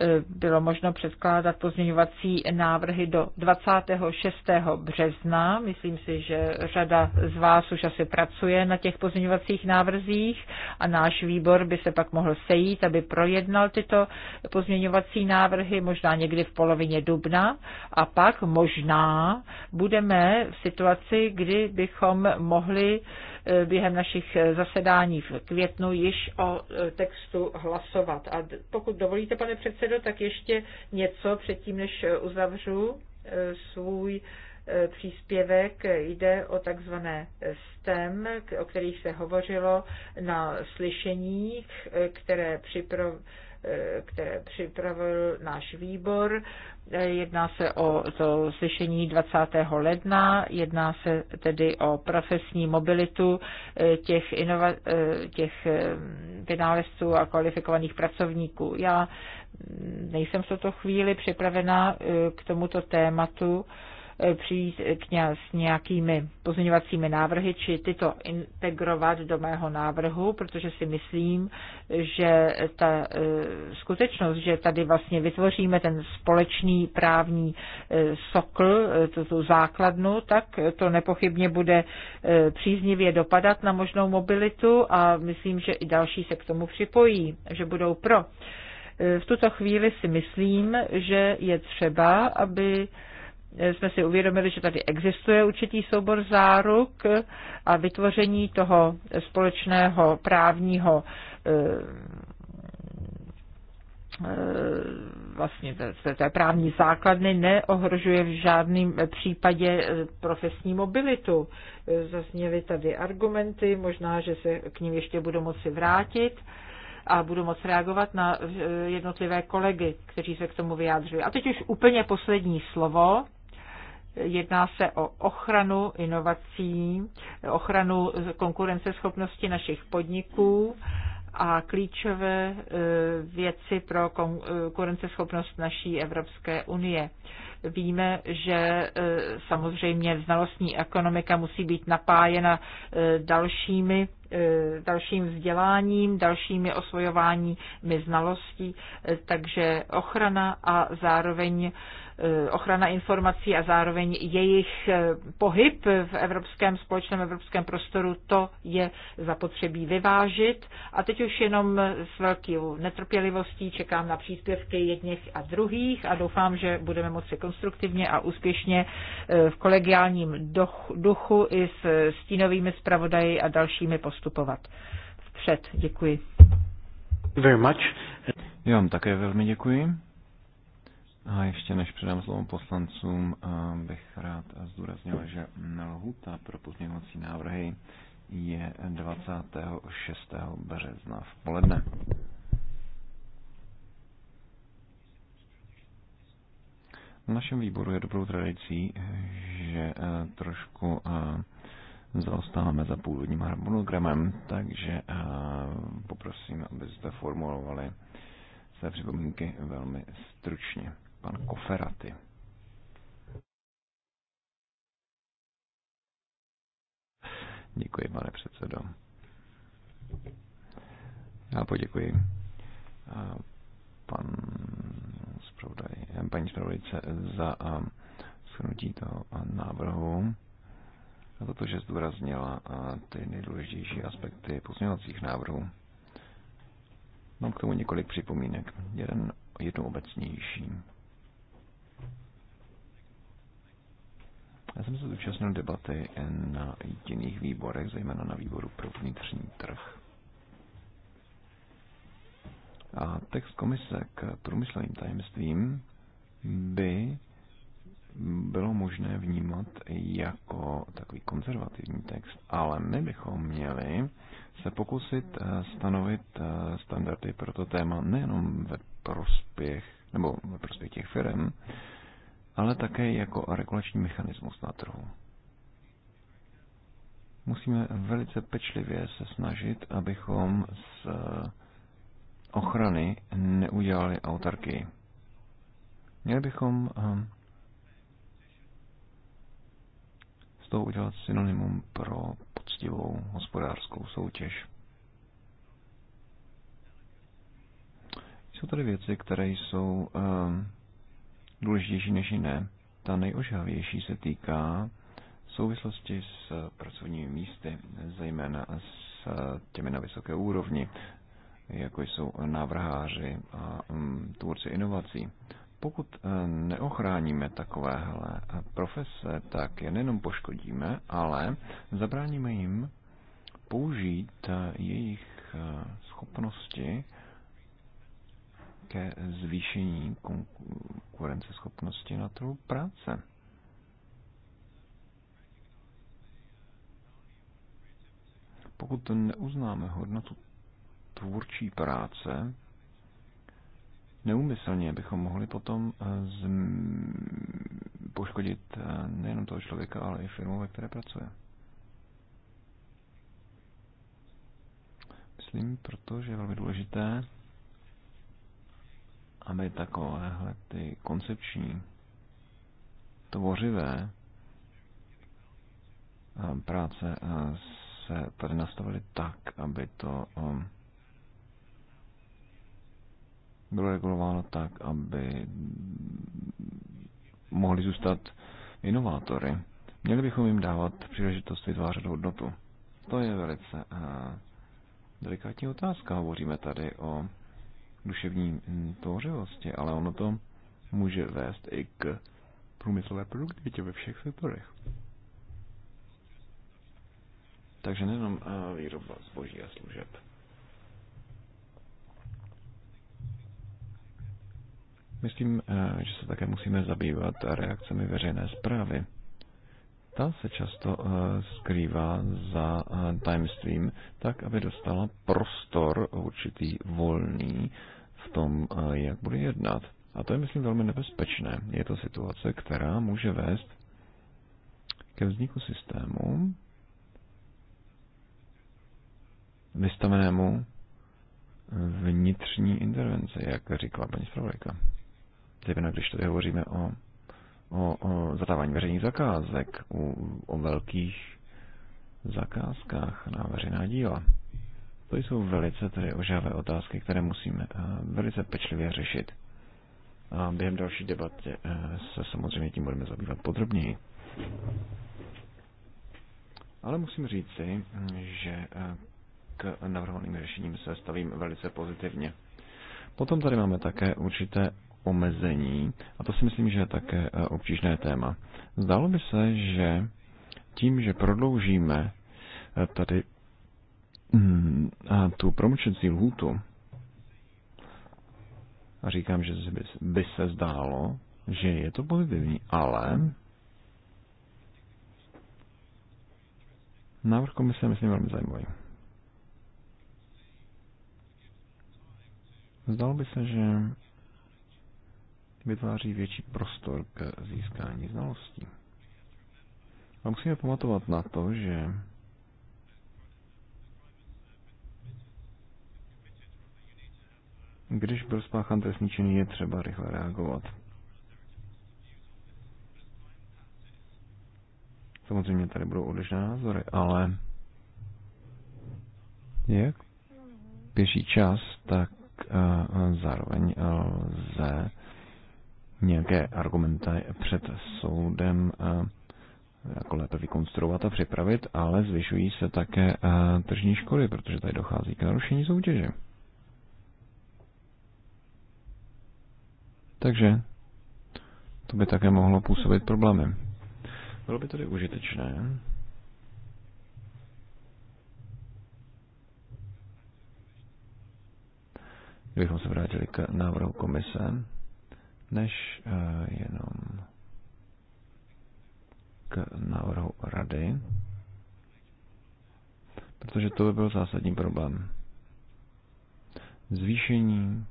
E, bylo možno předkládat pozměňovací návrhy do 26. března. Myslím si, že řada z vás už asi pracuje na těch pozměňovacích návrzích a náš výbor by se pak mohl sejít, aby projednal tyto pozměňovací návrhy možná někdy v polovině dubna a pak možná budeme v situaci, kdy bychom mohli Eh, během našich eh, zasedání v květnu již o eh, textu hlasovat. A pokud dovolíte, pane předsedo, tak ještě něco předtím, než uzavřu svůj příspěvek jde o takzvané STEM, o kterých se hovořilo na slyšeních, které připravo které připravil náš výbor. Jedná se o to slyšení 20. ledna, jedná se tedy o profesní mobilitu eh, těch, inova, eh, těch vynálezců eh, a kvalifikovaných pracovníků. Já mm, nejsem v tuto chvíli připravená k tomuto tématu Eh, přijít k ně s nějakými pozměňovacími návrhy, či tyto integrovat do mého návrhu, protože si myslím, že ta eh, skutečnost, že tady vlastně vytvoříme ten společný právní eh, sokl, tu základnu, tak to nepochybně bude příznivě dopadat na možnou mobilitu a myslím, že i další se k tomu připojí, že budou pro. V tuto chvíli si myslím, že je třeba, aby Eh, jsme si uvědomili, že tady existuje určitý soubor záruk eh, a vytvoření toho společného právního eh, vlastně té, té právní základny neohrožuje v žádném případě profesní mobilitu. Zazněly tady argumenty, možná, že se k ním ještě budu moci vrátit a budu moc reagovat na jednotlivé kolegy, kteří se k tomu vyjádřili. A teď už úplně poslední slovo Jedná se o ochranu inovací, ochranu konkurenceschopnosti našich podniků a klíčové e, věci pro e, konkurenceschopnost naší Evropské unie. Víme, že e, samozřejmě znalostní ekonomika musí být napájena dalšími dalším vzděláním, dalšími osvojováními znalostí, takže ochrana a zároveň Eh, ochrana informací a zároveň jejich eh, pohyb v evropském společném evropském prostoru, to je zapotřebí vyvážit. A teď už jenom s velkou netrpělivostí čekám na příspěvky jedněch a druhých a doufám, že budeme moci konstruktivně a úspěšně eh, v kolegiálním duchu i s stínovými zpravodaji a dalšími postupovat. Vpřed. Děkuji. Very much. Já vám také velmi děkuji. A ještě než předám slovo poslancům, bych rád zdůraznil, že lhuta pro pozměňovací návrhy je 26. března v poledne. V našem výboru je dobrou tradicí, že e, trošku e, zaostáváme za původním harmonogramem, takže e, poprosím, abyste formulovali své připomínky velmi stručně pan Koferaty. Děkuji, pane předsedo. Já poděkuji. Pan zpravodaj, paní zpravodajce za shrnutí toho návrhu a za to, že zdůraznila ty nejdůležitější aspekty pozměňovacích návrhů. Mám k tomu několik připomínek. Jeden, jednu obecnější. Já jsem se zúčastnil debaty na jiných výborech, zejména na výboru pro vnitřní trh. A text komise k průmyslovým tajemstvím by bylo možné vnímat jako takový konzervativní text, ale my bychom měli se pokusit eh, stanovit eh, standardy pro to téma nejenom ve prospěch, nebo ve prospěch těch firm, ale také jako regulační mechanismus na trhu. Musíme velice pečlivě se snažit, abychom z eh, ochrany neudělali autarky. Měli bychom eh, z toho udělat synonymum pro poctivou hospodářskou soutěž. Jsou tady věci, které jsou um, důležitější než jiné. Ta nejožhavější se týká souvislosti s pracovními místy, zejména s těmi na vysoké úrovni, jako jsou návrháři a mm, tvůrci inovací. Pokud e, neochráníme takovéhle profese, tak je nejenom poškodíme, ale zabráníme jim použít e, jejich e, schopnosti ke zvýšení konkurenceschopnosti na trhu práce. Pokud neuznáme hodnotu tvůrčí práce, neumyslně bychom mohli potom eh, z... poškodit eh, nejenom toho člověka, ale i firmu, ve které pracuje. Myslím proto, že je velmi důležité aby takovéhle ty koncepční tvořivé eh, práce eh, se tady nastavily tak, aby to eh, bylo regulováno tak, aby mohli zůstat inovátory. Měli bychom jim dávat příležitost vytvářet hodnotu. To je velice delikátní otázka. Hovoříme tady o duševní tvořivosti, ale ono to může vést i k průmyslové produktivitě ve všech sektorech. Takže nejenom eh, výroba zboží a služeb. Myslím, eh, že se také musíme zabývat reakcemi veřejné zprávy ta se často eh, skrývá za eh, tajemstvím, tak aby dostala prostor určitý volný v tom, eh, jak bude jednat. A to je, myslím, velmi nebezpečné. Je to situace, která může vést ke vzniku systému vystavenému vnitřní intervenci, jak říkala paní zpravodajka. Zejména když tady hovoříme o o, o zadávání veřejných zakázek, o, o velkých zakázkách na veřejná díla. To jsou velice tedy ožavé otázky, které musíme eh, velice pečlivě řešit. A během další debaty eh, se samozřejmě tím budeme zabývat podrobněji. Ale musím říci, že eh, k navrhovaným řešením se stavím velice pozitivně. Potom tady máme také určité omezení. A to si myslím, že je také eh, obtížné téma. Zdálo by se, že tím, že prodloužíme eh, tady hm, tu promlčecí lhůtu, a říkám, že by se zdálo, že je to pozitivní, ale návrh komise myslím velmi zajímavý. Zdalo by se, že vytváří větší prostor k získání znalostí. A musíme pamatovat na to, že když byl spáchán trestný čin, je třeba rychle reagovat. Samozřejmě tady budou odlišné názory, ale jak běží čas, tak eh, zároveň lze nějaké argumenty před soudem eh, jako lépe vykonstruovat a připravit, ale zvyšují se také eh, tržní škody, protože tady dochází k narušení soutěže. Takže to by také mohlo působit problémy. Bylo by tedy užitečné kdybychom se vrátili k návrhu komise než eh, jenom k návrhu rady, protože to by byl zásadní problém. Zvýšení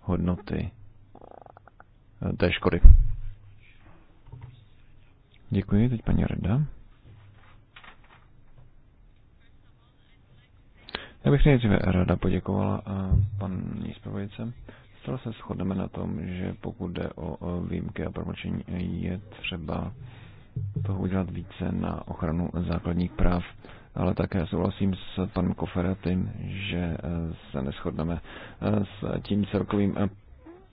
hodnoty eh, té škody. Děkuji, teď paní Rada. Já bych nejdříve rada poděkovala eh, paní zpravodajce Zcela se shodneme na tom, že pokud jde o výjimky a promlčení, je třeba toho udělat více na ochranu základních práv, ale také souhlasím s panem Koferatým, že e, se neschodneme e, s tím celkovým e,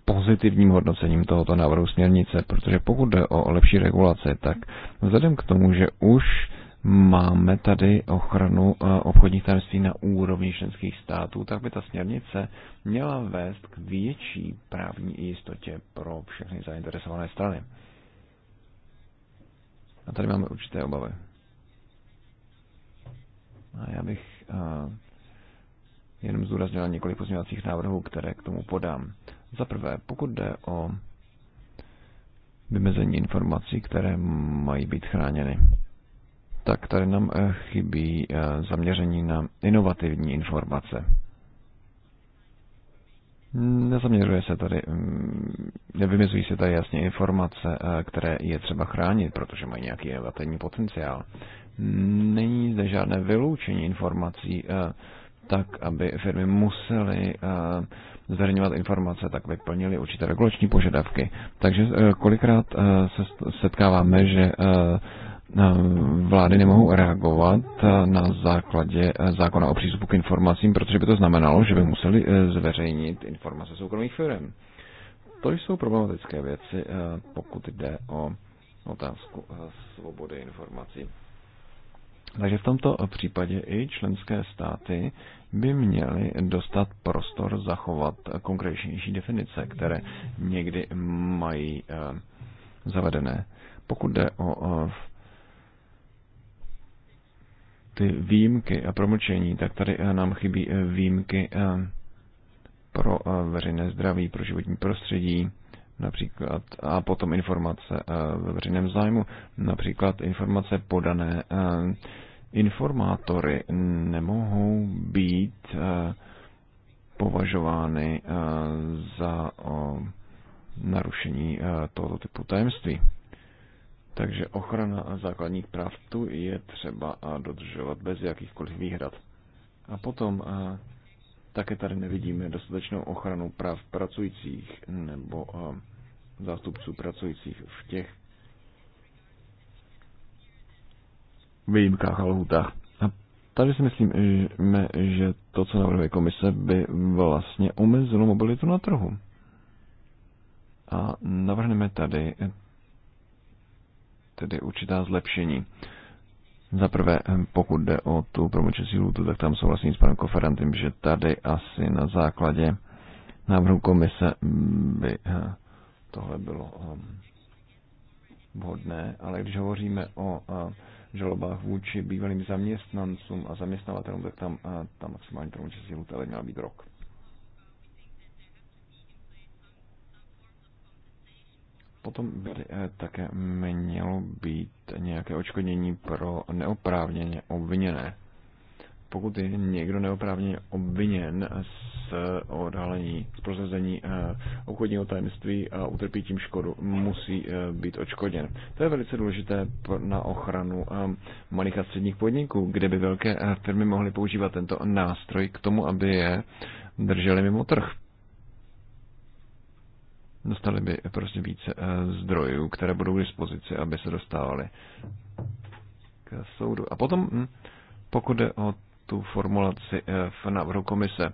pozitivním hodnocením tohoto návrhu směrnice, protože pokud jde o lepší regulaci, tak vzhledem k tomu, že už máme tady ochranu eh, obchodních tajemství na úrovni členských států, tak by ta směrnice měla vést k větší právní jistotě pro všechny zainteresované strany. A tady máme určité obavy. A já bych a, eh, jenom zdůraznil několik pozměňovacích návrhů, které k tomu podám. Za prvé, pokud jde o vymezení informací, které mají být chráněny tak tady nám eh, chybí eh, zaměření na inovativní informace. Nezaměřuje se tady, mm, nevymezují se tady jasně informace, eh, které je třeba chránit, protože mají nějaký inovativní potenciál. Není zde žádné vyloučení informací tak, aby firmy musely zveřejňovat informace, tak by plnili určité regulační požadavky. Takže kolikrát se setkáváme, že vlády nemohou reagovat eh, na základě eh, zákona o přístupu k informacím, protože by to znamenalo, že by museli eh, zveřejnit informace soukromých firm. To jsou problematické věci, pokud jde o otázku svobody informací. Takže v tomto případě i členské státy by měly dostat prostor zachovat konkrétnější definice, které někdy mají zavedené. Pokud jde o ty výjimky a promlčení, tak tady eh, nám chybí eh, výjimky eh, pro veřejné zdraví, pro životní prostředí, například, a potom informace ve veřejném zájmu, například informace podané informátory nemohou být považovány za narušení tohoto typu tajemství. Takže ochrana základních práv tu je třeba dodržovat bez jakýchkoliv výhrad. A potom a také tady nevidíme dostatečnou ochranu práv pracujících nebo zástupců pracujících v těch výjimkách a lhutách. A tady si myslím, že to, co navrhuje komise, by vlastně omezilo mobilitu na trhu. A navrhneme tady tedy určitá zlepšení. Za prvé, eh, pokud jde o tu promočecí lůtu, tak tam souhlasím s panem Koferantem, že tady asi na základě návrhu komise by eh, tohle bylo ehm, vhodné, ale když hovoříme o eh, žalobách vůči bývalým zaměstnancům a zaměstnavatelům, tak tam ta maximální promočecí lůta by měla být rok. potom by eh, také mělo být nějaké očkodnění pro neoprávněně obviněné. Pokud je někdo neoprávněně obviněn z odhalení, z prosazení eh, obchodního tajemství a utrpí tím škodu, musí eh, být očkoděn. To je velice důležité na ochranu malých a středních podniků, kde by velké firmy mohly používat tento nástroj k tomu, aby je drželi mimo trh. Dostali by prostě více eh, zdrojů, které budou k dispozici, aby se dostávali k soudu. A potom, hm, pokud jde o tu formulaci eh, v návrhu komise,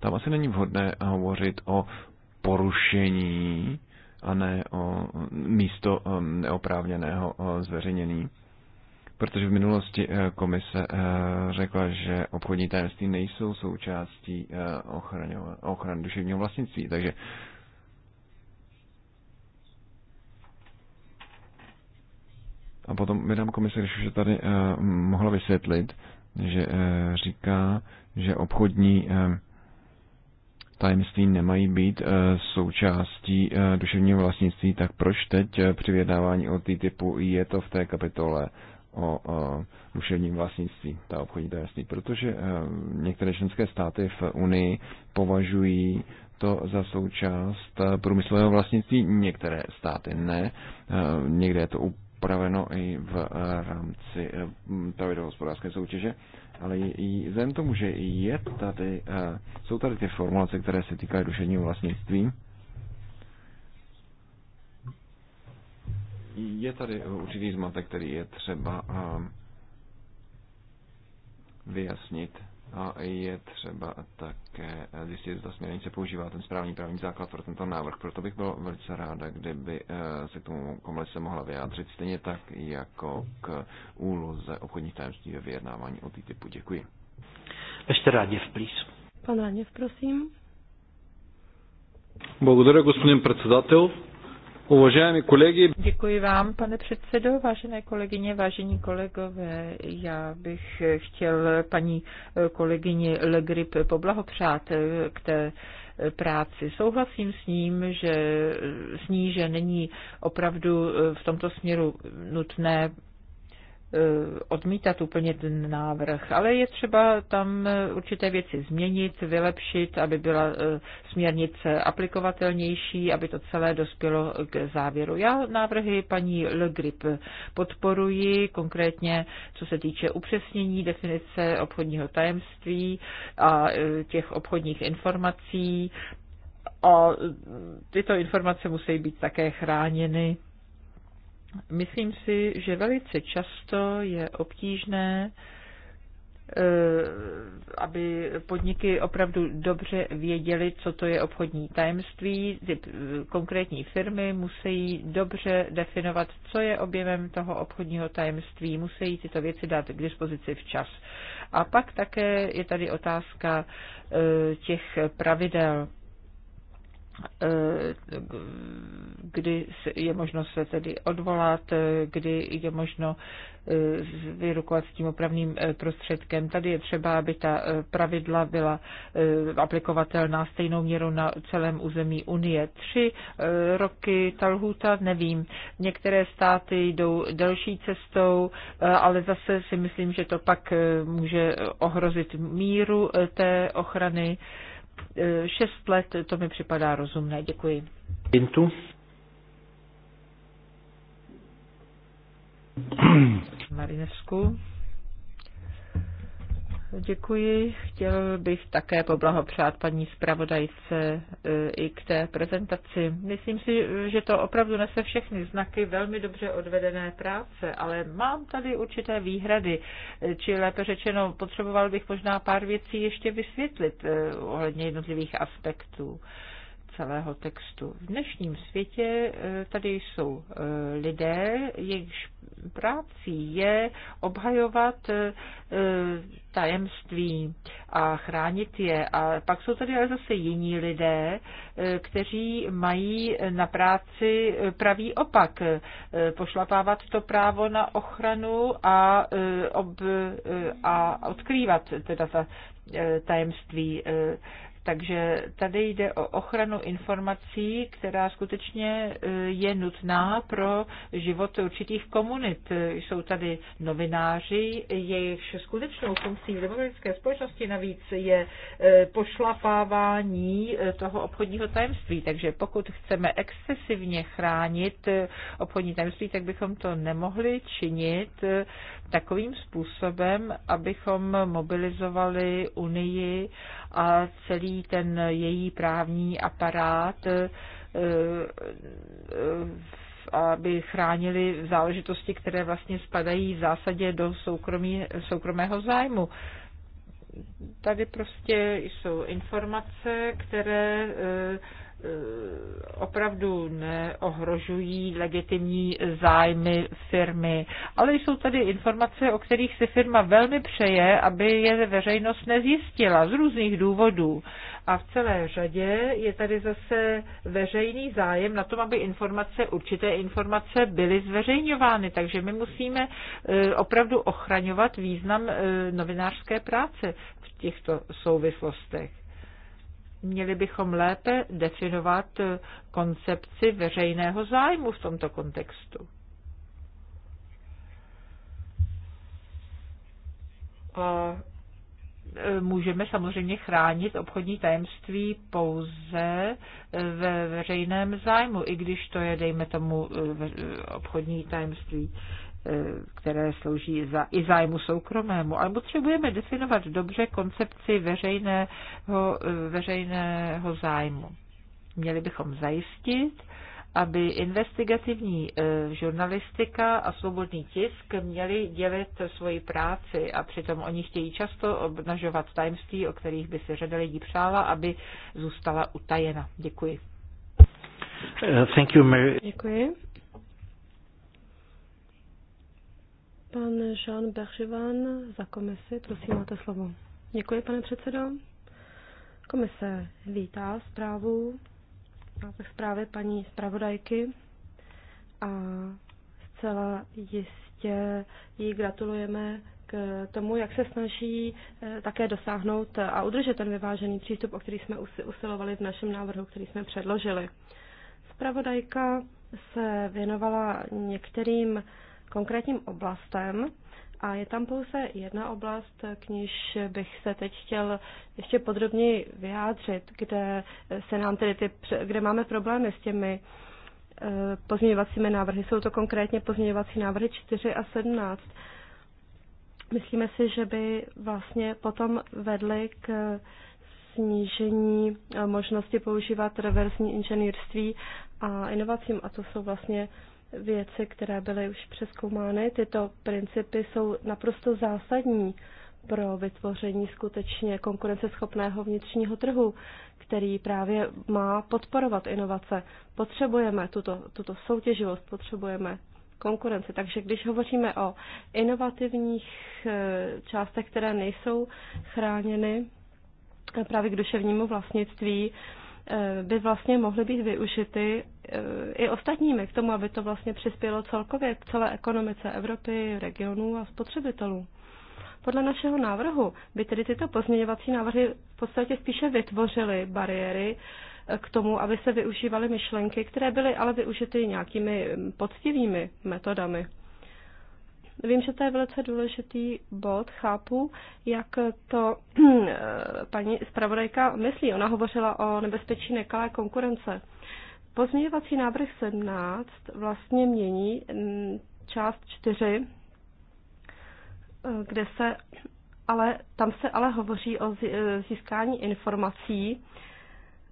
tam asi není vhodné hovořit o porušení a ne o místo hm, neoprávněného eh, zveřejnění. Protože v minulosti komise řekla, že obchodní tajemství nejsou součástí ochrany, ochrany duševního vlastnictví. Takže A potom mi dám komise, když už tady uh, mohla vysvětlit, že uh, říká, že obchodní uh, tajemství nemají být uh, součástí uh, duševního vlastnictví, tak proč teď uh, při vědávání o typu je to v té kapitole o uh, duševním vlastnictví, ta obchodní tajemství? Protože uh, některé členské státy v Unii považují to za součást průmyslového vlastnictví, některé státy ne, někde je to upraveno i v eh, rámci eh, pravidel hospodářské soutěže, ale i vzhledem tomu, že je tady, eh, jsou tady ty formulace, které se týkají duševního vlastnictví, je tady určitý zmatek, který je třeba vyjasnit. A je třeba také zjistit, zda směrnice používá ten správný právní základ pro tento návrh. Proto bych byl velice ráda, kdyby eh, se k tomu komise mohla vyjádřit, stejně tak jako k úloze obchodních tajemství ve vyjednávání o TTIPu. Děkuji. Ještě v plís. Pan Ráděv, prosím. Благодаря, господин председател. Уважаеми колеги. Děkuji vám, pane předsedo, vážené kolegyně, vážení kolegové. Já bych chtěl paní kolegyni Legrip poblahopřát k té práci. Souhlasím s ním, že s ní, že není opravdu v tomto směru nutné Eh, odmítat úplně ten návrh, ale je třeba tam eh, určité věci změnit, vylepšit, aby byla eh, směrnice aplikovatelnější, aby to celé dospělo k závěru. Já návrhy paní Le Grip podporuji, konkrétně co se týče upřesnění definice obchodního tajemství a těch obchodních informací. A tyto informace musí být také chráněny Myslím si, že velice často je obtížné, eh, aby podniky opravdu dobře věděly, co to je obchodní tajemství. Ty eh, konkrétní firmy musí dobře definovat, co je objemem toho obchodního tajemství, musí tyto věci dát k dispozici včas. A pak také je tady otázka eh, těch pravidel Eh, kdy je možno se tedy odvolat, eh, kdy je možno eh, vyrukovat s tím opravným prostředkem. Tady je třeba, aby ta pravidla byla aplikovatelná stejnou měrou na celém území Unie. Tři roky ta lhůta, nevím. Některé státy jdou delší cestou, ale zase si myslím, že to pak může ohrozit míru té ochrany. Eh, šest let, to mi připadá rozumné. Děkuji. Pintu. Marinesku. Děkuji. Chtěl bych také poblahopřát paní zpravodajce e, i k té prezentaci. Myslím si, že to opravdu nese všechny znaky velmi dobře odvedené práce, ale mám tady určité výhrady, či lépe řečeno, potřeboval bych možná pár věcí ještě vysvětlit e, ohledně jednotlivých aspektů celého textu. V dnešním světě eh, tady jsou eh, lidé, jejichž prací je obhajovat eh, tajemství a chránit je. A pak jsou tady ale zase jiní lidé, kteří mají na práci pravý opak. Pošlapávat to právo na ochranu a, ob, a odkrývat teda ta tajemství takže tady jde o ochranu informací, která skutečně e, je nutná pro život určitých komunit. Jsou tady novináři, jejichž skutečnou funkcí v demokratické společnosti navíc je e, pošlapávání e, toho obchodního tajemství. Takže pokud chceme excesivně chránit obchodní tajemství, tak bychom to nemohli činit takovým způsobem, abychom mobilizovali Unii a celý ten její právní aparát, e, e, aby chránili záležitosti, které vlastně spadají v zásadě do soukromí, soukromého zájmu. Tady prostě jsou informace, které e, Eh, opravdu neohrožují legitimní zájmy firmy, ale jsou tady informace, o kterých si firma velmi přeje, aby je veřejnost nezjistila z různých důvodů. A v celé řadě je tady zase veřejný zájem na tom, aby informace, určité informace byly zveřejňovány. Takže my musíme eh, opravdu ochraňovat význam eh, novinářské práce v těchto souvislostech. Měli bychom lépe definovat koncepci veřejného zájmu v tomto kontextu. A e, můžeme samozřejmě chránit obchodní tajemství pouze e, ve veřejném zájmu, i když to je, dejme tomu, e, obchodní tajemství Eh, které slouží za, i zájmu soukromému, ale potřebujeme definovat dobře koncepci veřejného, eh, veřejného zájmu. Měli bychom zajistit, aby investigativní eh, žurnalistika a svobodný tisk měli dělit svoji práci a přitom oni chtějí často obnažovat tajemství, o kterých by se řada lidí přála, aby zůstala utajena. Děkuji. Uh, thank you, Mary. Děkuji. Pan Jean Berživan za komisi, prosím, máte slovo. Děkuji, pane předsedo. Komise vítá zprávu, zprávy paní zpravodajky a zcela jistě jí gratulujeme k tomu, jak se snaží eh, také dosáhnout a udržet ten vyvážený přístup, o který jsme usilovali v našem návrhu, který jsme předložili. Spravodajka se věnovala některým konkrétním oblastem a je tam pouze jedna oblast, k níž bych se teď chtěl ještě podrobněji vyjádřit, kde se nám tedy ty, kde máme problémy s těmi eh, pozměňovacími návrhy. Jsou to konkrétně pozměňovací návrhy 4 a 17. Myslíme si, že by vlastně potom vedly k snížení eh, možnosti používat reverzní inženýrství a inovacím. A to jsou vlastně věci, které byly už přeskoumány. Tyto principy jsou naprosto zásadní pro vytvoření skutečně konkurenceschopného vnitřního trhu, který právě má podporovat inovace. Potřebujeme tuto, tuto soutěživost, potřebujeme konkurenci. Takže když hovoříme o inovativních eh, částech, které nejsou chráněny eh, právě k duševnímu vlastnictví, Eh, by vlastně mohly být využity eh, i ostatními k tomu, aby to vlastně přispělo celkově k celé ekonomice Evropy, regionů a spotřebitelů. Podle našeho návrhu by tedy tyto pozměňovací návrhy v podstatě spíše vytvořily bariéry eh, k tomu, aby se využívaly myšlenky, které byly ale využity nějakými mm, poctivými metodami. Vím, že to je velice důležitý bod, chápu, jak to paní zpravodajka myslí. Ona hovořila o nebezpečí nekalé konkurence. Pozměňovací návrh 17 vlastně mění mm, část 4, eh, kde se ale, tam se ale hovoří o eh, získání informací,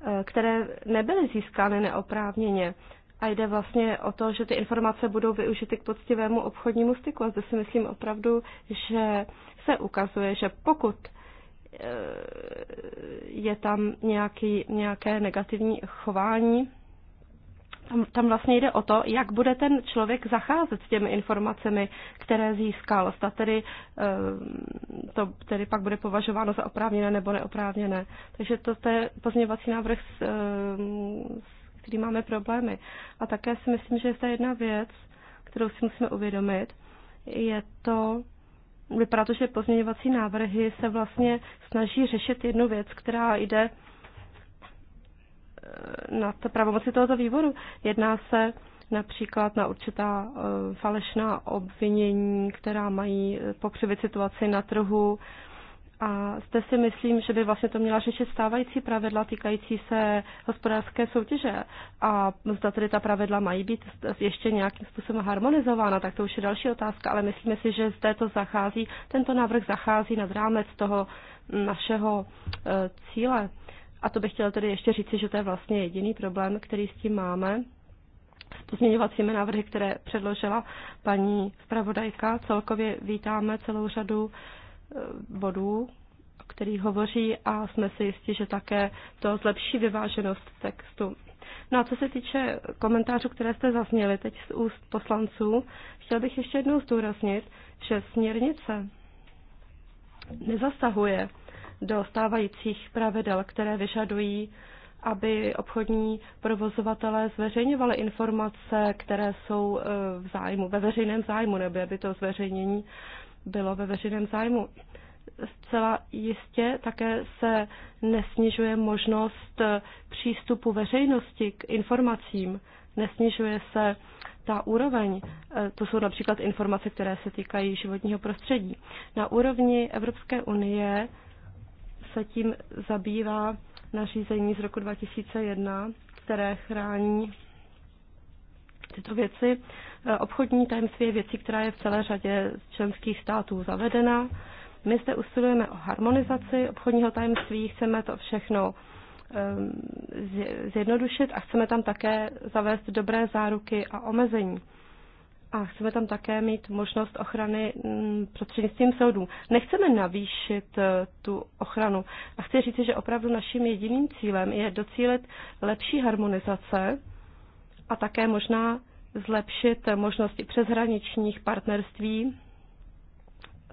eh, které nebyly získány neoprávněně. A jde vlastně o to, že ty informace budou využity k poctivému obchodnímu styku. A zde si myslím opravdu, že se ukazuje, že pokud e, je tam nějaký, nějaké negativní chování, tam, vlastně jde o to, jak bude ten člověk zacházet s těmi informacemi, které získal. Zda tedy e, to tedy pak bude považováno za oprávněné nebo neoprávněné. Takže to, to je pozměvací návrh s, e, který máme problémy. A také si myslím, že je ta jedna věc, kterou si musíme uvědomit, je to, vypadá to, že pozměňovací návrhy se vlastně snaží řešit jednu věc, která jde eh, na to pravomoci tohoto výboru. Jedná se například na určitá eh, falešná obvinění, která mají eh, pokřivit situaci na trhu, a zde si myslím, že by vlastně to měla řešit stávající pravidla týkající se hospodářské soutěže. A zda tedy ta pravidla mají být ještě nějakým způsobem harmonizována, tak to už je další otázka, ale myslíme si, že zde to zachází, tento návrh zachází nad rámec toho našeho e, cíle. A to bych chtěla tedy ještě říci, že to je vlastně jediný problém, který s tím máme, s pozměňovacími návrhy, které předložila paní zpravodajka. Celkově vítáme celou řadu Eh, bodů, o kterých hovoří a jsme si jistí, že také to zlepší vyváženost textu. No a co se týče komentářů, které jste zazněli teď z úst poslanců, chtěl bych ještě jednou zdůraznit, že směrnice nezasahuje do stávajících pravidel, které vyžadují, aby obchodní provozovatelé zveřejňovali informace, které jsou eh, v zájmu, ve veřejném zájmu, nebo aby to zveřejnění bylo ve veřejném zájmu. Zcela jistě také se nesnižuje možnost eh, přístupu veřejnosti k informacím, nesnižuje se ta úroveň. Eh, to jsou například informace, které se týkají životního prostředí. Na úrovni Evropské unie se tím zabývá nařízení z roku 2001, které chrání tyto věci. E, obchodní tajemství je věcí, která je v celé řadě členských států zavedena. My zde usilujeme o harmonizaci obchodního tajemství, chceme to všechno zjednodušit a chceme tam také zavést dobré záruky a omezení. A chceme tam také mít možnost ochrany mm, prostřednictvím soudů. Nechceme navýšit e, tu ochranu. A chci říct, že opravdu naším jediným cílem je docílit lepší harmonizace a také možná zlepšit možnosti přeshraničních partnerství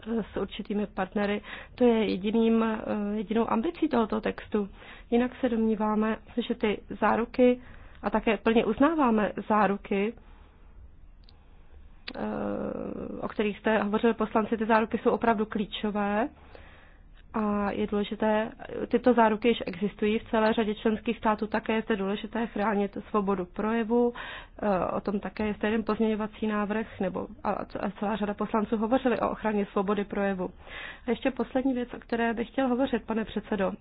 eh, s určitými partnery. To je jediným, eh, jedinou ambicí tohoto textu. Jinak se domníváme, že ty záruky a také plně uznáváme záruky, eh, o kterých jste hovořili poslanci, ty záruky jsou opravdu klíčové a je důležité, tyto záruky již existují v celé řadě členských států, také je zde důležité chránit svobodu projevu, eh, o tom také je zde jeden pozměňovací návrh, nebo a celá řada poslanců hovořili o ochraně svobody projevu. A ještě poslední věc, o které bych chtěl hovořit, pane předsedo.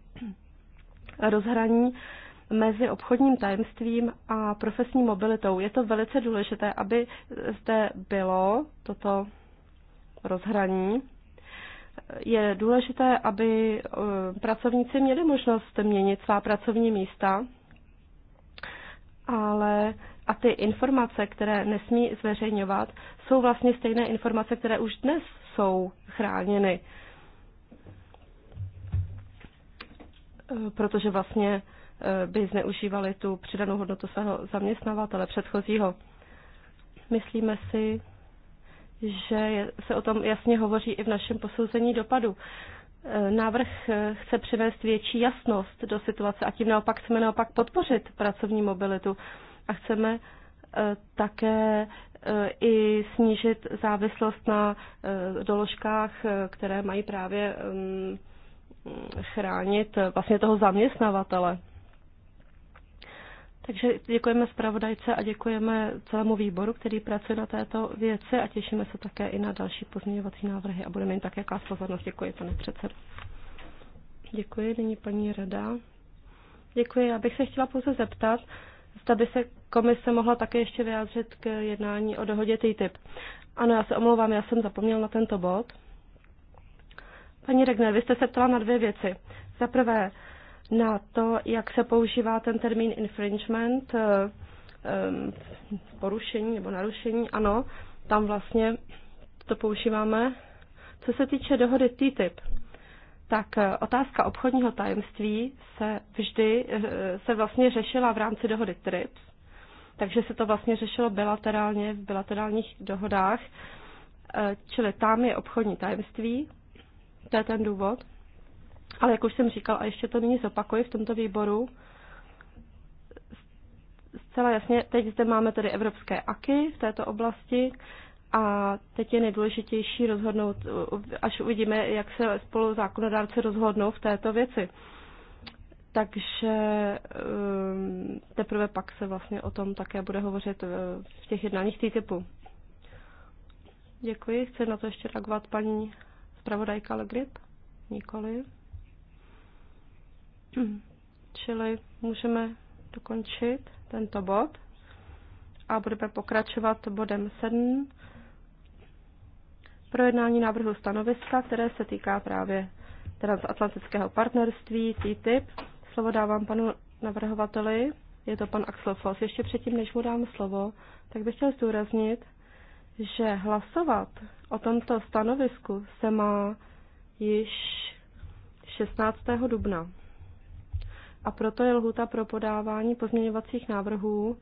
Rozhraní mezi obchodním tajemstvím a profesní mobilitou. Je to velice důležité, aby zde bylo toto rozhraní je důležité, aby eh, pracovníci měli možnost měnit svá pracovní místa, ale a ty informace, které nesmí zveřejňovat, jsou vlastně stejné informace, které už dnes jsou chráněny. Eh, protože vlastně eh, by zneužívali tu přidanou hodnotu svého zaměstnavatele předchozího. Myslíme si, že se o tom jasně hovoří i v našem posouzení dopadu. E, návrh e, chce přinést větší jasnost do situace a tím naopak chceme naopak podpořit pracovní mobilitu a chceme e, také i snížit závislost na doložkách, které mají právě chránit vlastně toho zaměstnavatele. Takže děkujeme zpravodajce a děkujeme celému výboru, který pracuje na této věci a těšíme se také i na další pozměňovací návrhy a budeme jim také klást pozornost. Děkuji, pane předsedo. Děkuji, nyní paní Rada. Děkuji, já bych se chtěla pouze zeptat, zda by se komise mohla také ještě vyjádřit k jednání o dohodě TTIP. Ano, já se omlouvám, já jsem zapomněl na tento bod. Paní Regner, vy jste se ptala na dvě věci. Za prvé, na to, jak se používá ten termín infringement, eh, eh, porušení nebo narušení, ano, tam vlastně to používáme. Co se týče dohody TTIP, tak eh, otázka obchodního tajemství se vždy se vlastně řešila v rámci dohody TRIPS, takže se to vlastně řešilo bilaterálně v bilaterálních dohodách, čili tam je obchodní tajemství, to je ten důvod. Ale jak už jsem říkal, a ještě to nyní zopakuji v tomto výboru, zcela jasně, teď zde máme tedy evropské aky v této oblasti a teď je nejdůležitější rozhodnout, až uvidíme, jak se spolu zákonodárci rozhodnou v této věci. Takže ehm, teprve pak se vlastně o tom také bude hovořit eh, v těch jednáních TTIPu. Děkuji. Chce na to ještě reagovat paní zpravodajka Legrip? Nikoliv. Čili můžeme dokončit tento bod a budeme pokračovat bodem 7. Projednání návrhu stanoviska, které se týká právě transatlantického partnerství TTIP. Slovo dávám panu navrhovateli, je to pan Axel Foss. Ještě předtím, než mu dám slovo, tak bych chtěl zdůraznit, že hlasovat o tomto stanovisku se má již 16. dubna a proto je lhuta pro podávání pozměňovacích návrhů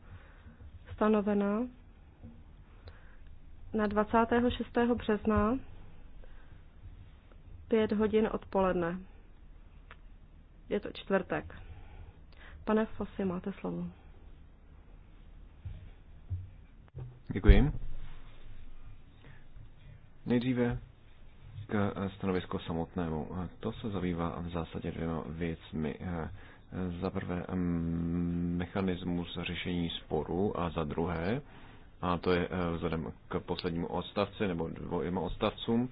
stanovena na 26. března 5 hodin odpoledne. Je to čtvrtek. Pane Fosy, máte slovo. Děkuji. Nejdříve k stanovisku samotnému. To se zabývá v zásadě dvěma věcmi za prvé mechanismus řešení sporu a za druhé, a to je eh, vzhledem k poslednímu odstavci nebo dvojima odstavcům,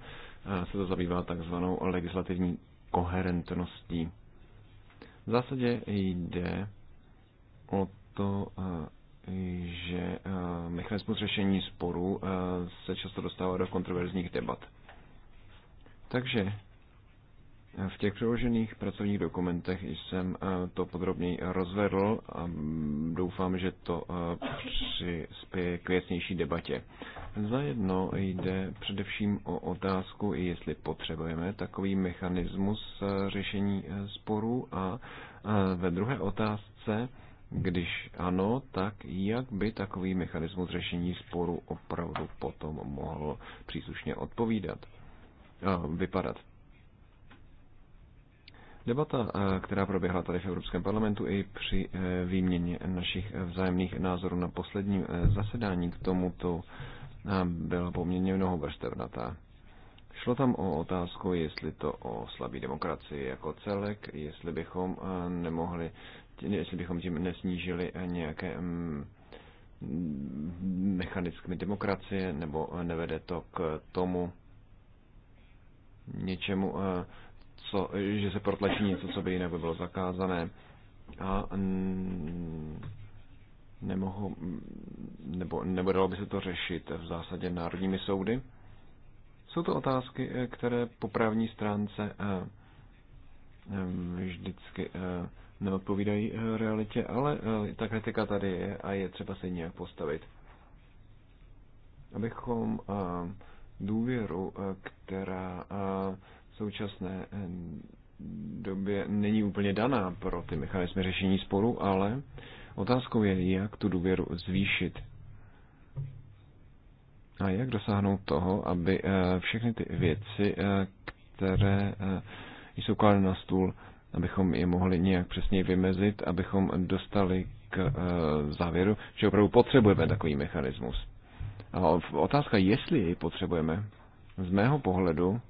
eh, se to zabývá takzvanou legislativní koherentností. V zásadě jde o to, eh, že mechanismus řešení sporů se často dostává do kontroverzních debat. Takže v těch přeložených pracovních dokumentech jsem eh, to podrobněji rozvedl a mm, doufám, že to eh, přispěje k věcnější debatě. Zajedno jde především o otázku, jestli potřebujeme takový mechanismus eh, řešení sporů a ve druhé otázce, když ano, tak jak by takový mechanismus řešení sporu opravdu potom mohl příslušně odpovídat, vypadat. Debata, eh, která proběhla tady v Evropském parlamentu i při eh, výměně našich vzájemných názorů na posledním eh, zasedání k tomuto, byla poměrně mnoho vrstevnatá. Šlo tam o otázku, jestli to o slabý demokracii jako celek, jestli bychom nemohli, jestli bychom tím nesnížili nějaké mm, mechanickými demokracie, nebo nevede to k tomu něčemu, co, že se protlačí něco, co by jinak by bylo zakázané. A nemohu, nebo, nebudalo by se to řešit v zásadě národními soudy. Jsou to otázky, eh, které po právní stránce eh, eh, vždycky neodpovídají realitě, ale ta kritika tady je a je třeba se nějak postavit. Abychom důvěru, která současné eh, době není úplně daná pro ty mechanismy řešení sporu, ale otázkou je, jak tu důvěru zvýšit. A jak dosáhnout toho, aby eh, všechny ty věci, eh, které jsou kladeny na stůl, abychom je mohli nějak přesně vymezit, abychom dostali k závěru, že opravdu potřebujeme takový mechanismus. A otázka, jestli jej potřebujeme, z mého pohledu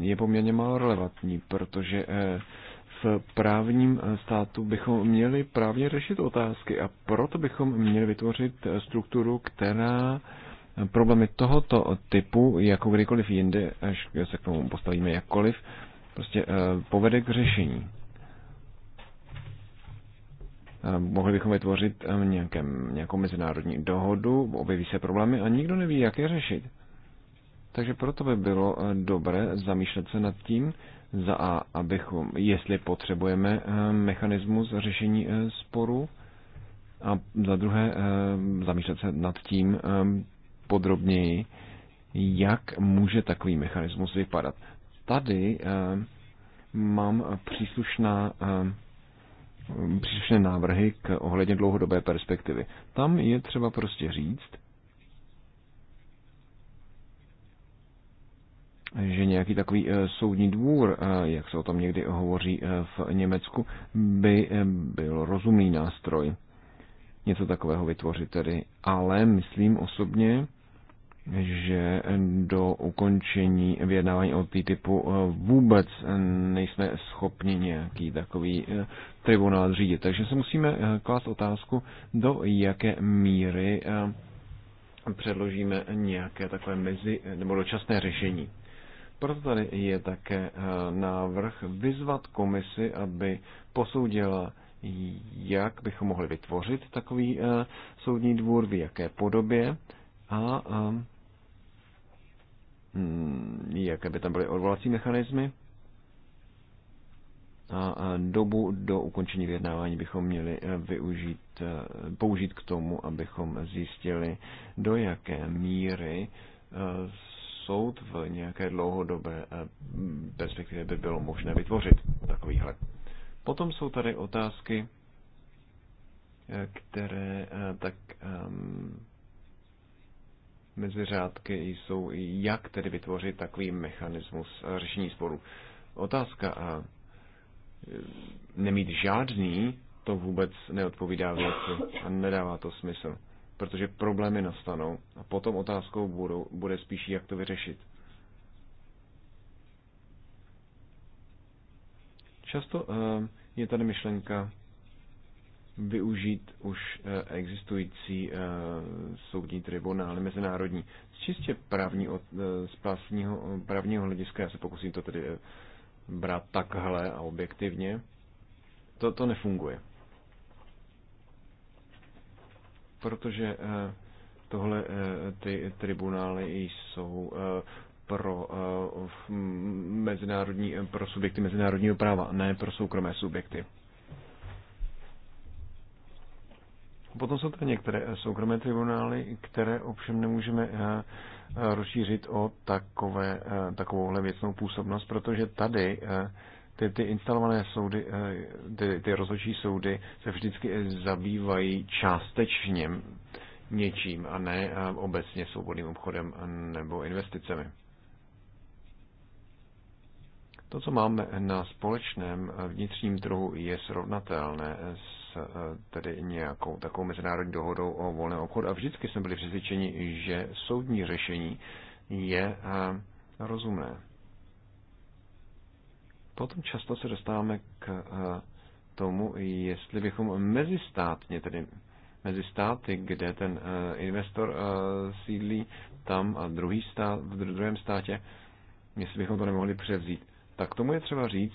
je poměrně málo relevantní, protože eh, v právním eh, státu bychom měli právně řešit otázky a proto bychom měli vytvořit eh, strukturu, která problémy tohoto typu, jako kdykoliv jinde, až se k tomu postavíme jakkoliv, prostě povede k řešení. Mohli bychom vytvořit nějakém, nějakou mezinárodní dohodu, objeví se problémy a nikdo neví, jak je řešit. Takže proto by bylo eh, dobré zamýšlet se nad tím, za A, abychom, jestli potřebujeme eh, mechanismus řešení eh, sporu, a za druhé zamýšlet se nad tím podrobněji, jak může takový mechanismus vypadat. Tady mám příslušná příslušné návrhy k ohledně dlouhodobé perspektivy. Tam je třeba prostě říct, že nějaký takový eh, soudní dvůr, eh, jak se o tom někdy hovoří eh, v Německu, by byl rozumný nástroj něco takového vytvořit tedy. Ale myslím osobně, že do ukončení vyjednávání o typu vůbec nejsme schopni nějaký takový tribunál řídit. Takže se musíme klást otázku, do jaké míry předložíme nějaké takové mezi nebo dočasné řešení. Proto tady je také eh, návrh vyzvat komisi, aby posoudila, jak bychom mohli vytvořit takový eh, soudní dvůr, v jaké podobě a eh, mm, jaké by tam byly odvolací mechanismy. A dobu do ukončení vyjednávání bychom měli využít, použít k tomu, abychom zjistili, do jaké míry soud v nějaké dlouhodobé eh, perspektivě by bylo možné vytvořit takovýhle. Potom jsou tady otázky, eh, které eh, tak ehm, mezi řádky jsou, jak tedy vytvořit takový mechanismus řešení sporu. Otázka a nemít žádný, to vůbec neodpovídá věci a nedává to smysl protože problémy nastanou a potom otázkou budou, bude spíš, jak to vyřešit. Často eh, je tady myšlenka využít už eh, existující eh, soudní tribunály mezinárodní. Z čistě právní, z právního, právního hlediska, já se pokusím to tedy brát takhle a objektivně, to, to nefunguje. protože eh, tohle eh, ty tribunály jsou eh, pro, mezinárodní, pro subjekty mezinárodního práva, ne pro soukromé subjekty. Potom jsou tady některé soukromé tribunály, které ovšem nemůžeme rozšířit o takové, takovouhle věcnou působnost, protože tady ty, ty instalované soudy, eh, ty, ty rozhodčí soudy se vždycky eh, zabývají částečním něčím a ne eh, obecně svobodným obchodem nebo investicemi. To, co máme na společném vnitřním trhu, je srovnatelné s tedy nějakou takovou mezinárodní dohodou o volném obchodu a vždycky jsme byli přesvědčeni, že soudní řešení je rozumné. Potom často se dostáváme k eh, tomu, jestli bychom mezistátně, tedy mezi státy, kde ten eh, investor eh, sídlí, tam a druhý stát, v druhém státě, jestli bychom to nemohli převzít. Tak tomu je třeba říct,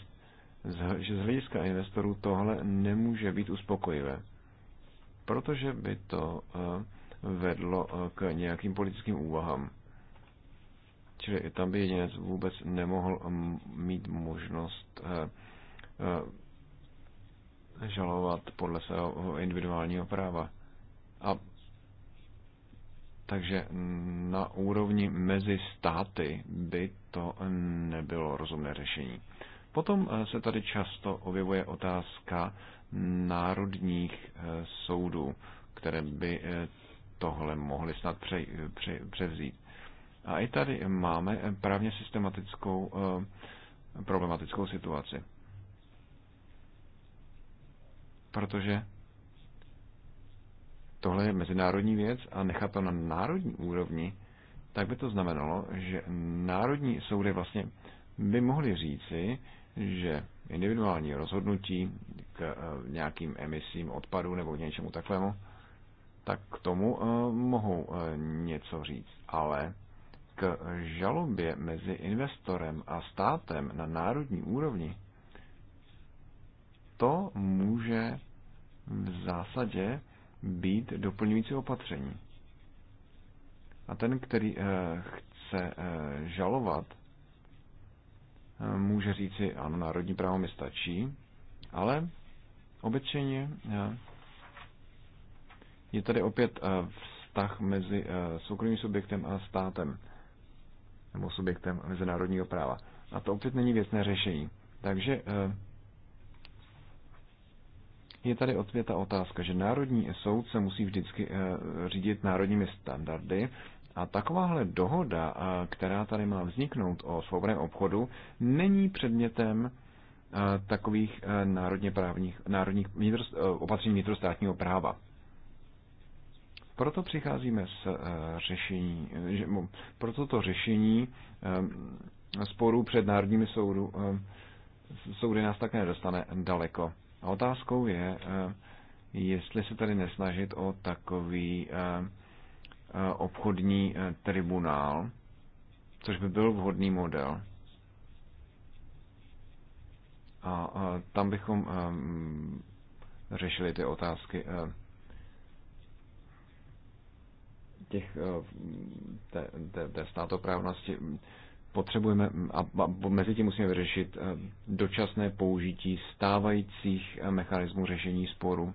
že z hlediska investorů tohle nemůže být uspokojivé, protože by to vedlo k nějakým politickým úvahám. Čili tam by jedinec vůbec nemohl eh, mít možnost eh, eh, žalovat podle svého individuálního práva. A takže na úrovni mezi státy by to nebylo rozumné řešení. Potom se tady často objevuje otázka národních soudů, které by tohle mohly snad pře, pře, převzít. A i tady máme právně systematickou eh, problematickou situaci. Protože tohle je mezinárodní věc a nechat to na národní úrovni, tak by to znamenalo, že národní soudy vlastně by mohly říci, že individuální rozhodnutí k eh, nějakým emisím odpadů nebo k něčemu takovému, tak k tomu eh, mohou něco říct. Ale k žalobě mezi investorem a státem na národní úrovni, to může v zásadě být doplňující opatření. A ten, který eh, chce eh, žalovat, eh, může říci, ano, národní právo mi stačí, ale obecně je tady opět vztah mezi soukromým subjektem a státem nebo subjektem mezinárodního práva. A to opět není věcné řešení. Takže eh, je tady ta otázka, že národní soud se musí vždycky eh, řídit národními standardy a takováhle dohoda, eh, která tady má vzniknout o svobodném obchodu, není předmětem takových národně právních, národních opatření vnitrostátního práva. Proto přicházíme s eh, řešení, že, proto to řešení eh, sporů před národními soudu, eh, soudy nás také nedostane daleko. A otázkou je, jestli se tady nesnažit o takový obchodní tribunál, což by byl vhodný model. A tam bychom řešili ty otázky těch, eh, té, té, té státoprávnosti potřebujeme a mezi tím musíme vyřešit eh, dočasné použití stávajících eh, mechanismů řešení sporu,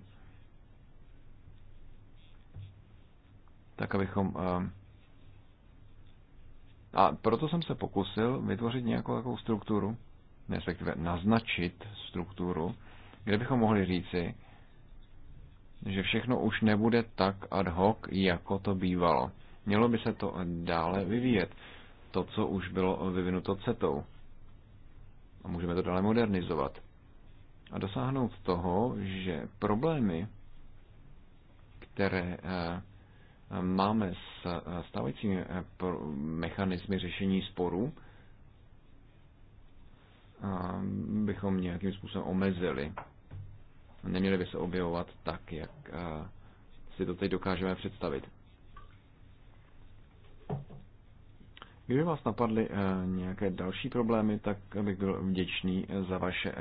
tak abychom a proto jsem se pokusil vytvořit nějakou takovou strukturu, respektive naznačit strukturu, kde bychom mohli říci, že všechno už nebude tak ad hoc, jako to bývalo. Mělo by se to dále vyvíjet, to, co už bylo vyvinuto CETou. A můžeme to dále modernizovat. A dosáhnout toho, že problémy, které eh, máme s eh, stávajícími eh, mechanismy řešení sporů, bychom nějakým způsobem omezili neměly by se objevovat tak, jak eh, si to teď dokážeme představit. Kdyby vás napadly eh, nějaké další problémy, tak bych byl vděčný eh, za vaše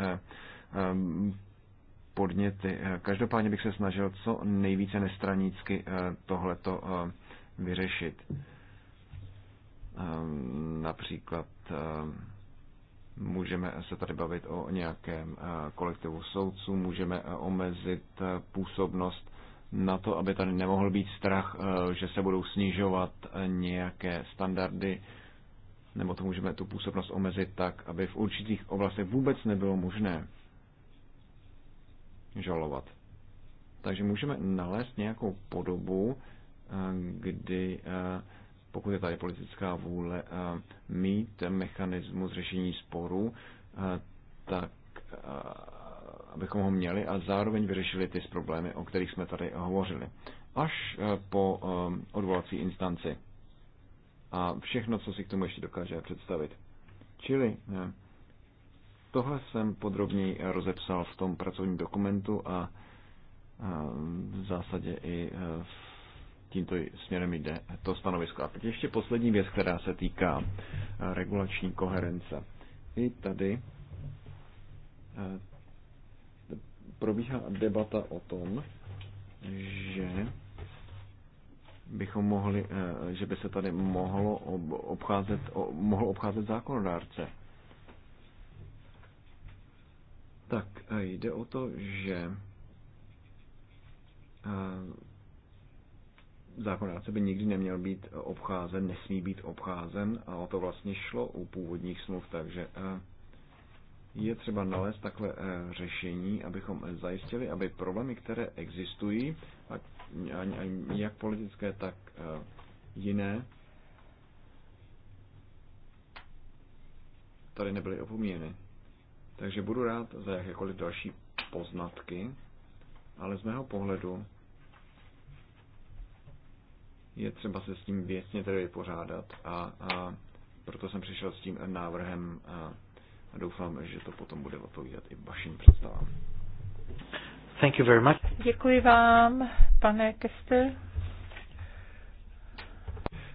podněty. Každopádně bych se snažil co nejvíce nestranícky tohleto vyřešit. Například Můžeme se tady bavit o nějakém eh, kolektivu soudců, můžeme eh, omezit eh, působnost na to, aby tady nemohl být strach, že se budou snižovat nějaké standardy, nebo to můžeme tu působnost omezit tak, aby v určitých oblastech vůbec nebylo možné žalovat. Takže můžeme nalézt nějakou podobu, kdy pokud je tady politická vůle eh, mít mechanismus řešení sporů, eh, tak eh, abychom ho měli a zároveň vyřešili ty problémy, o kterých jsme tady hovořili. Až po odvolací instanci. A všechno, co si k tomu ještě dokáže představit. Čili tohle jsem podrobněji rozepsal v tom pracovním dokumentu a v zásadě i v tímto směrem jde to stanovisko. A teď ještě poslední věc, která se týká eh, regulační koherence. I tady eh, probíhá debata o tom, že bychom mohli, eh, že by se tady mohlo obcházet, mohl obcházet zákonodárce. Tak jde o to, že zákonodárce by nikdy neměl být obcházen, nesmí být obcházen a o to vlastně šlo u původních smluv, takže eh, je třeba nalézt takové eh, řešení, abychom eh, zajistili, aby problémy, které existují, jak politické, tak jiné, tady nebyly opomíjeny. Takže budu rád za jakékoliv další poznatky, ale z mého pohledu je třeba se s tím věcně tedy vypořádat a, a proto jsem přišel s tím návrhem a, a doufám, že to potom bude odpovídat i vašim představám. Thank you very much. Děkuji vám, pane Kester.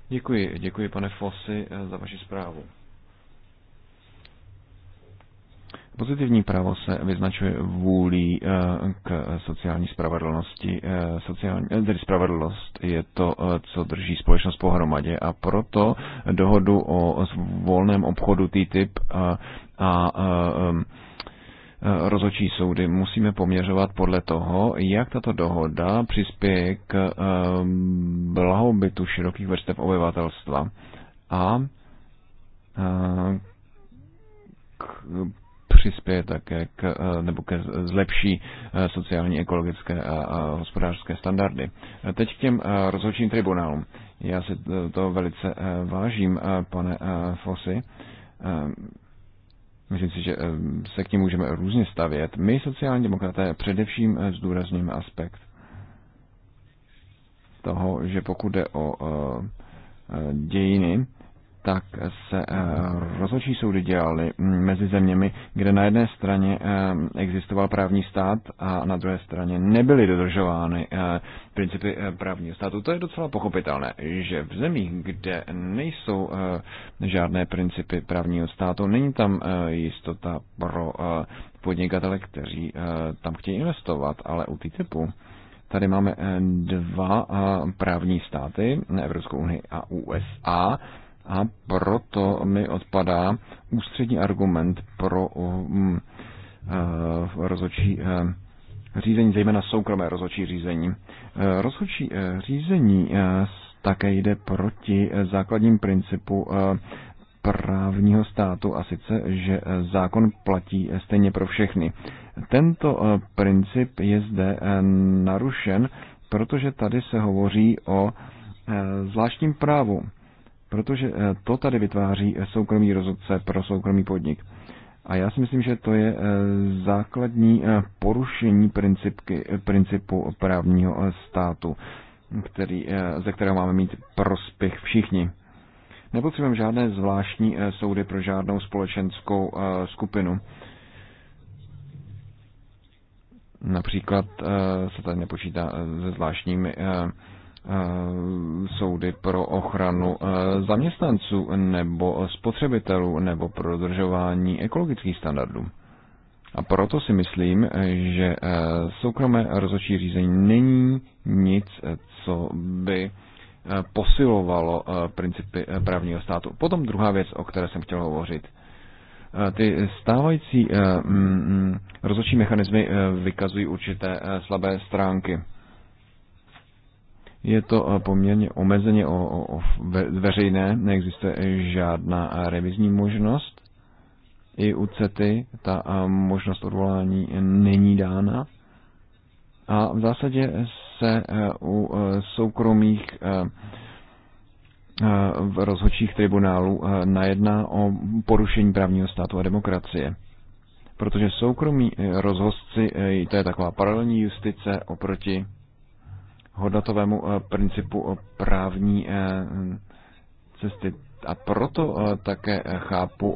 Děkuji, děkuji pane Fossi za vaši zprávu. Pozitivní právo se vyznačuje vůlí eh, k sociální spravedlnosti. Eh, sociální, eh, tedy spravedlnost je to, co drží společnost pohromadě a proto dohodu o volném obchodu TTIP a, a, a rozhodčí soudy musíme poměřovat podle toho, jak tato dohoda přispěje k blahobytu širokých vrstev obyvatelstva a k přispěje také k, eh, nebo ke zlepší eh, sociální, ekologické a hospodářské standardy. Teď k těm eh, rozhodčím tribunálům. Já si to velice vážím, pane Fosy. Myslím si, že se k ní můžeme různě stavět. My, sociální demokraté, především zdůrazníme aspekt toho, že pokud jde o dějiny, tak se eh, rozhodčí soudy dělaly mezi zeměmi, kde na jedné straně eh, existoval právní stát a na druhé straně nebyly dodržovány eh, principy právního státu. To je docela pochopitelné, že v zemích, kde nejsou žádné principy právního státu, není tam jistota pro podnikatele, kteří tam chtějí investovat, ale u TTIPu Tady máme dva právní státy, Evropskou unii a USA, a proto mi odpadá ústřední argument pro um, uh, rozhodčí uh, řízení, zejména soukromé rozhodčí řízení. Uh, rozhodčí uh, řízení uh, také jde proti uh, základním principu uh, právního státu a sice, že uh, zákon platí stejně pro všechny. Tento princip je zde narušen, protože tady se hovoří o zvláštním právu. Protože eh, to tady vytváří eh, soukromý rozhodce pro soukromý podnik. A já si myslím, že to je eh, základní porušení principky, principu právního státu, který, ze kterého máme mít prospěch všichni. Nepotřebujeme žádné zvláštní soudy pro žádnou společenskou skupinu. Například se tady nepočítá se zvláštními Eh, soudy pro ochranu eh, zaměstnanců nebo spotřebitelů nebo pro dodržování ekologických standardů. A proto si myslím, že eh, soukromé rozhodčí řízení není nic, co by posilovalo principy právního státu. Potom druhá věc, o které jsem chtěl hovořit. Ty stávající mm, mm, rozhodčí mechanismy vykazují určité slabé stránky je to eh, poměrně omezeně o, o, o veřejné, neexistuje žádná eh, revizní možnost. I u CETY ta eh, možnost odvolání není dána. A v zásadě se u soukromých v rozhodčích tribunálů najedná o porušení právního státu a demokracie. Protože soukromí rozhodci, to je taková paralelní justice oproti hodnotovému eh, principu eh, právní eh, cesty. A proto také chápu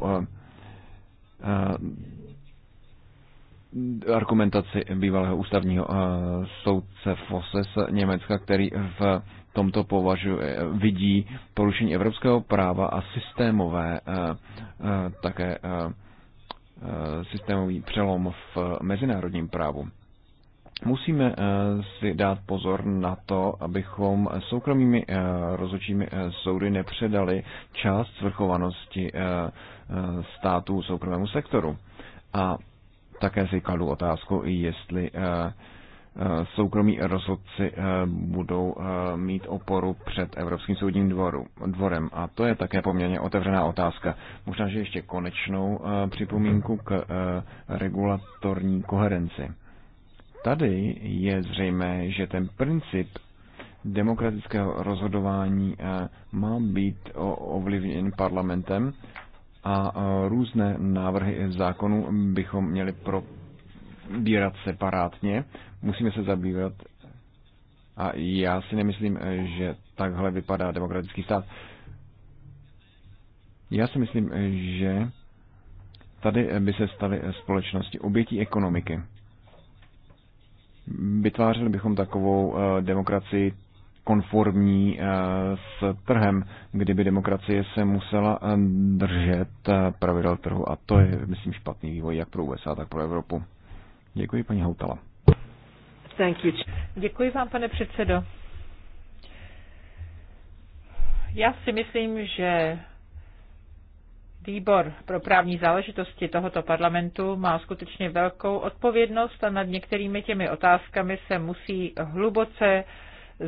argumentaci bývalého ústavního soudce Fosse z Německa, který v tomto považuje, vidí porušení evropského práva a systémové také systémový přelom v mezinárodním právu. Musíme eh, si dát pozor na to, abychom soukromými eh, rozhodčími eh, soudy nepředali část svrchovanosti státu soukromému sektoru. A také si kladu otázku, jestli soukromí rozhodci budou mít oporu před Evropským soudním dvoru, dvorem. A to je také poměrně otevřená otázka. Možná, že ještě konečnou připomínku k regulatorní koherenci tady je zřejmé, že ten princip demokratického rozhodování eh, má být ovlivněn parlamentem a eh, různé návrhy zákonů bychom měli probírat separátně. Musíme se zabývat a já si nemyslím, eh, že takhle vypadá demokratický stát. Já si myslím, že tady by se staly společnosti obětí ekonomiky. Vytvářeli bychom takovou eh, demokracii konformní eh, s trhem, kdyby demokracie se musela eh, držet pravidel trhu. A to je, myslím, špatný vývoj jak pro USA, tak pro Evropu. Děkuji, paní Houtala. Thank you. Děkuji vám, pane předsedo. Já si myslím, že Výbor pro právní záležitosti tohoto parlamentu má skutečně velkou odpovědnost a nad některými těmi otázkami se musí hluboce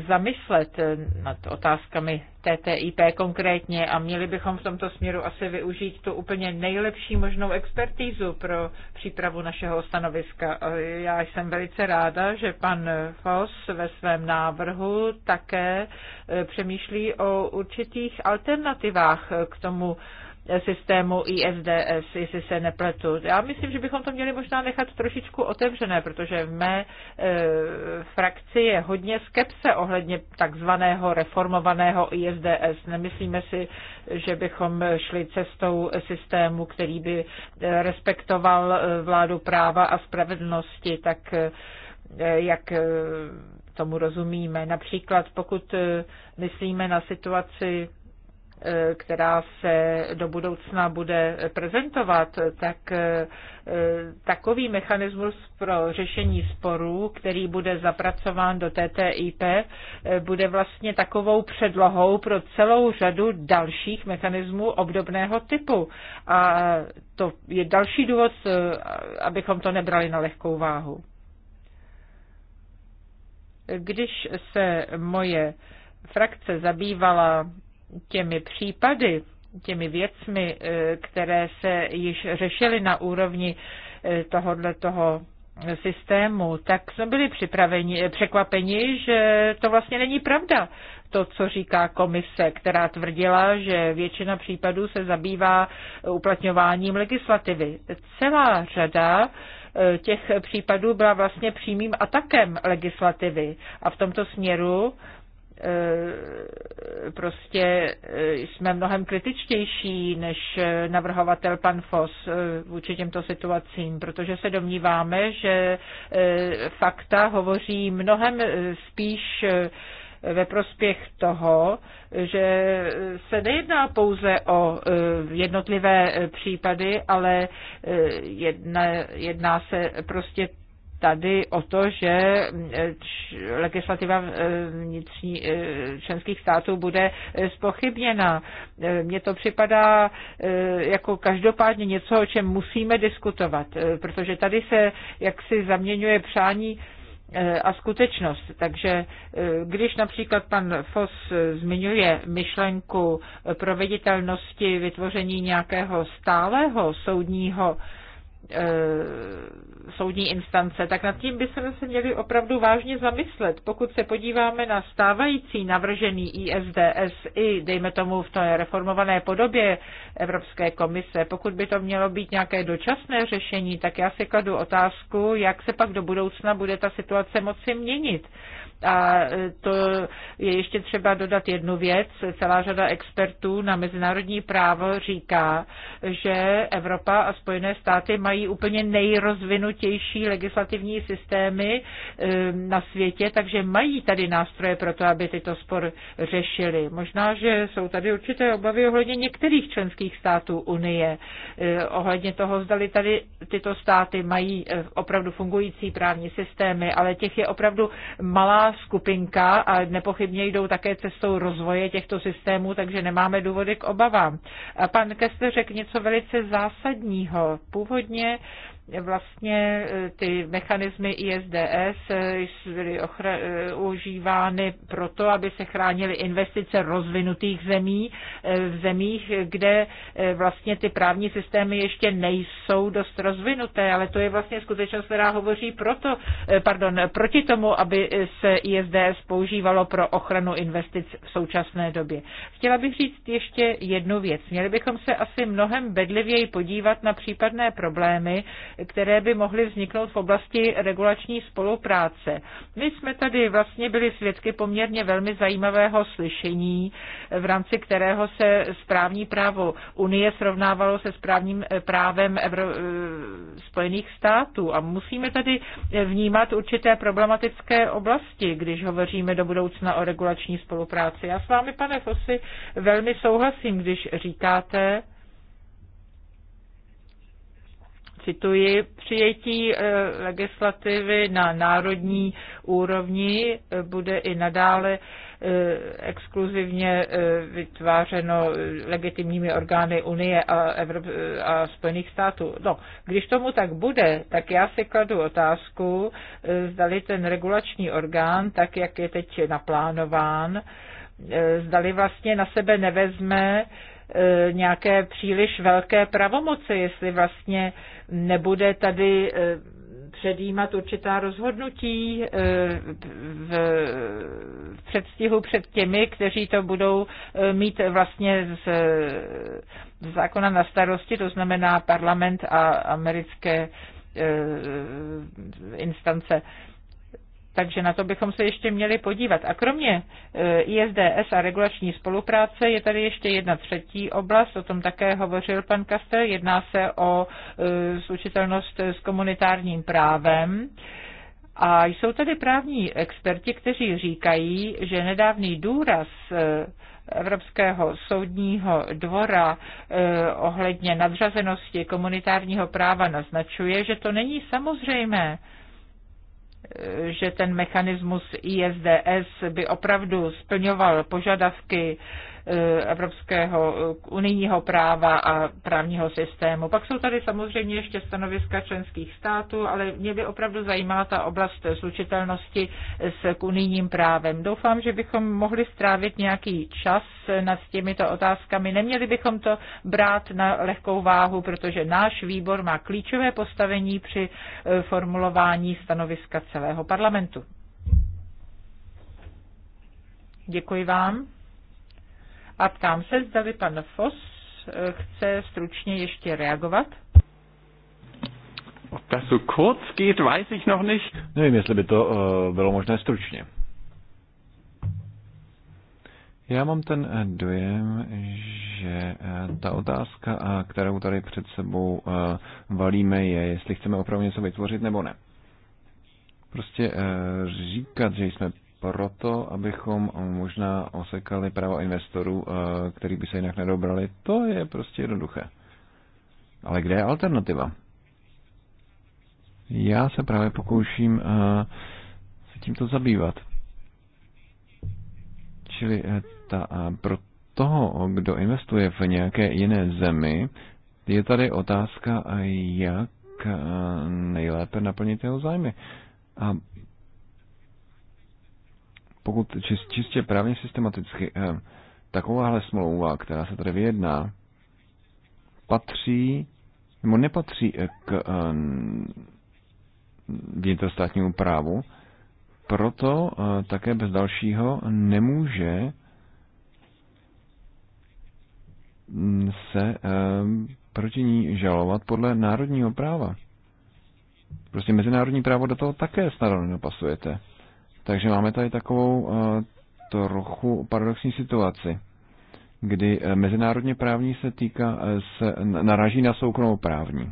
zamyslet eh, nad otázkami TTIP konkrétně a měli bychom v tomto směru asi využít tu úplně nejlepší možnou expertízu pro přípravu našeho stanoviska. Eh, Já jsem velice ráda, že pan Foss ve svém návrhu také eh, přemýšlí o určitých alternativách k tomu systému ISDS, jestli se nepletu. Já myslím, že bychom to měli možná nechat trošičku otevřené, protože v mé e, frakci je hodně skepse ohledně takzvaného reformovaného ISDS. Nemyslíme si, že bychom šli cestou systému, který by respektoval e, vládu práva a spravedlnosti, tak e, jak e, tomu rozumíme. Například pokud e, myslíme na situaci Eh, která se do budoucna bude prezentovat, tak eh, takový mechanismus pro řešení sporů, který bude zapracován do TTIP, eh, bude vlastně takovou předlohou pro celou řadu dalších mechanismů obdobného typu. A to je další důvod, abychom to nebrali na lehkou váhu. Když se moje frakce zabývala těmi případy, těmi věcmi, eh, které se již řešily na úrovni eh, tohohle toho systému, tak jsme byli připraveni, eh, překvapeni, že to vlastně není pravda, to, co říká komise, která tvrdila, že většina případů se zabývá uplatňováním legislativy. Celá řada těch případů byla vlastně přímým atakem legislativy. A v tomto směru Eh, prostě eh, jsme mnohem kritičtější než eh, navrhovatel pan Fos vůči těmto situacím, protože se domníváme, že fakta hovoří mnohem spíš ve prospěch toho, že se nejedná pouze o jednotlivé případy, ale jedna, jedná se prostě tady o to, že eh, legislativa eh, vnitřní eh, členských států bude spochybněna. Mně to připadá jako každopádně něco, o čem musíme diskutovat, protože tady se jaksi zaměňuje přání a skutečnost. Takže když například pan Fos zmiňuje myšlenku proveditelnosti vytvoření nějakého stálého soudního E, soudní instance, tak nad tím bychom se měli opravdu vážně zamyslet. Pokud se podíváme na stávající navržený ISDS i, dejme tomu, v té reformované podobě Evropské komise, pokud by to mělo být nějaké dočasné řešení, tak já si kladu otázku, jak se pak do budoucna bude ta situace moci měnit. A e, to je ještě třeba dodat jednu věc. Celá řada expertů na mezinárodní právo říká, že Evropa a Spojené státy mají úplně nejrozvinutější legislativní systémy e, na světě, takže mají tady nástroje pro to, aby tyto spor řešili. Možná, že jsou tady určité obavy ohledně některých členských států Unie, e, ohledně toho, zdali tady tyto státy mají opravdu fungující právní systémy, ale těch je opravdu malá skupinka a nepochybně jdou také cestou rozvoje těchto systémů, takže nemáme důvody k obavám. A pan Kester řekl něco velice zásadního. Původně vlastně e, ty mechanismy ISDS e, byly ochra- e, užívány proto, aby se chránily investice rozvinutých zemí v zemích, kde vlastně ty právní systémy ještě nejsou dost rozvinuté, ale to je vlastně skutečnost, která hovoří proto, pardon, proti tomu, aby se ISDS používalo pro ochranu investic v současné době. Chtěla bych říct ještě jednu věc. Měli bychom se asi mnohem bedlivěji podívat na případné problémy, které by mohly vzniknout v oblasti regulační spolupráce. My jsme tady vlastně byli svědky poměrně velmi zajímavého slyšení, v rámci kterého se správní právo Unie srovnávalo se správním eh, právem Evro- eh, Spojených států. A musíme tady vnímat určité problematické oblasti, když hovoříme do budoucna o regulační spolupráci. Já s vámi, pane Fosy, velmi souhlasím, když říkáte, cituji, přijetí eh, legislativy na národní úrovni eh, bude i nadále eh, exkluzivně vytvářeno legitimními orgány Unie a, Evrop- a Spojených států. No, když tomu tak bude, tak já si kladu otázku, zdali ten regulační orgán, tak jak je teď naplánován, zdali vlastně na sebe nevezme Eh, nějaké příliš velké pravomoci, jestli vlastně nebude tady eh, předjímat určitá rozhodnutí eh, v předstihu před těmi, kteří to budou mít vlastně z zákona na starosti, to znamená parlament a americké instance. Takže na to bychom se ještě měli podívat. A kromě eh, ISDS a regulační spolupráce je tady ještě jedna třetí oblast, o tom také hovořil pan Kastel, jedná se o eh, slučitelnost s komunitárním právem. A jsou tady právní experti, kteří říkají, že nedávný důraz eh, Evropského soudního dvora ohledně nadřazenosti komunitárního práva naznačuje, že to není samozřejmé že ten mechanismus ISDS by opravdu splňoval požadavky Eh, evropského eh, unijního práva a právního systému. Pak jsou tady samozřejmě ještě stanoviska členských států, ale mě by opravdu zajímá ta oblast slučitelnosti s eh, unijním právem. Doufám, že bychom mohli strávit nějaký čas nad těmito otázkami. Neměli bychom to brát na lehkou váhu, protože náš výbor má klíčové postavení při formulování stanoviska celého parlamentu. Děkuji vám a ptám se, zdali pan Fos eh, chce stručně ještě reagovat. Ob das so kurz geht, weiß ich noch nicht. Nevím, jestli by to uh, bylo možné stručně. Já mám ten eh, dojem, že ta otázka, kterou tady před sebou valíme, je, jestli chceme opravdu něco vytvořit nebo ne. Prostě říkat, že jsme proto, abychom možná osekali právo investorů, eh, který by se jinak nedobrali. To je prostě jednoduché. Ale kde je alternativa? Já se právě pokouším eh, se tímto zabývat. Čili eh, ta, pro toho, kdo investuje v nějaké jiné zemi, je tady otázka, jak nejlépe naplnit jeho zájmy. A pokud čistě právně systematicky eh, takováhle smlouva, která se tady vyjedná, patří nebo nepatří eh, k eh, vnitrostátnímu právu, proto také bez dalšího nemůže mm, se proti ní žalovat podle národního práva. Prostě mezinárodní právo do toho také snadno nepasujete. Takže máme tady takovou eh, trochu paradoxní situaci, kdy eh, mezinárodně právní se týká, eh, se naraží na soukromou právní.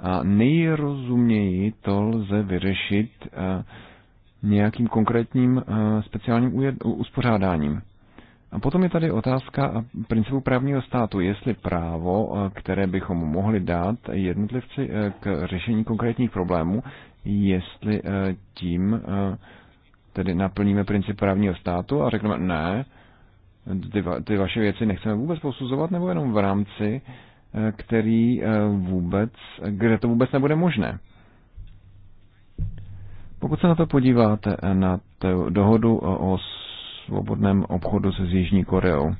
A nejrozuměji to lze vyřešit nějakým konkrétním speciálním uspořádáním. A potom je tady otázka principu právního státu, jestli právo, které bychom mohli dát jednotlivci k řešení konkrétních problémů, jestli tím Tedy naplníme princip právního státu a řekneme ne, ty, va, ty vaše věci nechceme vůbec posuzovat, nebo jenom v rámci, eh, který eh, vůbec, kde to vůbec nebude možné. Pokud se na to podíváte, eh, na dohodu o svobodném obchodu se s Jižní Koreou,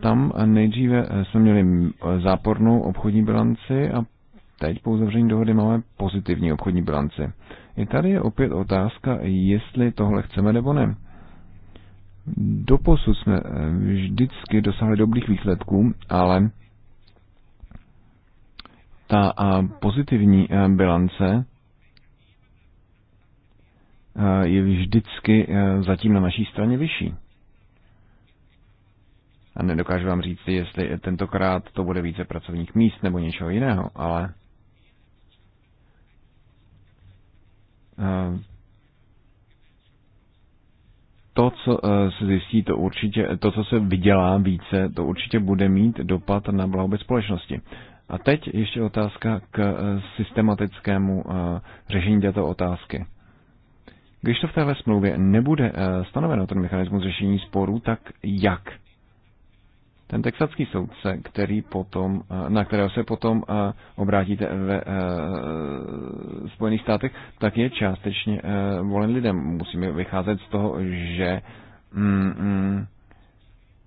tam nejdříve jsme měli zápornou obchodní bilanci a teď po uzavření dohody máme pozitivní obchodní bilanci. I tady je opět otázka, jestli tohle chceme nebo ne. Doposud jsme eh, vždycky dosáhli dobrých výsledků, ale ta eh, pozitivní eh, bilance je vždycky zatím na naší straně vyšší. A nedokážu vám říct, jestli tentokrát to bude více pracovních míst nebo něčeho jiného, ale to, co eh, se zjistí, to určitě, to, co se vydělá více, to určitě bude mít dopad na blahobyt společnosti. A teď ještě otázka k eh, systematickému eh, řešení této otázky. Když to v téhle smlouvě nebude stanoveno ten mechanismus řešení sporů, tak jak ten texacký soudce, který potom, eh, na kterého se potom eh, obrátíte ve eh, Spojených státech, tak je částečně volen lidem. Musíme vycházet z toho, že mm, mm,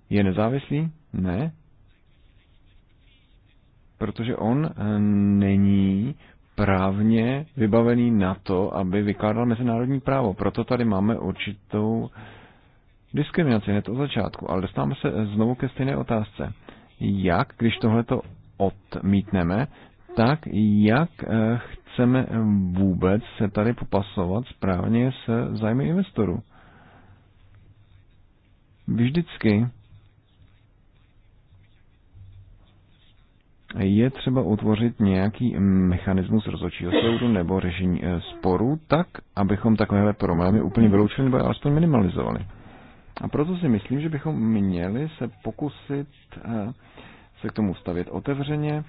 je nezávislý? Ne. Protože on není právně vybavený na to, aby vykládal mezinárodní právo. Proto tady máme určitou uh, diskriminaci hned od začátku, ale dostáváme se znovu ke stejné otázce. Jak, když tohleto odmítneme, tak jak eh, chceme vůbec se tady popasovat správně s zájmy investorů? Vždycky je třeba utvořit nějaký mechanismus rozhodčího soudu nebo řešení eh, sporů tak, abychom takovéhle problémy úplně vyloučili nebo alespoň minimalizovali. A proto si myslím, že bychom měli se pokusit eh, se k tomu stavět otevřeně,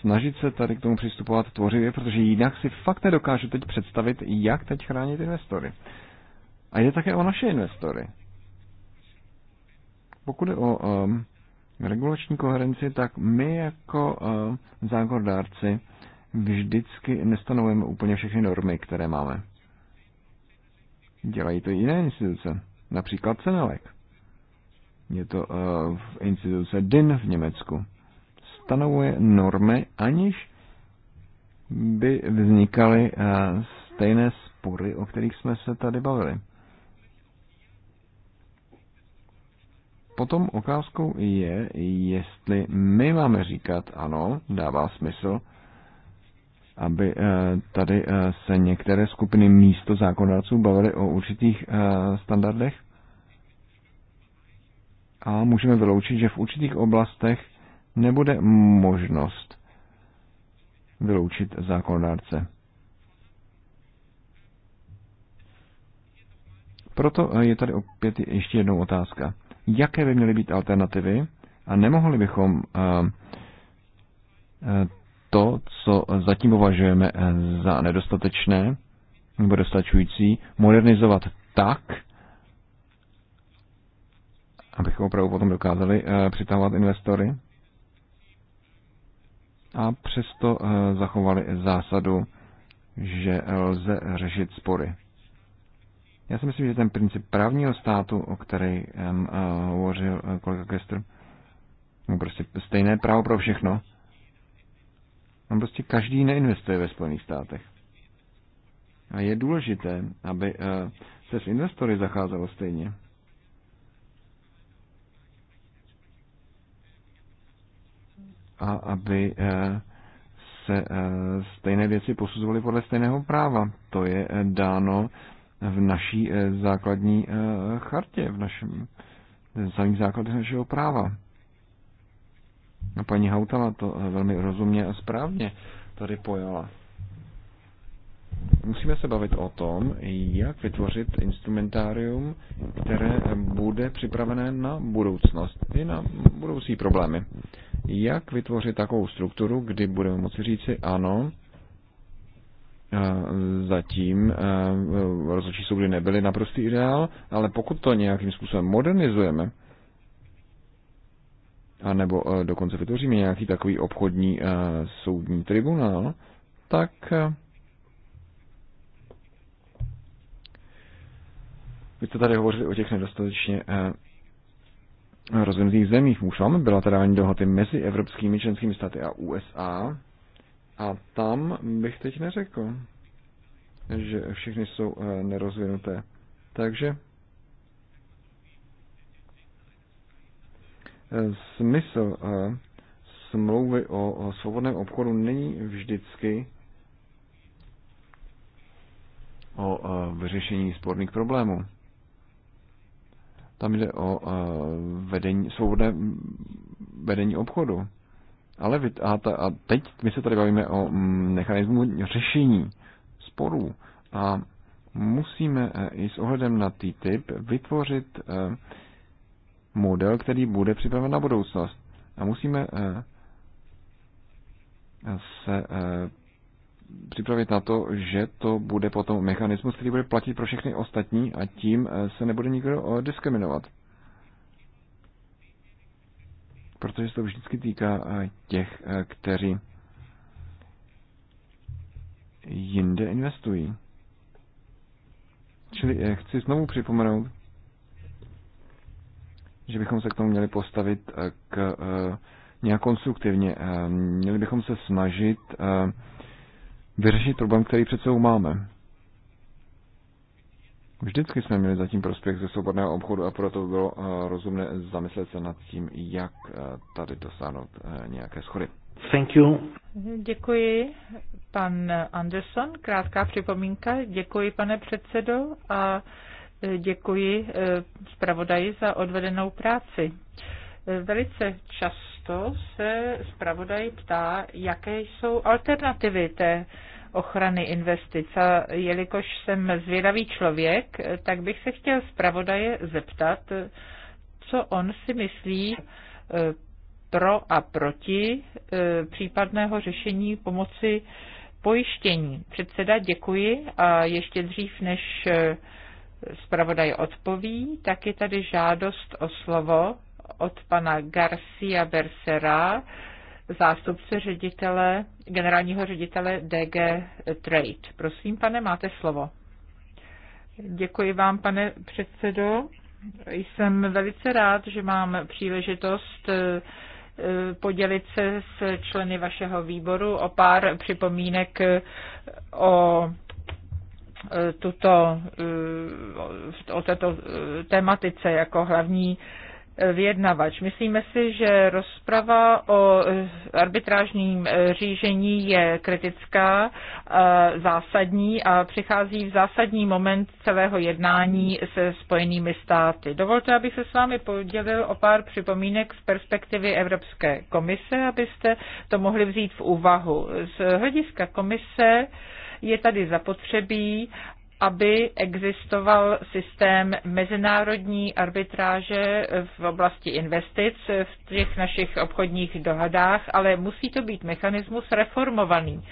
snažit se tady k tomu přistupovat tvořivě, protože jinak si fakt nedokážu teď představit, jak teď chránit investory. A je také o naše investory. Pokud je o um, regulační koherenci, tak my jako um, zákonodárci vždycky nestanovujeme úplně všechny normy, které máme. Dělají to jiné instituce. Například Senelek. Je to eh, v instituce DIN v Německu. Stanovuje normy, aniž by vznikaly eh, stejné spory, o kterých jsme se tady bavili. Potom okázkou je, jestli my máme říkat ano, dává smysl, aby eh, tady eh, se některé skupiny místo zákonodárců bavily o určitých eh, standardech. A můžeme vyloučit, že v určitých oblastech nebude možnost vyloučit zákonodárce. Proto je tady opět ještě jednou otázka. Jaké by měly být alternativy a nemohli bychom to, co zatím považujeme za nedostatečné nebo dostačující, modernizovat tak, abychom opravdu potom dokázali eh, přitahovat investory a přesto eh, zachovali zásadu, že lze řešit spory. Já si myslím, že ten princip právního státu, o který eh, hovořil kolega Kester, prostě stejné právo pro všechno, On prostě každý neinvestuje ve Spojených státech. A je důležité, aby eh, se s investory zacházelo stejně. A aby eh, se eh, stejné věci posuzovaly podle stejného práva. To je dáno v naší základní chartě, v našem v základech našeho práva. A paní Hautala to eh, velmi rozumně a správně tady pojala. Musíme se bavit o tom, jak vytvořit instrumentárium, které bude připravené na budoucnost i na budoucí problémy. Jak vytvořit takovou strukturu, kdy budeme moci říci ano, eh, zatím eh, rozhodčí soudy nebyly naprostý ideál, ale pokud to nějakým způsobem modernizujeme, a nebo eh, dokonce vytvoříme nějaký takový obchodní eh, soudní tribunál, tak eh, Vy jste tady hovořili o těch nedostatečně rozvinutých zemích. Už máme bilaterální dohody mezi evropskými členskými státy a USA. A tam bych teď neřekl, že všechny jsou nerozvinuté. Takže smysl eh, smlouvy o svobodném obchodu není vždycky o eh, vyřešení sporných problémů. Tam jde o eh, vedení, svobodné vedení obchodu. Ale vy, a, ta, a teď my se tady bavíme o mm, mechanismu řešení sporů. A musíme i s ohledem na TTIP vytvořit model, který bude připraven na budoucnost. A musíme eh, se eh, připravit na to, že to bude potom mechanismus, který bude platit pro všechny ostatní a tím eh, se nebude nikdo diskriminovat. Protože se to vždycky týká těch, kteří jinde investují. Čili chci znovu připomenout, že bychom se k tomu měli postavit eh, k, eh, nějak konstruktivně. Eh, měli bychom se snažit vyřešit problém, který před sebou máme. Vždycky jsme měli zatím prospěch ze svobodného obchodu a proto bylo rozumné zamyslet se nad tím, jak tady dosáhnout nějaké schody. Thank you. Děkuji, pan Anderson. Krátká připomínka. Děkuji, pane předsedo. A Děkuji eh, zpravodaji za odvedenou práci. Eh, velice často se zpravodaj ptá, jaké jsou alternativy té ochrany investic. A jelikož jsem zvědavý člověk, tak bych se chtěl zpravodaje zeptat, co on si myslí eh, pro a proti případného řešení pomoci pojištění. Předseda, děkuji a ještě dřív, než zpravodaj odpoví, tak je tady žádost o slovo od pana Garcia Bersera, zástupce ředitele, generálního ředitele DG Trade. Prosím, pane, máte slovo. Děkuji vám, pane předsedo. Jsem velice rád, že mám příležitost eh, podělit se s členy vašeho výboru o pár připomínek eh, o Eh, tuto, eh, o této eh, tematice jako hlavní vyjednavač. Myslíme si, že rozprava o arbitrážním řízení je kritická, zásadní a přichází v zásadní moment celého jednání se Spojenými státy. Dovolte, abych se s vámi podělil o pár připomínek z perspektivy Evropské komise, abyste to mohli vzít v úvahu. Z hlediska komise je tady zapotřebí, aby existoval systém mezinárodní arbitráže v oblasti investic v těch našich obchodních dohadách, ale musí to být mechanismus reformovaný.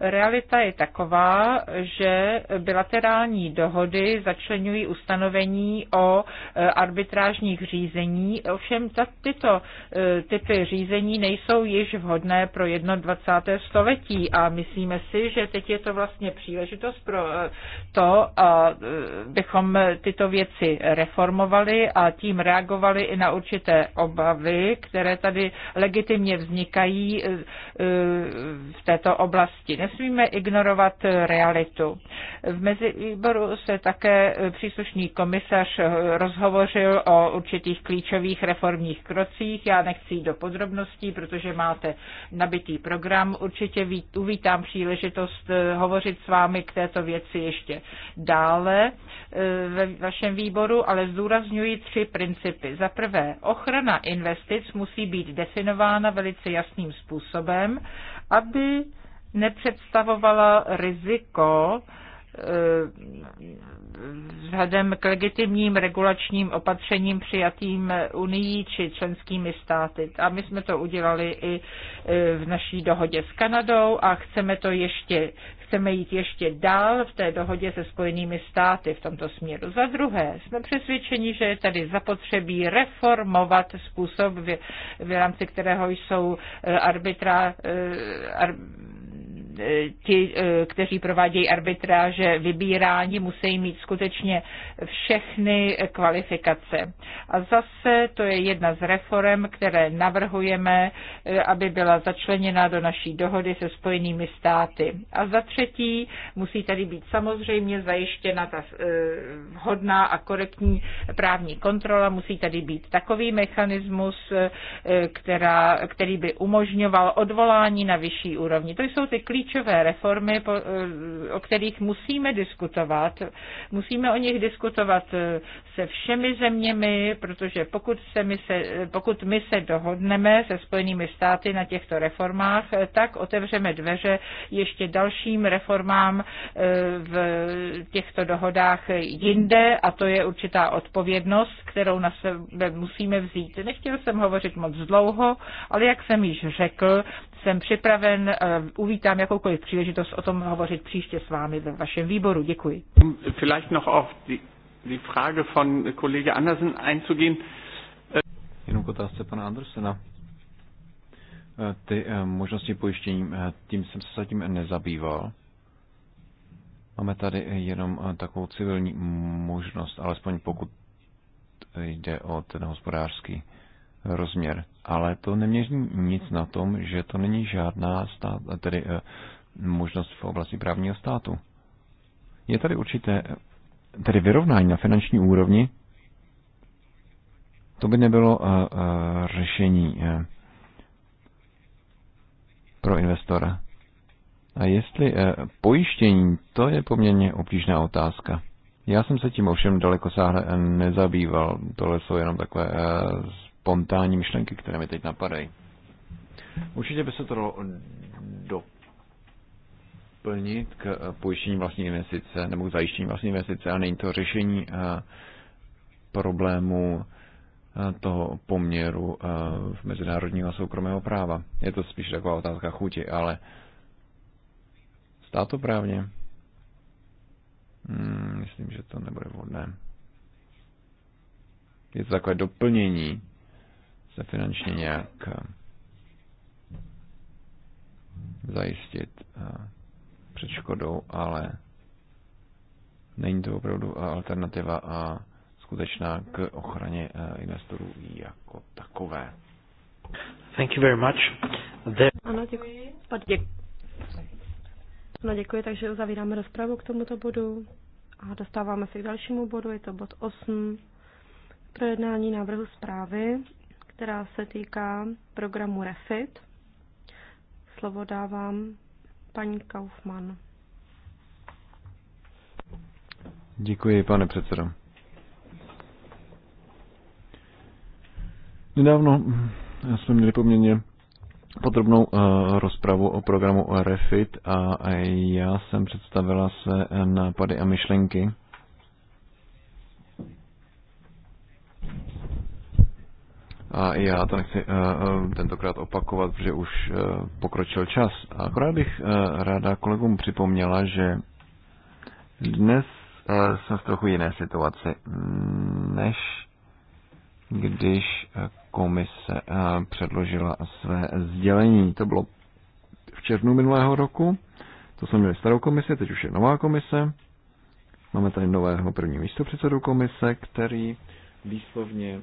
Realita je taková, že bilaterální dohody začlenují ustanovení o e, arbitrážních řízení, ovšem tyto e, typy řízení nejsou již vhodné pro 21. století a myslíme si, že teď je to vlastně příležitost pro e, to, abychom bychom tyto věci reformovali a tím reagovali i na určité obavy, které tady legitimně vznikají v této oblasti. Nesmíme ignorovat realitu. V mezivýboru se také příslušný komisař rozhovořil o určitých klíčových reformních krocích. Já nechci jít do podrobností, protože máte nabitý program. Určitě uvítám příležitost eh, hovořit s vámi k této věci ještě dále eh, ve vašem výboru, ale zdůrazňuji tři principy. Za prvé, ochrana investic musí být definována velice jasným způsobem, aby nepředstavovala riziko eh, vzhledem k legitimním regulačním opatřením přijatým Unii či členskými státy. A my jsme to udělali i eh, v naší dohodě s Kanadou a chceme to ještě, chceme jít ještě dál v té dohodě se Spojenými státy v tomto směru. Za druhé, jsme přesvědčeni, že je tady zapotřebí reformovat způsob, v, v rámci kterého jsou eh, arbitra, ti, eh, kteří provádějí arbitráže, vybírání, musí mít skutečně všechny kvalifikace. A zase to je jedna z reform, které navrhujeme, eh, aby byla začleněna do naší dohody se Spojenými státy. A za třetí musí tady být samozřejmě zajištěna ta eh, vhodná a korektní právní kontrola, musí tady být takový mechanismus, která, který by umožňoval odvolání na vyšší úrovni. To jsou ty klíčové klíčové reformy, eh, o kterých musíme diskutovat. Musíme o nich diskutovat eh, se všemi zeměmi, protože pokud, se my, se, eh, pokud my se dohodneme se Spojenými státy na těchto reformách, tak otevřeme dveře ještě dalším reformám v těchto dohodách jinde a to je určitá odpovědnost, kterou na sebe musíme vzít. Nechtěl jsem hovořit moc dlouho, ale jak jsem již řekl, jsem připraven, eh, uvítám jakoukoliv příležitost o tom hovořit příště s vámi ve vašem výboru. Děkuji. Um, äh, jenom k otázce pana Andersena. Äh, ty äh, možnosti pojištění, tím jsem se zatím nezabýval. Máme tady jenom takovou civilní možnost, alespoň pokud jde o ten hospodářský rozměr. Ale to nemění nic na tom, že to není žádná stát, tedy eh, možnost v oblasti právního státu. Je tady určité, tedy vyrovnání na finanční úrovni, to by nebylo eh, eh, řešení pro investora. A jestli pojištění, to je poměrně obtížná otázka. Já jsem se tím ovšem daleko sáhle nezabýval. Tohle jsou jenom takové spontánní myšlenky, které mi teď napadají. Určitě by se to dalo doplnit k eh, pojištění vlastní investice nebo k zajištění vlastní investice a není to řešení eh, problému eh, toho poměru v mezinárodního a soukromého práva. Je to spíš taková otázka chuti, ale právně? hmm, myslím, že to nebude vhodné. Je to takové doplnění se finančně nějak eh, zajistit eh, před škodou, ale není to opravdu eh, alternativa a skutečná k ochraně investorů jako takové. Thank you very much. There... Ano, děkuji. děkuji. No děkuji, takže uzavíráme rozpravu k tomuto bodu a dostáváme se k dalšímu bodu, je to bod 8, projednání návrhu zprávy která se týká programu REFIT. Slovo dávám paní Kaufmann. Děkuji, pane předsedo. Nedávno jsme měli poměrně podrobnou uh, rozpravu o programu REFIT a já jsem představila se nápady a myšlenky A já to nechci eh, eh, tentokrát opakovat, protože už eh, pokročil čas. Akorát bych ráda kolegům připomněla, že dnes jsme v trochu jiné situaci, mm, než když komise předložila své sdělení. To bylo v červnu minulého roku. To jsme měli starou komisi, teď už je nová komise. Máme tady nového první místo předsedu komise, který výslovně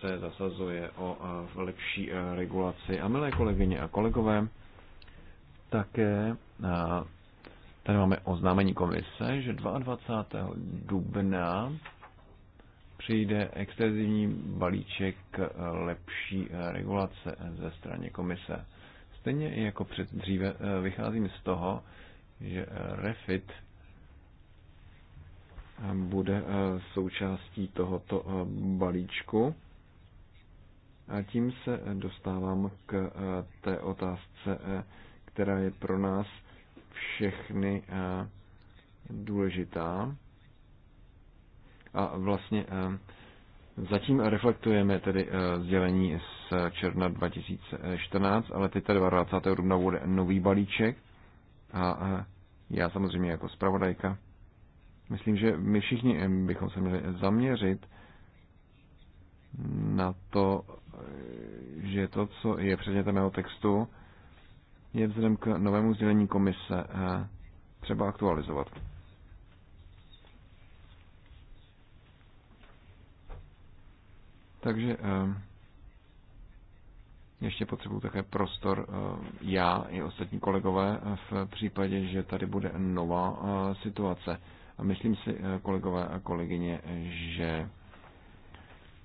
se zasazuje o lepší regulaci. A milé kolegyně a kolegové, také tady máme oznámení komise, že 22. dubna přijde extenzivní balíček lepší regulace ze strany komise. Stejně jako před dříve vycházím z toho, že REFIT bude eh, součástí tohoto eh, balíčku. A tím se eh, dostávám k té otázce, která je pro nás všechny důležitá. A vlastně zatím reflektujeme tedy sdělení z června 2014, ale teď 22. dubna bude nový balíček. A já samozřejmě jako zpravodajka Myslím, že my všichni eh, bychom se měli zaměřit na to, eh, že to, co je předmětem mého textu, je vzhledem k novému sdělení komise eh, třeba aktualizovat. Takže ještě potřebuji také prostor já i ostatní kolegové v případě, že tady bude nová situace. A myslím si, eh, kolegové a kolegyně, že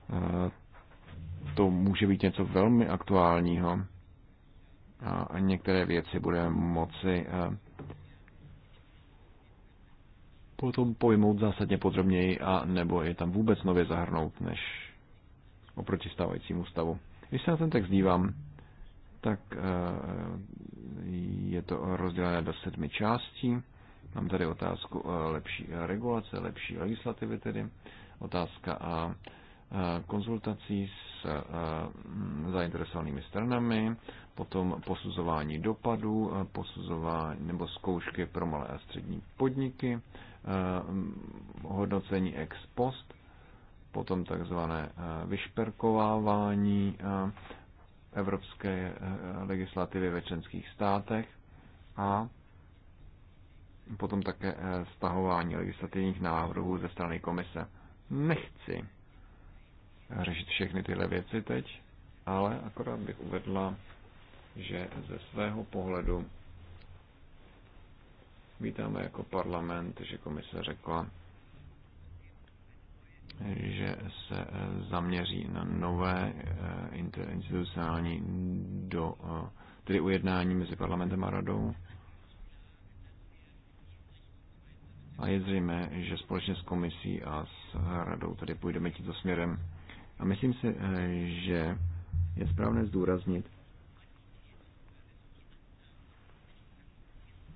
eh, to může být něco velmi aktuálního a některé věci budeme moci eh, potom pojmout zásadně podrobněji a nebo je tam vůbec nově zahrnout než oproti stávajícímu stavu. Když se na ten text dívám, tak je to rozdělené do sedmi částí. Mám tady otázku eh, lepší eh, regulace, lepší legislativy tedy, otázka a eh, konzultací s mm, zainteresovanými stranami, potom posuzování dopadů, posuzování nebo zkoušky pro malé a střední podniky, hodnocení ex post, potom takzvané vyšperkovávání evropské legislativy ve členských státech a potom také eh, stahování legislativních návrhů ze strany komise. Nechci řešit všechny tyhle věci teď, ale akorát bych uvedla, že ze svého pohledu vítáme jako parlament, že komise řekla, že se eh, zaměří na nové eh, institucionální do, tedy ujednání mezi parlamentem a radou je zřejmé, že společně s komisí a s radou tady půjdeme tímto směrem. A myslím si, eh, že je správné zdůraznit,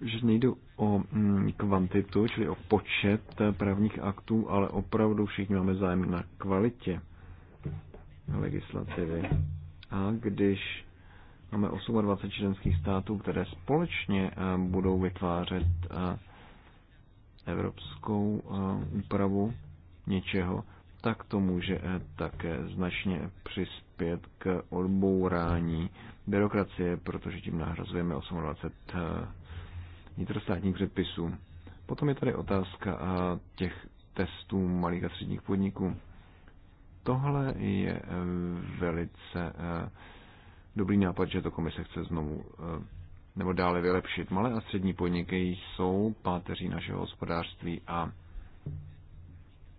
že nejde o mm, kvantitu, čili o počet eh, právních aktů, ale opravdu všichni máme zájem na kvalitě legislativy. A když máme 28 členských států, které společně eh, budou vytvářet evropskou eh, úpravu něčeho, tak to může eh, také značně přispět k odbourání byrokracie, protože tím nahrazujeme 28 eh, vnitrostátních předpisů. Potom je tady otázka těch testů malých a středních podniků. Tohle je velice dobrý nápad, že to komise chce znovu nebo dále vylepšit. Malé a střední podniky jsou páteří našeho hospodářství a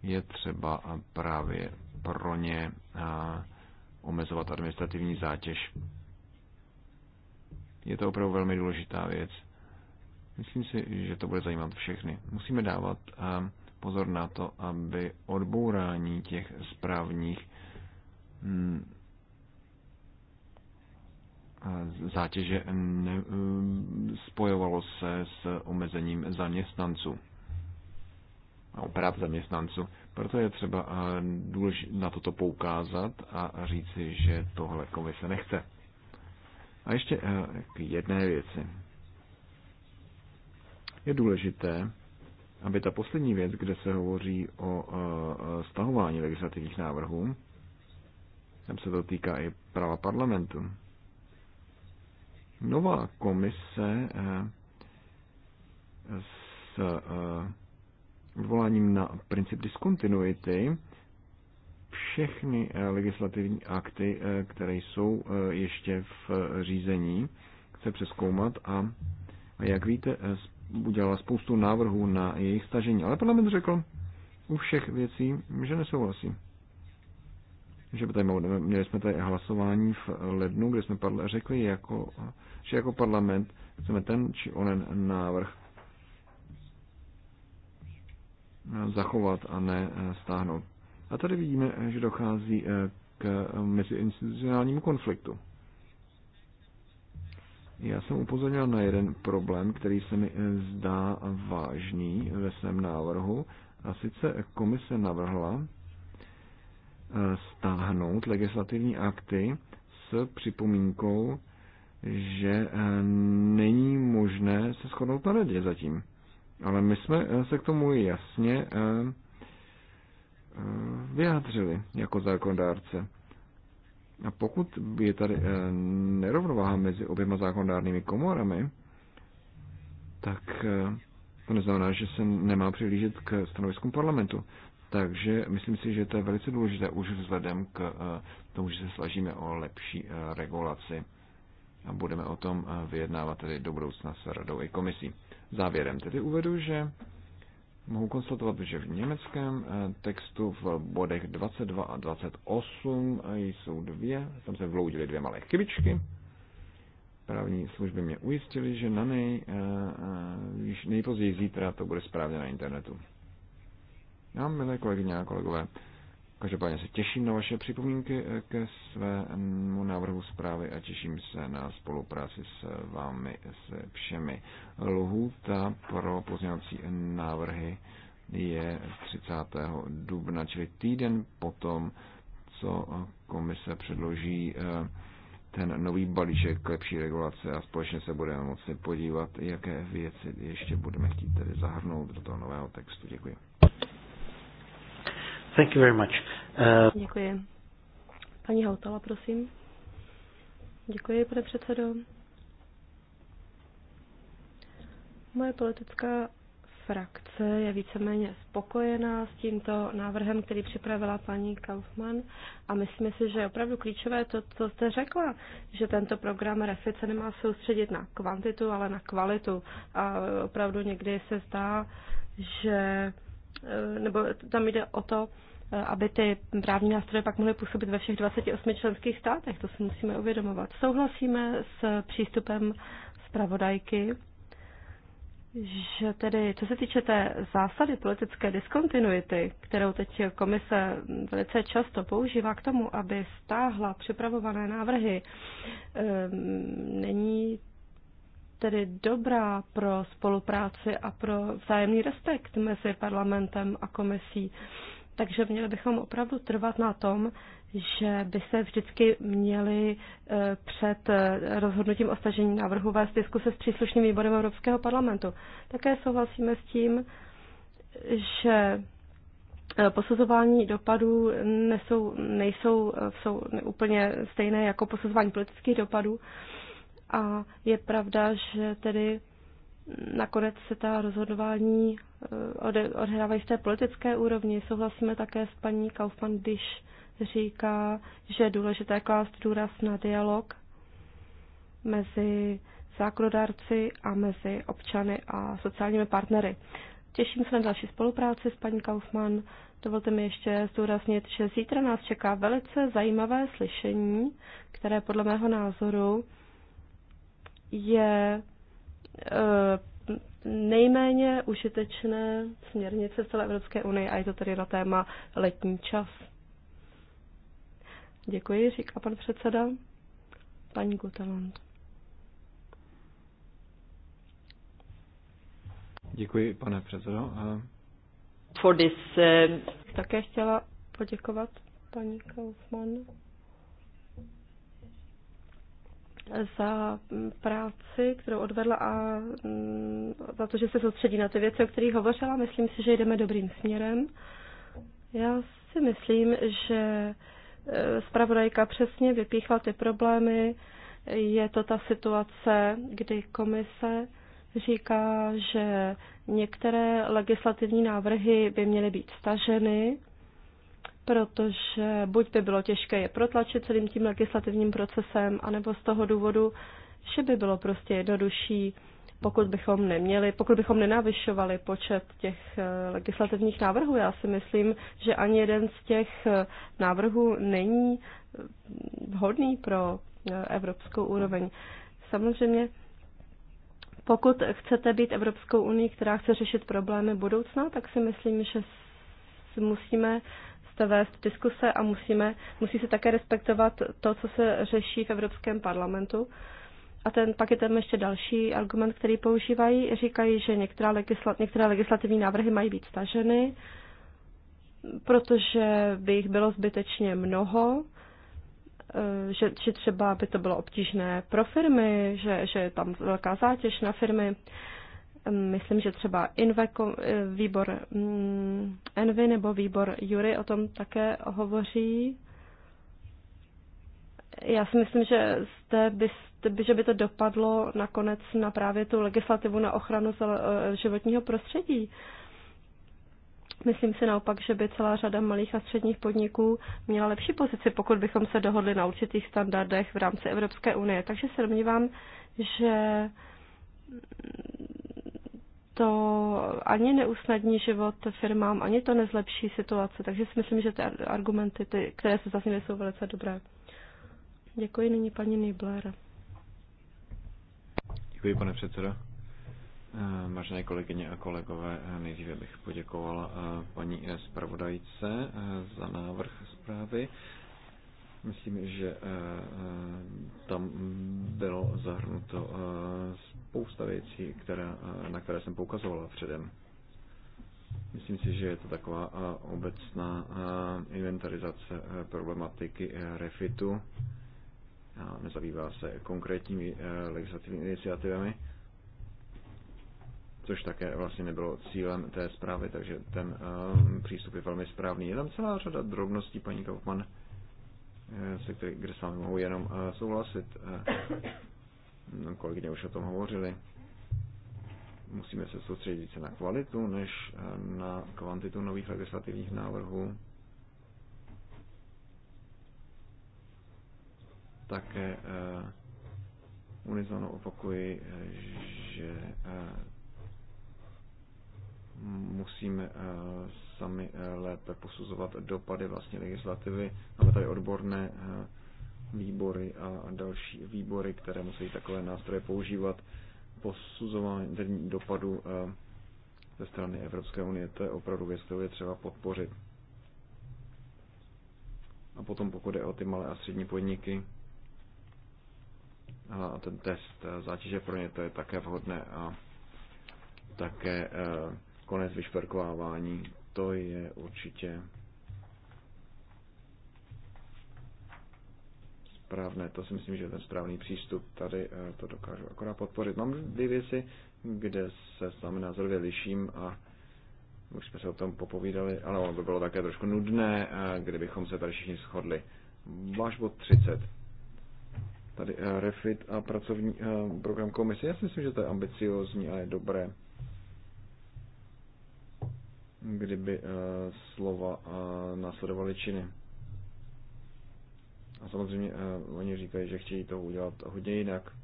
je třeba právě pro ně omezovat administrativní zátěž. Je to opravdu velmi důležitá věc. Myslím si, že to bude zajímat všechny. Musíme dávat pozor na to, aby odbourání těch správních hm, zátěže ne, um, spojovalo se s omezením zaměstnanců a oprav zaměstnanců. Proto je třeba uh, na toto poukázat a říci, že tohle komise nechce. A ještě uh, k jedné věci. Je důležité, aby ta poslední věc, kde se hovoří o uh, stahování legislativních návrhů, tam se to týká i práva parlamentu, Nová komise eh, s eh, odvoláním na princip diskontinuity všechny eh, legislativní akty, které jsou ještě v řízení, chce přeskoumat a, a jak víte, udělala spoustu návrhů na jejich stažení. Ale parlament řekl u všech věcí, že nesouhlasí že by tady měli jsme tady hlasování v lednu, kde jsme padli, řekli, jako, že jako parlament chceme ten či onen návrh zachovat a ne eh, stáhnout. A tady vidíme, eh, že dochází eh, k meziinstitucionálnímu konfliktu. Já jsem upozornil na jeden problém, který se mi zdá vážný ve svém návrhu. A sice komise navrhla, stáhnout legislativní akty s připomínkou, že eh, není možné se shodnout na radě zatím. Ale my jsme eh, se k tomu jasně eh, vyjádřili jako zákonodárce. A pokud je tady nerovnováha mezi oběma zákonodárnými komorami, tak to neznamená, že se nemá přihlížet k stanoviskům parlamentu. Takže myslím si, že to je velice důležité už vzhledem k eh, tomu, že se snažíme o lepší eh, regulaci a budeme o tom eh, vyjednávat tedy do budoucna s radou i komisí. Závěrem tedy uvedu, že mohu konstatovat, že v německém textu v bodech 22 a 28 jsou dvě, tam se vloudily dvě malé chybičky. Právní služby mě ujistili, že na nej, nejpozději zítra to bude správně na internetu. Já, milé kolegyně a kolegové, každopádně se těším na vaše připomínky eh, ke svému návrhu zprávy a těším se na spolupráci s vámi, se všemi. Lhůta pro pozměňovací návrhy je 30. dubna, čili týden potom, co komise předloží eh, ten nový balíček k lepší regulace a společně se budeme moci podívat, jaké věci ještě budeme chtít tedy zahrnout do toho nového textu. Děkuji. Thank you very much. Uh... Děkuji. Paní Hautala, prosím. Děkuji, pane předsedo. Moje politická frakce je víceméně spokojená s tímto návrhem, který připravila paní Kaufmann a myslím si, že je opravdu klíčové to, co jste řekla, že tento program REFIT se nemá soustředit na kvantitu, ale na kvalitu a opravdu někdy se zdá, že Eh, nebo tam jde o to, eh, aby ty právní nástroje pak mohly působit ve všech 28 členských státech. To si musíme uvědomovat. Souhlasíme s přístupem zpravodajky, že tedy, co se týče té zásady politické diskontinuity, kterou teď komise velice často používá k tomu, aby stáhla připravované návrhy, eh, není tedy dobrá pro spolupráci a pro vzájemný respekt mezi parlamentem a komisí. Takže měli bychom opravdu trvat na tom, že by se vždycky měli e, před e, rozhodnutím o stažení návrhu vést diskuse s příslušným výborem Evropského parlamentu. Také souhlasíme s tím, že e, posuzování dopadů nesou, nejsou jsou úplně stejné jako posuzování politických dopadů. A je pravda, že tedy nakonec se ta rozhodování eh, odehrávají z té politické úrovni. Souhlasíme také s paní Kaufmann, když říká, že je důležité klást důraz na dialog mezi zákonodárci a mezi občany a sociálními partnery. Těším se na další spolupráci s paní Kaufmann. Dovolte mi ještě zdůraznit, že zítra nás čeká velice zajímavé slyšení, které podle mého názoru je eh, nejméně užitečné směrnice v celé Evropské unii a je to tedy na téma letní čas. Děkuji, říká pan předseda. Paní Guteland. Děkuji, pane předsedo. For this, uh... Také chtěla poděkovat paní Kaufmann za práci, kterou odvedla a mm, za to, že se soustředí na ty věci, o kterých hovořila. Myslím si, že jdeme dobrým směrem. Já si myslím, že e, zpravodajka přesně vypíchla ty problémy. Je to ta situace, kdy komise říká, že některé legislativní návrhy by měly být staženy, protože buď by bylo těžké je protlačit celým tím legislativním procesem, anebo z toho důvodu, že by bylo prostě jednodušší, pokud bychom neměli, pokud bychom nenavyšovali počet těch eh, legislativních návrhů. Já si myslím, že ani jeden z těch eh, návrhů není eh, vhodný pro evropskou úroveň. Samozřejmě pokud chcete být Evropskou unii, která chce řešit problémy budoucna, tak si myslím, že musíme vést diskuse a musíme, musí se také respektovat to, co se řeší v Evropském parlamentu. A ten, pak je tam ještě další argument, který používají. Říkají, že některá legisla, některé legislativní návrhy mají být staženy, protože by jich bylo zbytečně mnoho, eh, že, že třeba by to bylo obtížné pro firmy, že, že je tam velká zátěž na firmy. Myslím, že třeba Inveco, eh, výbor mm, Envy nebo výbor Jury o tom také hovoří. Já si myslím, že, zde by, že by to dopadlo nakonec na právě tu legislativu na ochranu eh, životního prostředí. Myslím si naopak, že by celá řada malých a středních podniků měla lepší pozici, pokud bychom se dohodli na určitých standardech v rámci Evropské unie. Takže se domnívám, že to ani neusnadní život firmám, ani to nezlepší situace. Takže si myslím, že ty argumenty, ty, které se zazněly, jsou velice dobré. Děkuji nyní paní Nibler. Děkuji, pane předsedo. Eh, Vážené kolegyně a kolegové, eh, nejdříve bych poděkovala eh, paní zpravodajce za návrh zprávy. Myslím, že tam bylo zahrnuto spousta věcí, která, eh, na které jsem poukazovala předem. Myslím si, že je to taková eh, obecná eh, inventarizace problematiky refitu. A nezabývá se konkrétními legislativními iniciativami, což také vlastně nebylo cílem té zprávy, takže ten přístup je velmi správný. Je tam celá řada drobností, paní Kaufmann, se který, kde s vámi mohu jenom souhlasit. No, kolegyně už o tom hovořili, musíme se soustředit více na kvalitu, než eh, na kvantitu nových legislativních návrhů. Také uh, eh, unizono opakuji, že uh, musíme uh, sami uh, lépe posuzovat dopady vlastní legislativy. Máme tady odborné uh, výbory a další výbory, které musí takové nástroje používat, posuzování dopadu eh, ze strany Evropské unie. To je opravdu věc, kterou je třeba podpořit. A potom pokud je o ty malé a střední podniky, a ten test eh, zátěže pro ně, to je také vhodné a také eh, konec vyšperkovávání, to je určitě správné. To si myslím, že je ten správný přístup. Tady eh, to dokážu akorát podpořit. Mám dvě věci, kde se s námi názorově liším a už jsme se o tom popovídali, ale ono by bylo také trošku nudné, eh, kdybychom se tady všichni shodli. Váš bod 30. Tady eh, refit a pracovní program komise. Já si myslím, že to je ambiciozní a je dobré kdyby slova následovaly činy. A samozřejmě uh, oni říkají, že chtějí to udělat hodně jinak.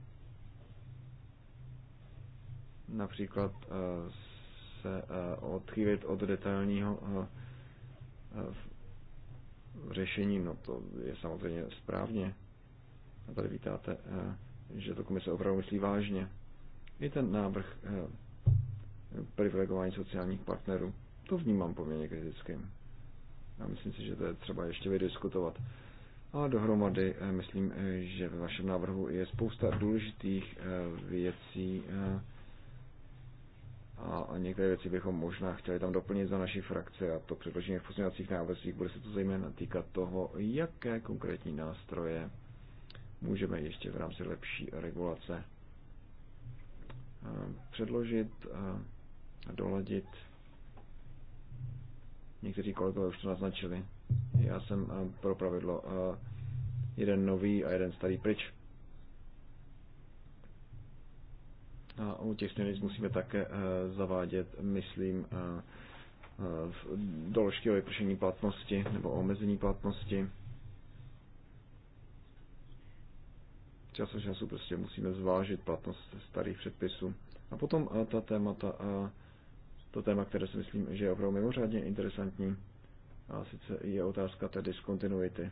Například uh, se uh, odchýlit od detailního uh, uh, řešení, no to je samozřejmě správně. A tady vítáte, uh, že to komise opravdu myslí vážně. I ten návrh uh, privilegování sociálních partnerů, to vnímám poměrně kritickým. A myslím si, že to je třeba ještě vydiskutovat. A dohromady eh, myslím, eh, že ve vašem návrhu je spousta důležitých eh, věcí a některé věci bychom možná chtěli tam doplnit za naší frakce a to předložení v pozměňovacích návrzích bude se to zejména týkat toho, jaké konkrétní nástroje můžeme ještě v rámci lepší regulace předložit a doladit. Někteří kolegové už to naznačili. Já jsem eh, pro pravidlo eh, jeden nový a jeden starý pryč. A u těch směrnic musíme také eh, zavádět, myslím, doložky o vypršení platnosti nebo omezení platnosti. Čas od času prostě musíme zvážit platnost starých předpisů. A potom ta témata, to téma, které si myslím, že je opravdu mimořádně interesantní, a sice je otázka té diskontinuity.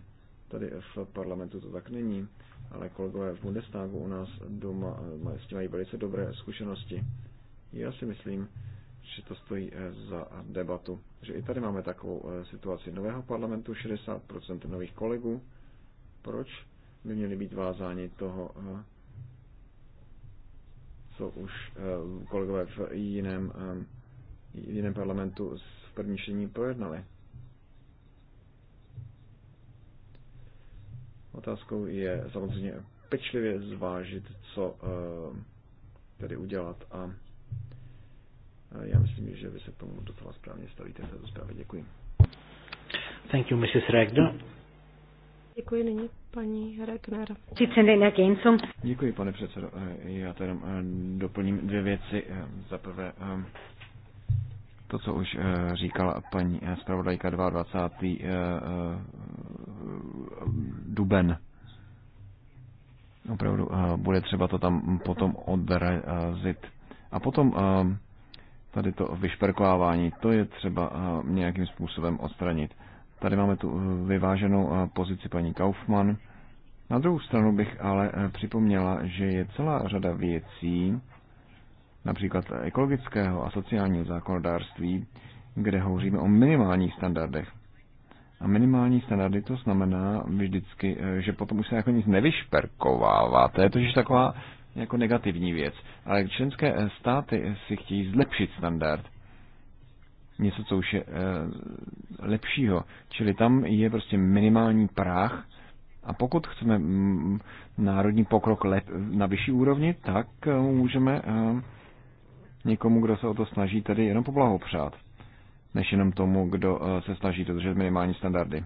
Tady v parlamentu to tak není, ale kolegové v Bundestagu u nás doma eh, s tím mají velice dobré zkušenosti. Já si myslím, že to stojí eh, za debatu. Že i tady máme takovou eh, situaci nového parlamentu, 60% nových kolegů. Proč by měli být vázáni toho, co už kolegové v jiném, jiném parlamentu v první čtení projednali? Otázkou je samozřejmě pečlivě zvážit, co eh, tedy udělat a eh, já myslím, že vy se k tomu docela správně stavíte v této zprávě. Děkuji. Thank you, Mrs. Regner. Děkuji nyní paní Regner. Děkuji, pane předsedo. Eh, já tady doplním dvě věci. Za prvé, to, co už říkala paní zpravodajka 22 duben. Opravdu eh, bude třeba to tam potom odrazit. A potom eh, tady to vyšperkovávání, to je třeba eh, nějakým způsobem odstranit. Tady máme tu vyváženou pozici paní Kaufmann. Na druhou stranu bych ale připomněla, že je celá řada věcí, například ekologického a sociálního zákonodárství, kde hovoříme o minimálních standardech. A minimální standardy to znamená vždycky, eh, že potom už se jako nic nevyšperkovává. To je totiž taková jako negativní věc. Ale členské eh, státy eh, si chtějí zlepšit standard. Něco, co už je e, lepšího. Čili tam je prostě minimální práh. A pokud chceme mm, národní pokrok lep, na vyšší úrovni, tak můžeme e, někomu, kdo se o to snaží, tedy jenom poblahopřát než jenom tomu, kdo eh, se snaží dodržet minimální standardy.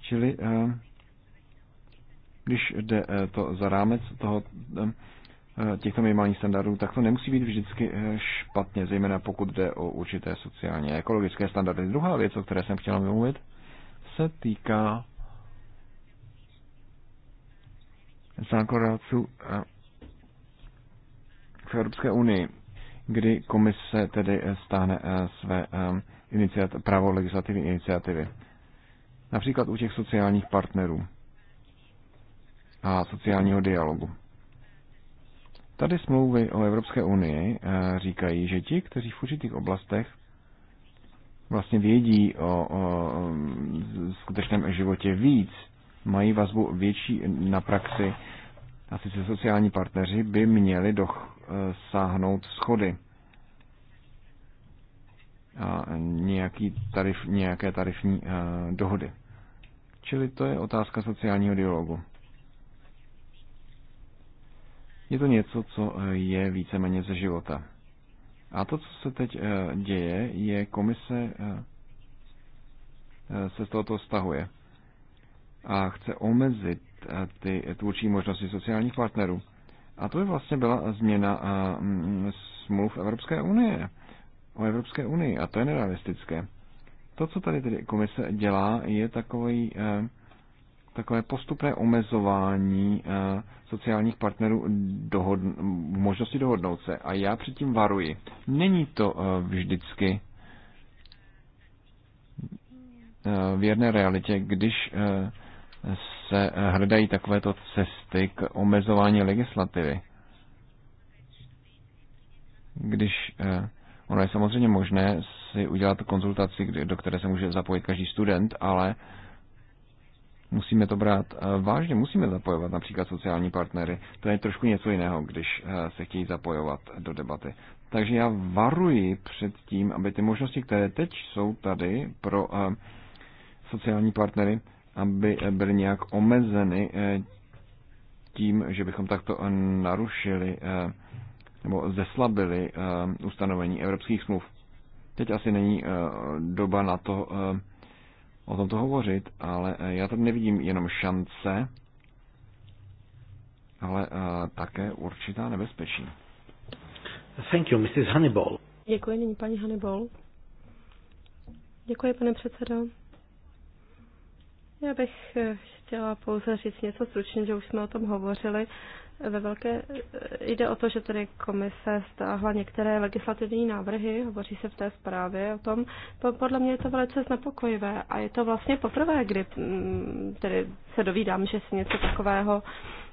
Čili eh, když jde eh, to za rámec toho, těchto minimálních standardů, tak to nemusí být vždycky špatně, zejména pokud jde o určité sociálně a ekologické standardy. Druhá věc, o které jsem chtěl mluvit, se týká zákonodárců v Evropské unii kdy komise tedy eh, stáhne eh, své eh, právo legislativní iniciativy. Například u těch sociálních partnerů a sociálního dialogu. Tady smlouvy o Evropské unii říkají, že ti, kteří v určitých oblastech vlastně vědí o, o skutečném životě víc, mají vazbu větší na praxi, a sice sociální partneři by měli doch, sáhnout schody. A nějaký tarif, nějaké tarifní eh, dohody. Čili to je otázka sociálního dialogu. Je to něco, co eh, je víceméně ze života. A to, co se teď eh, děje, je komise se z tohoto stahuje a chce omezit ty tvůrčí možnosti sociálních partnerů. A to by vlastně byla změna smluv Evropské unie. O Evropské unii. A to je nerealistické. To, co tady tedy komise dělá, je takový, e, takové postupné omezování e, sociálních partnerů dohod, možnosti dohodnout se. A já předtím varuji. Není to e, vždycky věrné realitě, když se hledají takovéto cesty k omezování legislativy. Když eh, ono je samozřejmě možné si udělat konzultaci, do které se může zapojit každý student, ale musíme to brát eh, vážně, musíme zapojovat například sociální partnery. To je trošku něco jiného, když eh, se chtějí zapojovat do debaty. Takže já varuji před tím, aby ty možnosti, které teď jsou tady pro sociální partnery, aby byly nějak omezeny eh, tím, že bychom takto narušili eh, nebo zeslabili eh, ustanovení evropských smluv. Teď asi není doba na to o tomto hovořit, ale já tady nevidím jenom šance, ale také určitá nebezpečí. Thank you, Mrs. Hannibal. Děkuji, nyní paní Hannibal. Děkuji, pane předsedo. Já bych eh, chtěla pouze říct něco stručně, že už jsme o tom hovořili. Ve velké eh, jde o to, že tedy komise stáhla některé legislativní návrhy, hovoří se v té zprávě o tom. Podle mě je to velice znepokojivé a je to vlastně poprvé, kdy mm, tedy se dovídám, že se něco takového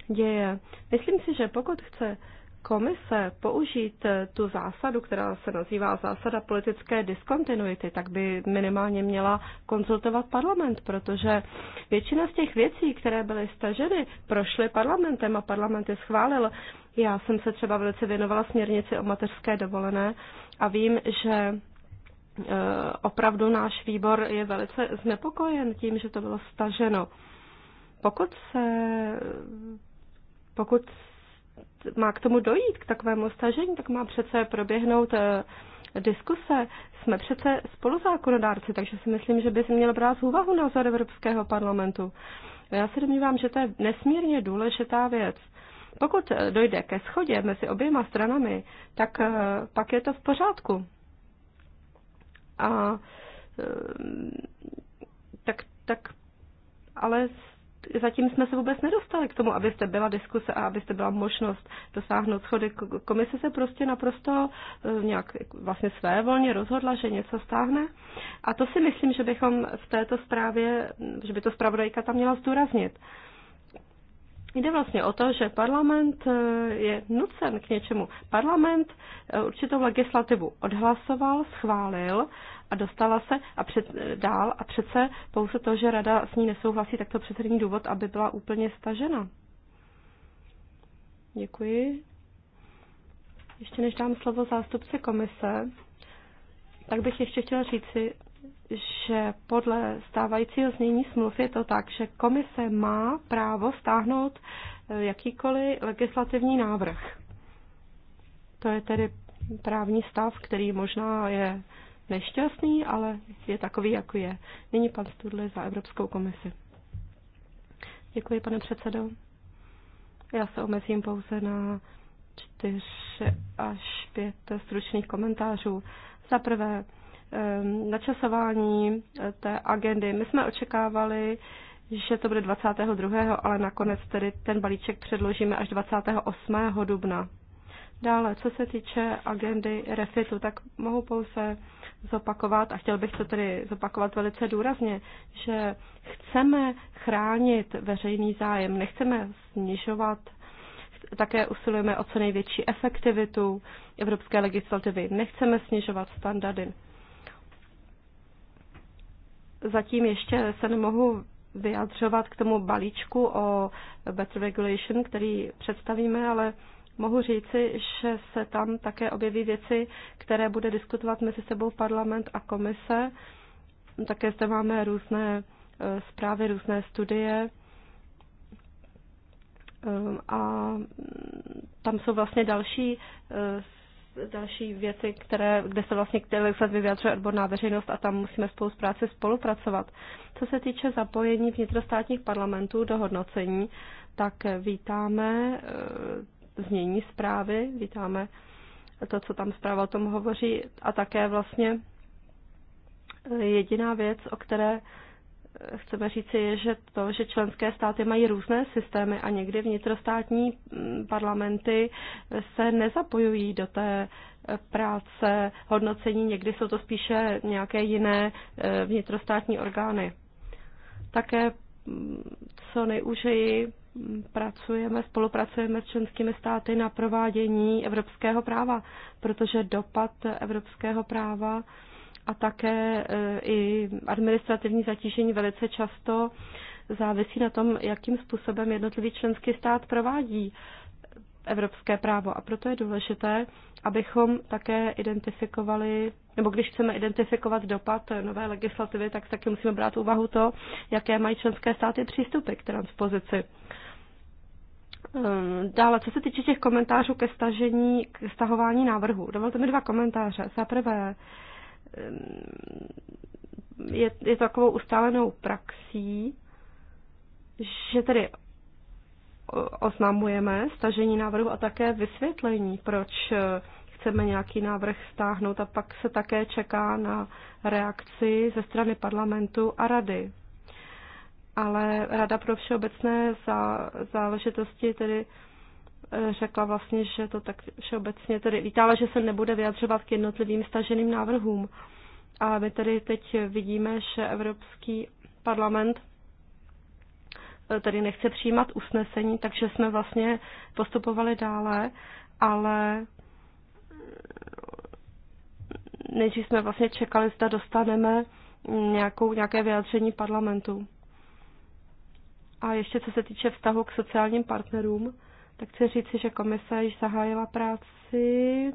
děje. Myslím si, že pokud chce komise použít eh, tu zásadu, která se nazývá zásada politické diskontinuity, tak by minimálně měla konzultovat parlament, protože většina z těch věcí, které byly staženy, prošly parlamentem a parlament je schválil. Já jsem se třeba velice věnovala směrnici o mateřské dovolené a vím, že eh, opravdu náš výbor je velice znepokojen tím, že to bylo staženo. Pokud se pokud má k tomu dojít, k takovému stažení, tak má přece proběhnout eh, diskuse. Jsme přece spoluzákonodárci, takže si myslím, že by se měl brát v úvahu názor Evropského parlamentu. Já se domnívám, že to je nesmírně důležitá věc. Pokud eh, dojde ke schodě mezi oběma stranami, tak eh, pak je to v pořádku. A tak, tak ale zatím jsme se vůbec nedostali k tomu, abyste byla diskuse a abyste byla možnost dosáhnout schody. Komise se prostě naprosto eh, nějak vlastně své volně rozhodla, že něco stáhne. A to si myslím, že bychom v této zprávě, že by to zpravodajka tam měla zdůraznit. Jde vlastně o to, že parlament eh, je nucen k něčemu. Parlament eh, určitou legislativu odhlasoval, schválil a dostala se a před, dál a přece pouze to, že rada s ní nesouhlasí, tak to přece není důvod, aby byla úplně stažena. Děkuji. Ještě než dám slovo zástupci komise, tak bych ještě chtěla říci, že podle stávajícího znění smluv je to tak, že komise má právo stáhnout eh, jakýkoliv legislativní návrh. To je tedy právní stav, který možná je nešťastný, ale je takový, jako je. Nyní pan Studle za Evropskou komisi. Děkuji, pane předsedo. Já se omezím pouze na čtyř až pět stručných komentářů. Za prvé, ehm, načasování eh, té agendy. My jsme očekávali, že to bude 22., ale nakonec tedy ten balíček předložíme až 28. dubna. Dále, co se týče agendy refitu, tak mohu pouze zopakovat, a chtěl bych to tedy zopakovat velice důrazně, že chceme chránit veřejný zájem, nechceme snižovat také usilujeme o co největší efektivitu evropské legislativy. Nechceme snižovat standardy. Zatím ještě se nemohu vyjadřovat k tomu balíčku o Better Regulation, který představíme, ale Mohu říci, že se tam také objeví věci, které bude diskutovat mezi sebou parlament a komise. Také zde máme různé e, zprávy, různé studie e, a tam jsou vlastně další e, další věci, které, kde se vlastně k se vyjadřuje odborná veřejnost a tam musíme spolu s práci spolupracovat. Co se týče zapojení vnitrostátních parlamentů do hodnocení, tak vítáme znění zprávy, vítáme to, co tam zpráva o tom hovoří a také vlastně eh, jediná věc, o které eh, chceme říci, je, že to, že členské státy mají různé systémy a někdy vnitrostátní mm, parlamenty eh, se nezapojují do té práce, hodnocení, někdy jsou to spíše nějaké jiné vnitrostátní orgány. Také mm, co nejúžeji pracujeme, spolupracujeme s členskými státy na provádění evropského práva, protože dopad evropského práva a také eh, i administrativní zatížení velice často závisí na tom, jakým způsobem jednotlivý členský stát provádí evropské právo. A proto je důležité, abychom také identifikovali, nebo když chceme identifikovat dopad nové legislativy, tak taky musíme brát úvahu to, jaké mají členské státy přístupy k transpozici. Ehm, dále, co se týče těch komentářů ke stažení, k stahování návrhu, dovolte mi dva komentáře. Za prvé, ehm, je, je takovou ustálenou praxí, že tedy oznamujeme stažení návrhu a také vysvětlení, proč e, chceme nějaký návrh stáhnout a pak se také čeká na reakci ze strany parlamentu a rady ale Rada pro všeobecné zá, záležitosti tedy eh, řekla vlastně, že to tak všeobecně tedy vítala, že se nebude vyjadřovat k jednotlivým staženým návrhům. A my tedy teď vidíme, že Evropský parlament eh, tedy nechce přijímat usnesení, takže jsme vlastně postupovali dále, ale eh, než jsme vlastně čekali, zda dostaneme nějakou, nějaké vyjádření parlamentu. A ještě co se týče vztahu k sociálním partnerům, tak chci říci, že komise již zahájila práci, e,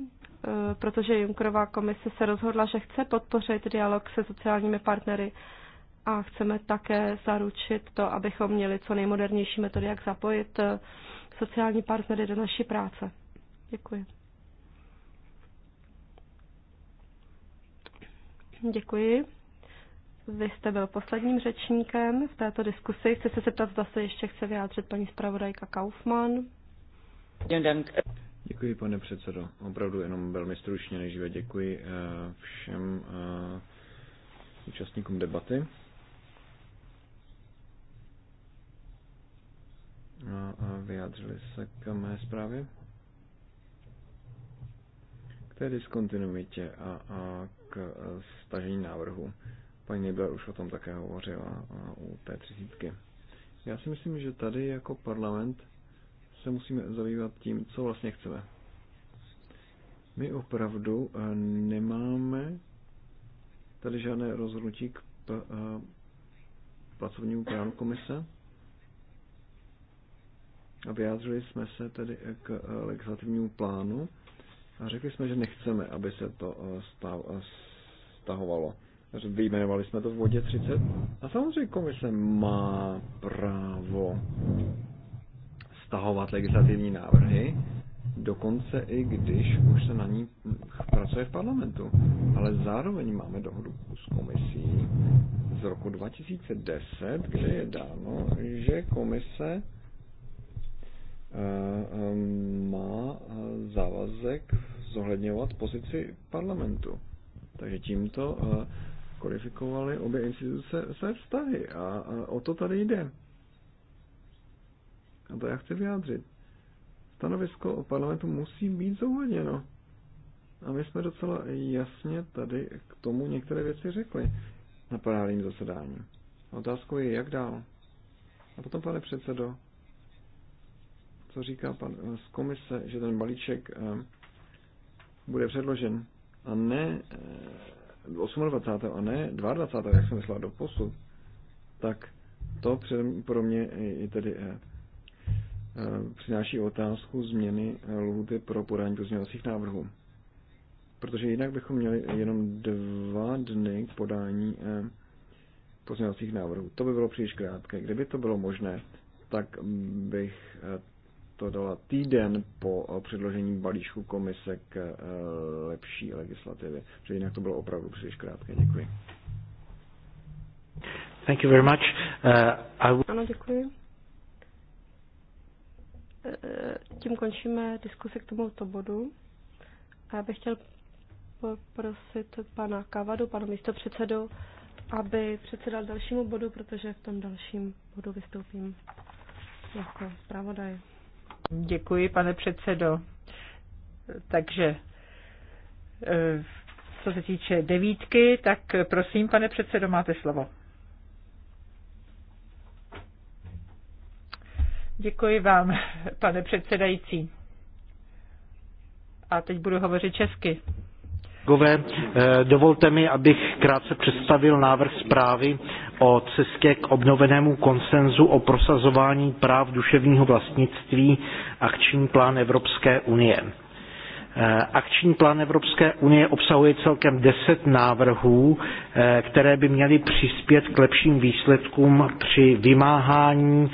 protože Junkerová komise se rozhodla, že chce podpořit dialog se sociálními partnery a chceme také zaručit to, abychom měli co nejmodernější metody, jak zapojit e, sociální partnery do naší práce. Děkuji. Děkuji. Vy jste byl posledním řečníkem v této diskusi. Chci se zeptat, zda se ještě chce vyjádřit paní zpravodajka Kaufmann. Děkuji, pane předsedo. Opravdu jenom velmi stručně nejdříve děkuji eh, všem eh, účastníkům debaty. No a vyjádřili se k mé zprávě té diskontinuitě a, a k eh, stažení návrhu. Paní Nibler už o tom také hovořila u té třicítky. Já si myslím, že tady jako parlament se musíme zabývat tím, co vlastně chceme. My opravdu e, nemáme tady žádné rozhodnutí k e, pracovnímu plánu komise. A vyjádřili jsme se tedy k e, legislativnímu plánu a řekli jsme, že nechceme, aby se to stahovalo Vyjmenovali jsme to v bodě 30. A samozřejmě komise má právo stahovat legislativní návrhy, dokonce i když už se na ní pracuje v parlamentu. Ale zároveň máme dohodu s komisí z roku 2010, kde je dáno, že komise eh, eh, má závazek zohledňovat pozici parlamentu. Takže tímto eh, kodifikovaly obě instituce své vztahy a, a o to tady jde. A to já chci vyjádřit. Stanovisko o parlamentu musí být zohledněno. A my jsme docela jasně tady k tomu některé věci řekli na parálním zasedání. Otázkou je, jak dál. A potom, pane předsedo, co říká pan z komise, že ten balíček eh, bude předložen a ne eh, 28. a ne 22. jak jsem myslel do posud, tak to pro mě i tedy eh, eh, přináší otázku změny eh, lhuty pro podání pozměňovacích návrhů. Protože jinak bychom měli jenom dva dny k podání pozměňovacích návrhů. To by bylo příliš krátké. Kdyby to bylo možné, tak bych to dala týden po eh, předložení balíčku komise k eh, lepší legislativě. Protože jinak to bylo opravdu příliš krátké. Děkuji. Thank you very much. Uh, I will... Ano, děkuji. Tím končíme diskusi k tomuto bodu. A já bych chtěl poprosit pana Kavadu, pana místopředsedu, aby předsedal dalšímu bodu, protože v tom dalším bodu vystoupím jako zpravodaj. Děkuji, pane předsedo. Takže eh, co se týče devítky, tak prosím, pane předsedo, máte slovo. Děkuji vám, pane předsedající. A teď budu hovořit česky kolegové, eh, dovolte mi, abych krátce představil návrh zprávy o cestě k obnovenému konsenzu o prosazování práv duševního vlastnictví akční plán Evropské unie. Eh, akční plán Evropské unie obsahuje celkem 10 návrhů, eh, které by měly přispět k lepším výsledkům při vymáhání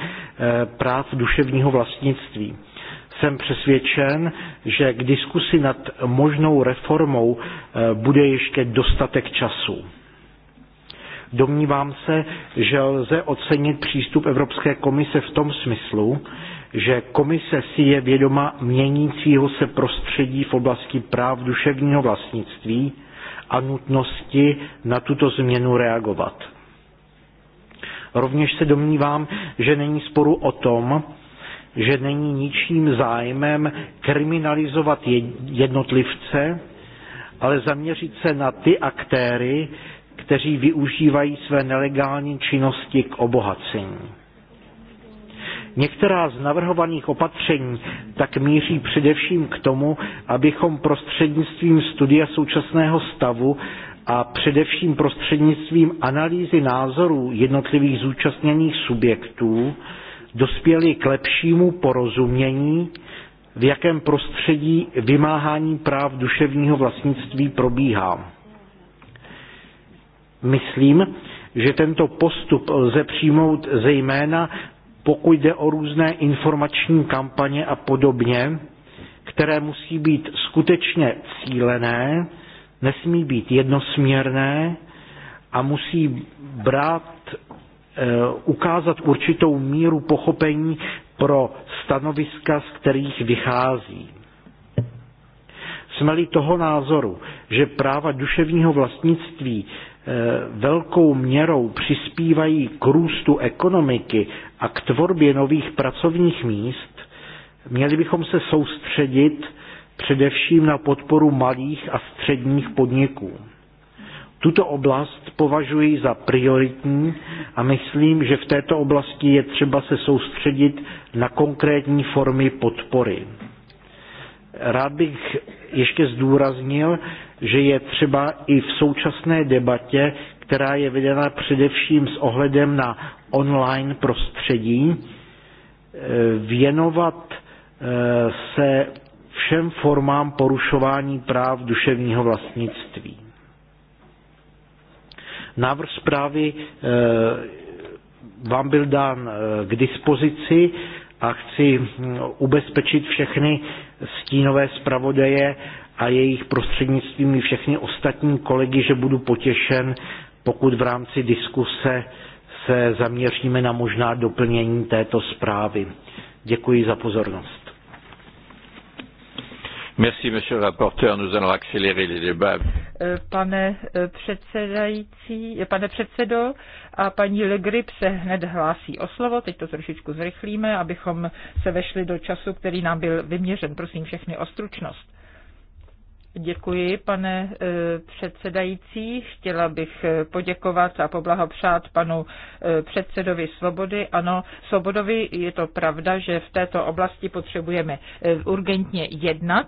práv duševního vlastnictví jsem přesvědčen, že k diskusi nad možnou reformou eh, bude ještě dostatek času. Domnívám se, že lze ocenit přístup Evropské komise v tom smyslu, že komise si je vědoma měnícího se prostředí v oblasti práv duševního vlastnictví a nutnosti na tuto změnu reagovat. Rovněž se domnívám, že není sporu o tom, že není ničím zájmem kriminalizovat jednotlivce, ale zaměřit se na ty aktéry, kteří využívají své nelegální činnosti k obohacení. Některá z navrhovaných opatření tak míří především k tomu, abychom prostřednictvím studia současného stavu a především prostřednictvím analýzy názorů jednotlivých zúčastněných subjektů dospěli k lepšímu porozumění, v jakém prostředí vymáhání práv duševního vlastnictví probíhá. Myslím, že tento postup lze přijmout zejména pokud jde o různé informační kampaně a podobně, které musí být skutečně cílené, nesmí být jednosměrné a musí brát Eh, ukázat určitou míru pochopení pro stanoviska, z kterých vychází. Jsme-li toho názoru, že práva duševního vlastnictví eh, velkou měrou přispívají k růstu ekonomiky a k tvorbě nových pracovních míst, měli bychom se soustředit především na podporu malých a středních podniků tuto oblast považuji za prioritní a myslím, že v této oblasti je třeba se soustředit na konkrétní formy podpory. Rád bych ještě zdůraznil, že je třeba i v současné debatě, která je vedena především s ohledem na online prostředí, eh, věnovat eh, se všem formám porušování práv duševního vlastnictví. Návrh zprávy eh, vám byl dán eh, k dispozici a chci hm, ubezpečit všechny stínové zpravodaje a jejich prostřednictvím i všechny ostatní kolegy, že budu potěšen, pokud v rámci diskuse se zaměříme na možná doplnění této zprávy. Děkuji za pozornost. Merci, monsieur le rapporteur. Nous allons accélérer les débats. Euh, pane euh, předsedající, eh, pane předsedo a paní Le Grip se hned hlásí o slovo. Teď to trošičku zrychlíme, abychom se vešli do času, který nám byl vyměřen. Prosím všechny o stručnost. Děkuji, pane eh, předsedající. Chtěla bych eh, poděkovat a poblahopřát panu eh, předsedovi Svobody. Ano, Svobodovi je to pravda, že v této oblasti potřebujeme urgentně jednat.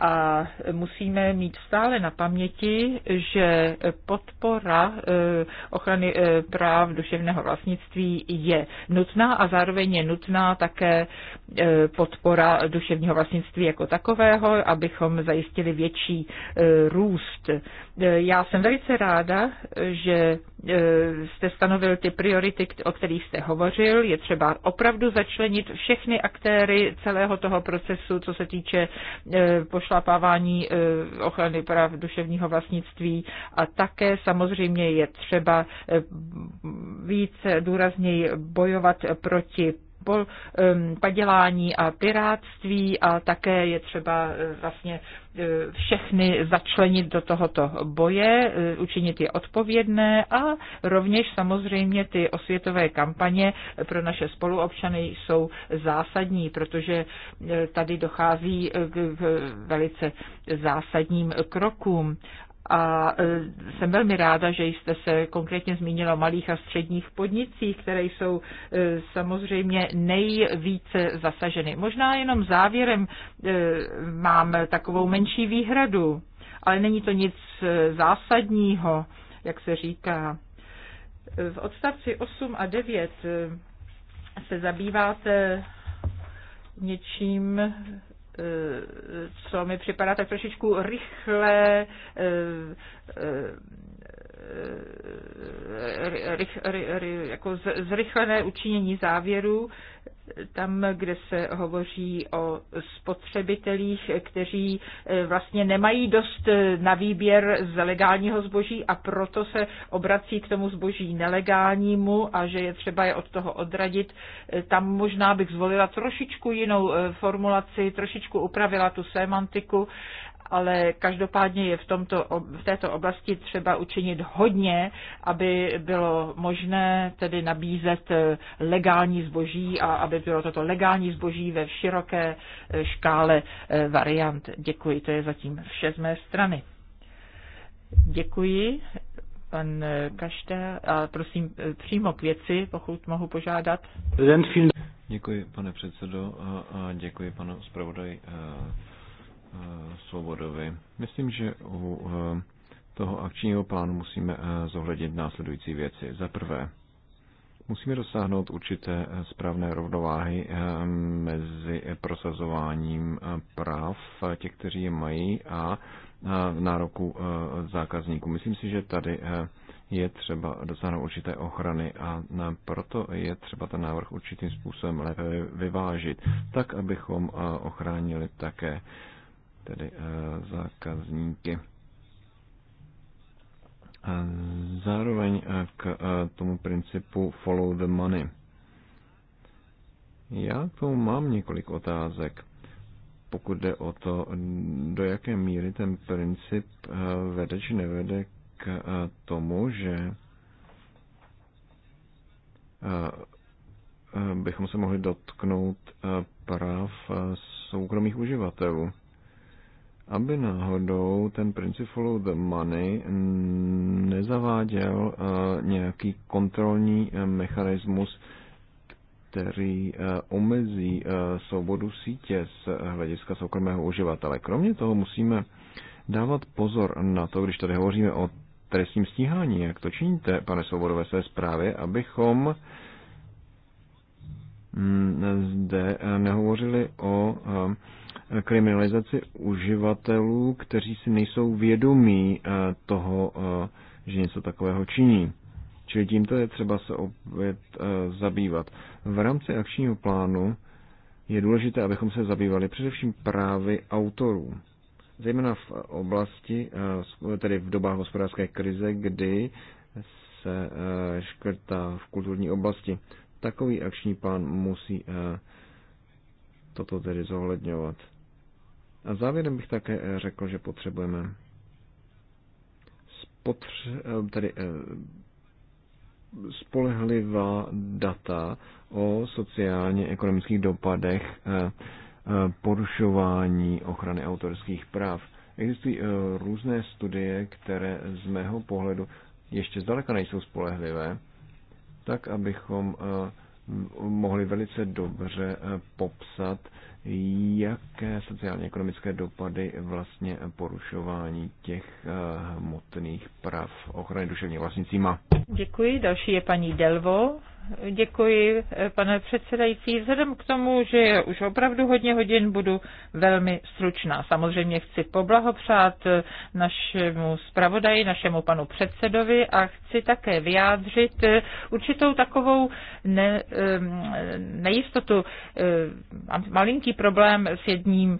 A musíme mít stále na paměti, že podpora e, ochrany e, práv duševného vlastnictví je nutná a zároveň je nutná také e, podpora duševního vlastnictví jako takového, abychom zajistili větší růst. Já jsem velice ráda, že E, jste stanovil ty priority, o kterých jste hovořil. Je třeba opravdu začlenit všechny aktéry celého toho procesu, co se týče e, pošlapávání e, ochrany práv duševního vlastnictví a také samozřejmě je třeba více důrazněji bojovat proti um, padělání a pirátství a také je třeba e, vlastně e, všechny začlenit do tohoto boje, e, učinit je odpovědné a rovněž samozřejmě ty osvětové kampaně pro naše spoluobčany jsou zásadní, protože tady dochází k velice zásadním krokům a e, jsem velmi ráda, že jste se konkrétně zmínila o malých a středních podnicích, které jsou e, samozřejmě nejvíce zasaženy. Možná jenom závěrem e, mám takovou menší výhradu, ale není to nic zásadního, jak se říká. V odstavci 8 a 9 se zabýváte něčím, Eh, co mi připadá tak trošičku rychle, eh, eh, rychle jako zrychlené učinění závěru tam, kde se hovoří o spotřebitelích, kteří eh, vlastně nemají dost eh, na výběr z legálního zboží a proto se obrací k tomu zboží nelegálnímu a že je třeba je od toho odradit. Eh, tam možná bych zvolila trošičku jinou formulaci, trošičku upravila tu semantiku ale každopádně je v, tomto, v této oblasti třeba učinit hodně, aby bylo možné tedy nabízet eh, legální zboží a aby bylo toto legální zboží ve široké eh, škále eh, variant. Děkuji, to je zatím vše z mé strany. Děkuji, pan Kašte, a prosím přímo k věci, pokud mohu požádat. Děkuji, pane předsedo, a děkuji panu zpravodaji Eh, Svobodovi. Myslím, že u eh, toho akčního plánu musíme eh, zohlednit následující věci. Za prvé, musíme dosáhnout určité správné rovnováhy mezi prosazováním práv těch, kteří je mají a nároku zákazníků. Myslím si, že tady je třeba dosáhnout určité ochrany a proto je třeba ten návrh určitým způsobem lépe vyvážit, tak abychom ochránili také tedy eh, zákazníky. A zároveň eh, k eh, tomu principu follow the money. Já k tomu mám několik otázek, pokud jde o to, do jaké míry ten princip vede či nevede k tomu, že bychom se mohli dotknout práv soukromých uživatelů aby náhodou ten princip follow the money nezaváděl eh, nějaký kontrolní eh, mechanismus, který eh, omezí svobodu sítě z hlediska soukromého uživatele. Kromě toho musíme dávat pozor na to, když tady hovoříme o trestním stíhání, jak to činíte, pane Svobodové, své zprávě, abychom mm, zde nehovořili o kriminalizaci uživatelů, kteří si nejsou vědomí eh, toho, eh, že něco takového činí. Čili tímto je třeba se opět eh, zabývat. V rámci akčního plánu je důležité, abychom se zabývali především právy autorů. Zejména v oblasti, tedy v dobách hospodářské krize, kdy se škrtá v kulturní oblasti. Takový akční plán musí toto tedy zohledňovat. A závěrem bych také eh, řekl, že potřebujeme spotře- eh, tedy eh, spolehlivá data o sociálně-ekonomických dopadech porušování ochrany autorských práv. Existují různé studie, které z mého pohledu ještě zdaleka nejsou spolehlivé, tak abychom mohli velice dobře popsat jaké sociálně-ekonomické dopady vlastně porušování těch eh, hmotných práv ochrany duševního vlastnictví má. Děkuji. Další je paní Delvo. Děkuji, pane předsedající. Vzhledem k tomu, že je už opravdu hodně hodin, budu velmi stručná. Samozřejmě chci poblahopřát našemu zpravodaji, našemu panu předsedovi a chci také vyjádřit určitou takovou ne, nejistotu, malinký problém s jedním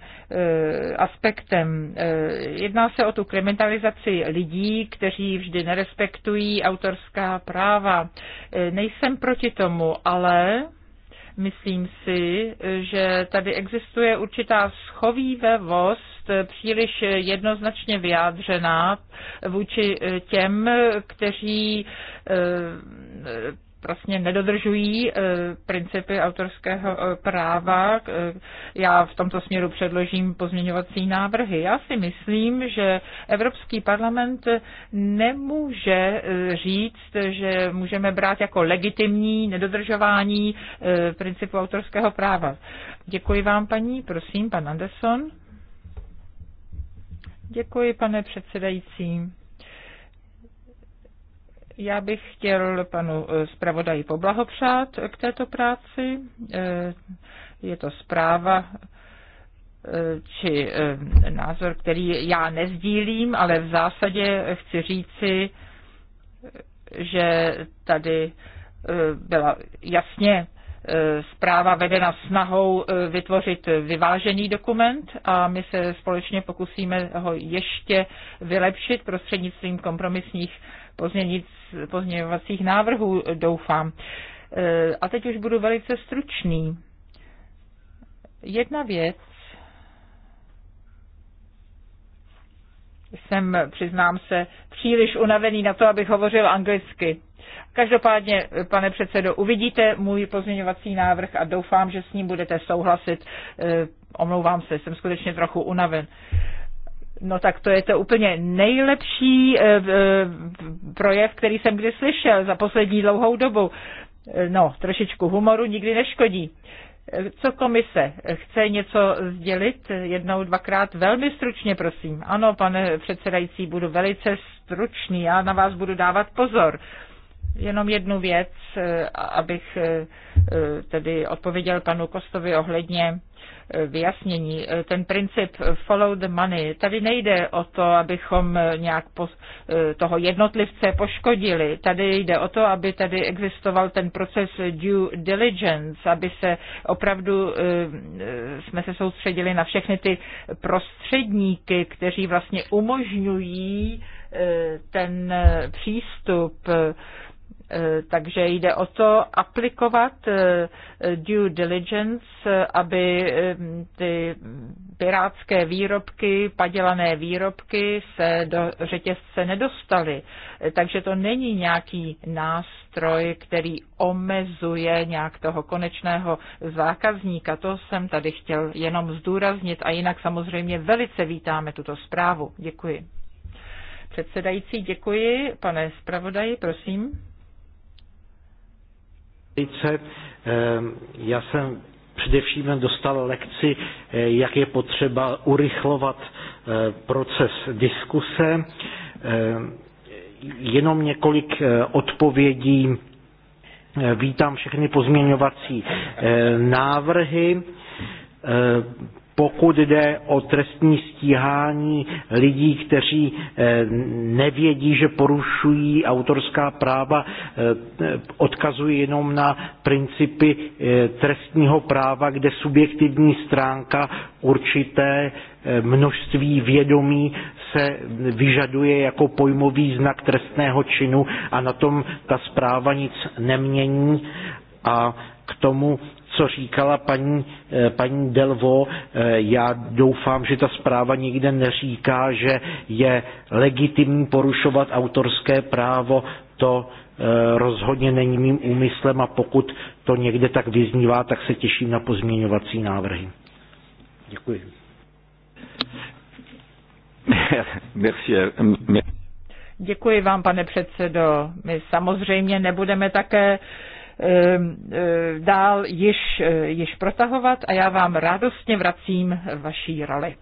aspektem. Jedná se o tu kriminalizaci lidí, kteří vždy nerespektují autorská práva. Nejsem pro proti tomu, ale myslím si, že tady existuje určitá schovývevost příliš jednoznačně vyjádřená vůči těm, kteří eh, vlastně nedodržují eh, principy autorského eh, práva. Eh, já v tomto směru předložím pozměňovací návrhy. Já si myslím, že Evropský parlament nemůže říct, že můžeme brát jako legitimní nedodržování principu autorského práva. Děkuji vám, paní. Prosím, pan Anderson. Děkuji, pane předsedající. Já bych chtěl panu eh, zpravodaji poblahopřát k této práci. Eh, je to zpráva eh, či názor, který já nezdílím, ale v zásadě chci říci, že tady byla jasně zpráva vedena snahou vytvořit vyvážený dokument a my se společně pokusíme ho ještě vylepšit prostřednictvím kompromisních pozměňovacích návrhů, doufám. E, a teď už budu velice stručný. Jedna věc jsem, přiznám se, příliš unavený na to, abych hovořil anglicky. Každopádně, pane předsedo, uvidíte můj pozměňovací návrh a doufám, že s ním budete souhlasit. E, omlouvám se, jsem skutečně trochu unaven. No tak to je to úplně nejlepší eh, eh, projev, který jsem kdy slyšel za poslední dlouhou dobu. Eh, no, trošičku humoru nikdy neškodí. Co komise? Chce něco sdělit? Jednou, dvakrát? Velmi stručně, prosím. Ano, pane předsedající, budu velice stručný. Já na vás budu dávat pozor jenom jednu věc, eh, abych eh, eh, tedy odpověděl panu Kostovi ohledně vyjasnění. Ten princip follow the money, tady nejde o to, abychom nějak toho jednotlivce poškodili. Tady jde o to, aby tady existoval ten proces due diligence, aby se opravdu jsme se soustředili na všechny ty prostředníky, kteří vlastně umožňují ten přístup Eh, takže jde o to aplikovat eh, due diligence, eh, aby ty pirátské výrobky, padělané výrobky se do řetězce nedostaly. Takže to není nějaký nástroj, který omezuje nějak toho konečného zákazníka. To jsem tady chtěl jenom zdůraznit a jinak samozřejmě velice vítáme tuto zprávu. Děkuji. Předsedající, děkuji. Pane zpravodaji, prosím. Americe. Ehm, já jsem především dostal lekci, eh, jak je potřeba urychlovat eh, proces diskuse. Ehm, jenom několik eh, odpovědí. Vítám všechny pozměňovací návrhy ehm, pokud jde o trestní stíhání lidí, kteří eh, nevědí, že porušují autorská práva, eh, odkazují jenom na principy eh, trestního práva, kde subjektivní stránka určité množství vědomí se vyžaduje jako pojmový znak trestného činu a na tom ta zpráva nic nemění. A k tomu co říkala paní, eh, paní Delvo. Eh, já doufám, že ta zpráva nikde neříká, že je legitimní porušovat autorské právo. To eh, rozhodně není mým úmyslem a pokud to někde tak vyznívá, tak se těším na pozměňovací návrhy. Děkuji. Děkuji vám, pane předsedo. My samozřejmě nebudeme také Ehm, ehm, dál již, eh, již protahovat a já vám radostně vracím vaší roli.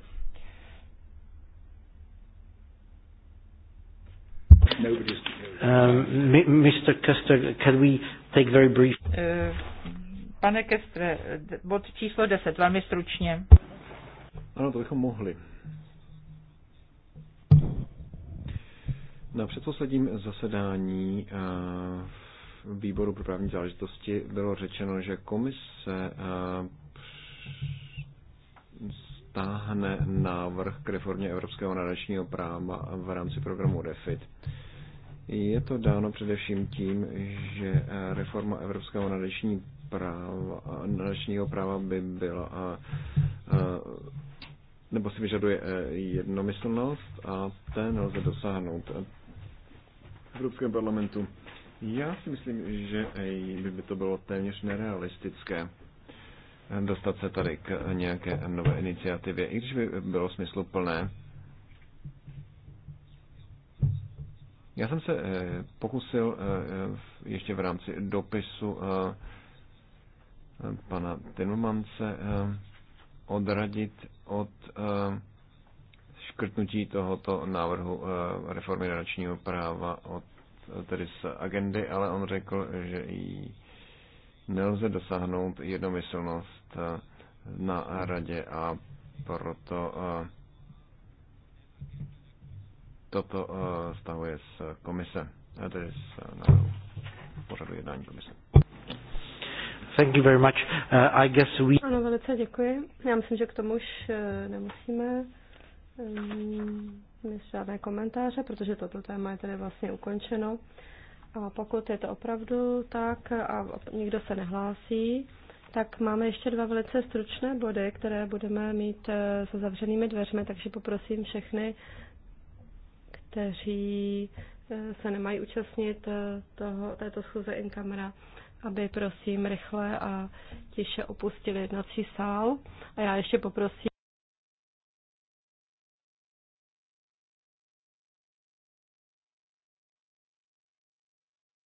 Um, ehm, Mr. Kester, can we take very brief... Pane Kestre, bod číslo 10, velmi stručně. Ano, to bychom mohli. Na předposledním zasedání v eh, výboru pro právní záležitosti bylo řečeno, že komise eh, stáhne návrh k reformě evropského nadačního práva v rámci programu Defit. Je to dáno především tím, že eh, reforma evropského národního práva, nadačního práva by byla a, eh, a, nebo si vyžaduje jednomyslnost a té nelze dosáhnout v Evropském parlamentu já si myslím, že by to bylo téměř nerealistické eh, dostat se tady k nějaké nové iniciativě, i když by bylo smysluplné. Já jsem se eh, pokusil eh, ještě v rámci dopisu pana Tinumance odradit od škrtnutí tohoto návrhu reformy nadačního práva od tedy z agendy, ale on řekl, že i nelze dosáhnout jednomyslnost eh, na radě a proto eh, toto eh, stahuje z komise, tedy z pořadu jednání komise. Thank you very much. Uh, I guess we... Ano, velice děkuji. Já myslím, že k tomu už nemusíme. Um než žádné komentáře, protože toto téma je tedy vlastně ukončeno. A pokud je to opravdu tak a nikdo se nehlásí, tak máme ještě dva velice stručné body, které budeme mít eh, se zavřenými dveřmi, takže poprosím všechny, kteří eh, se nemají účastnit eh, toho, této schůze in camera, aby prosím rychle a tiše opustili jednací sál. A já ještě poprosím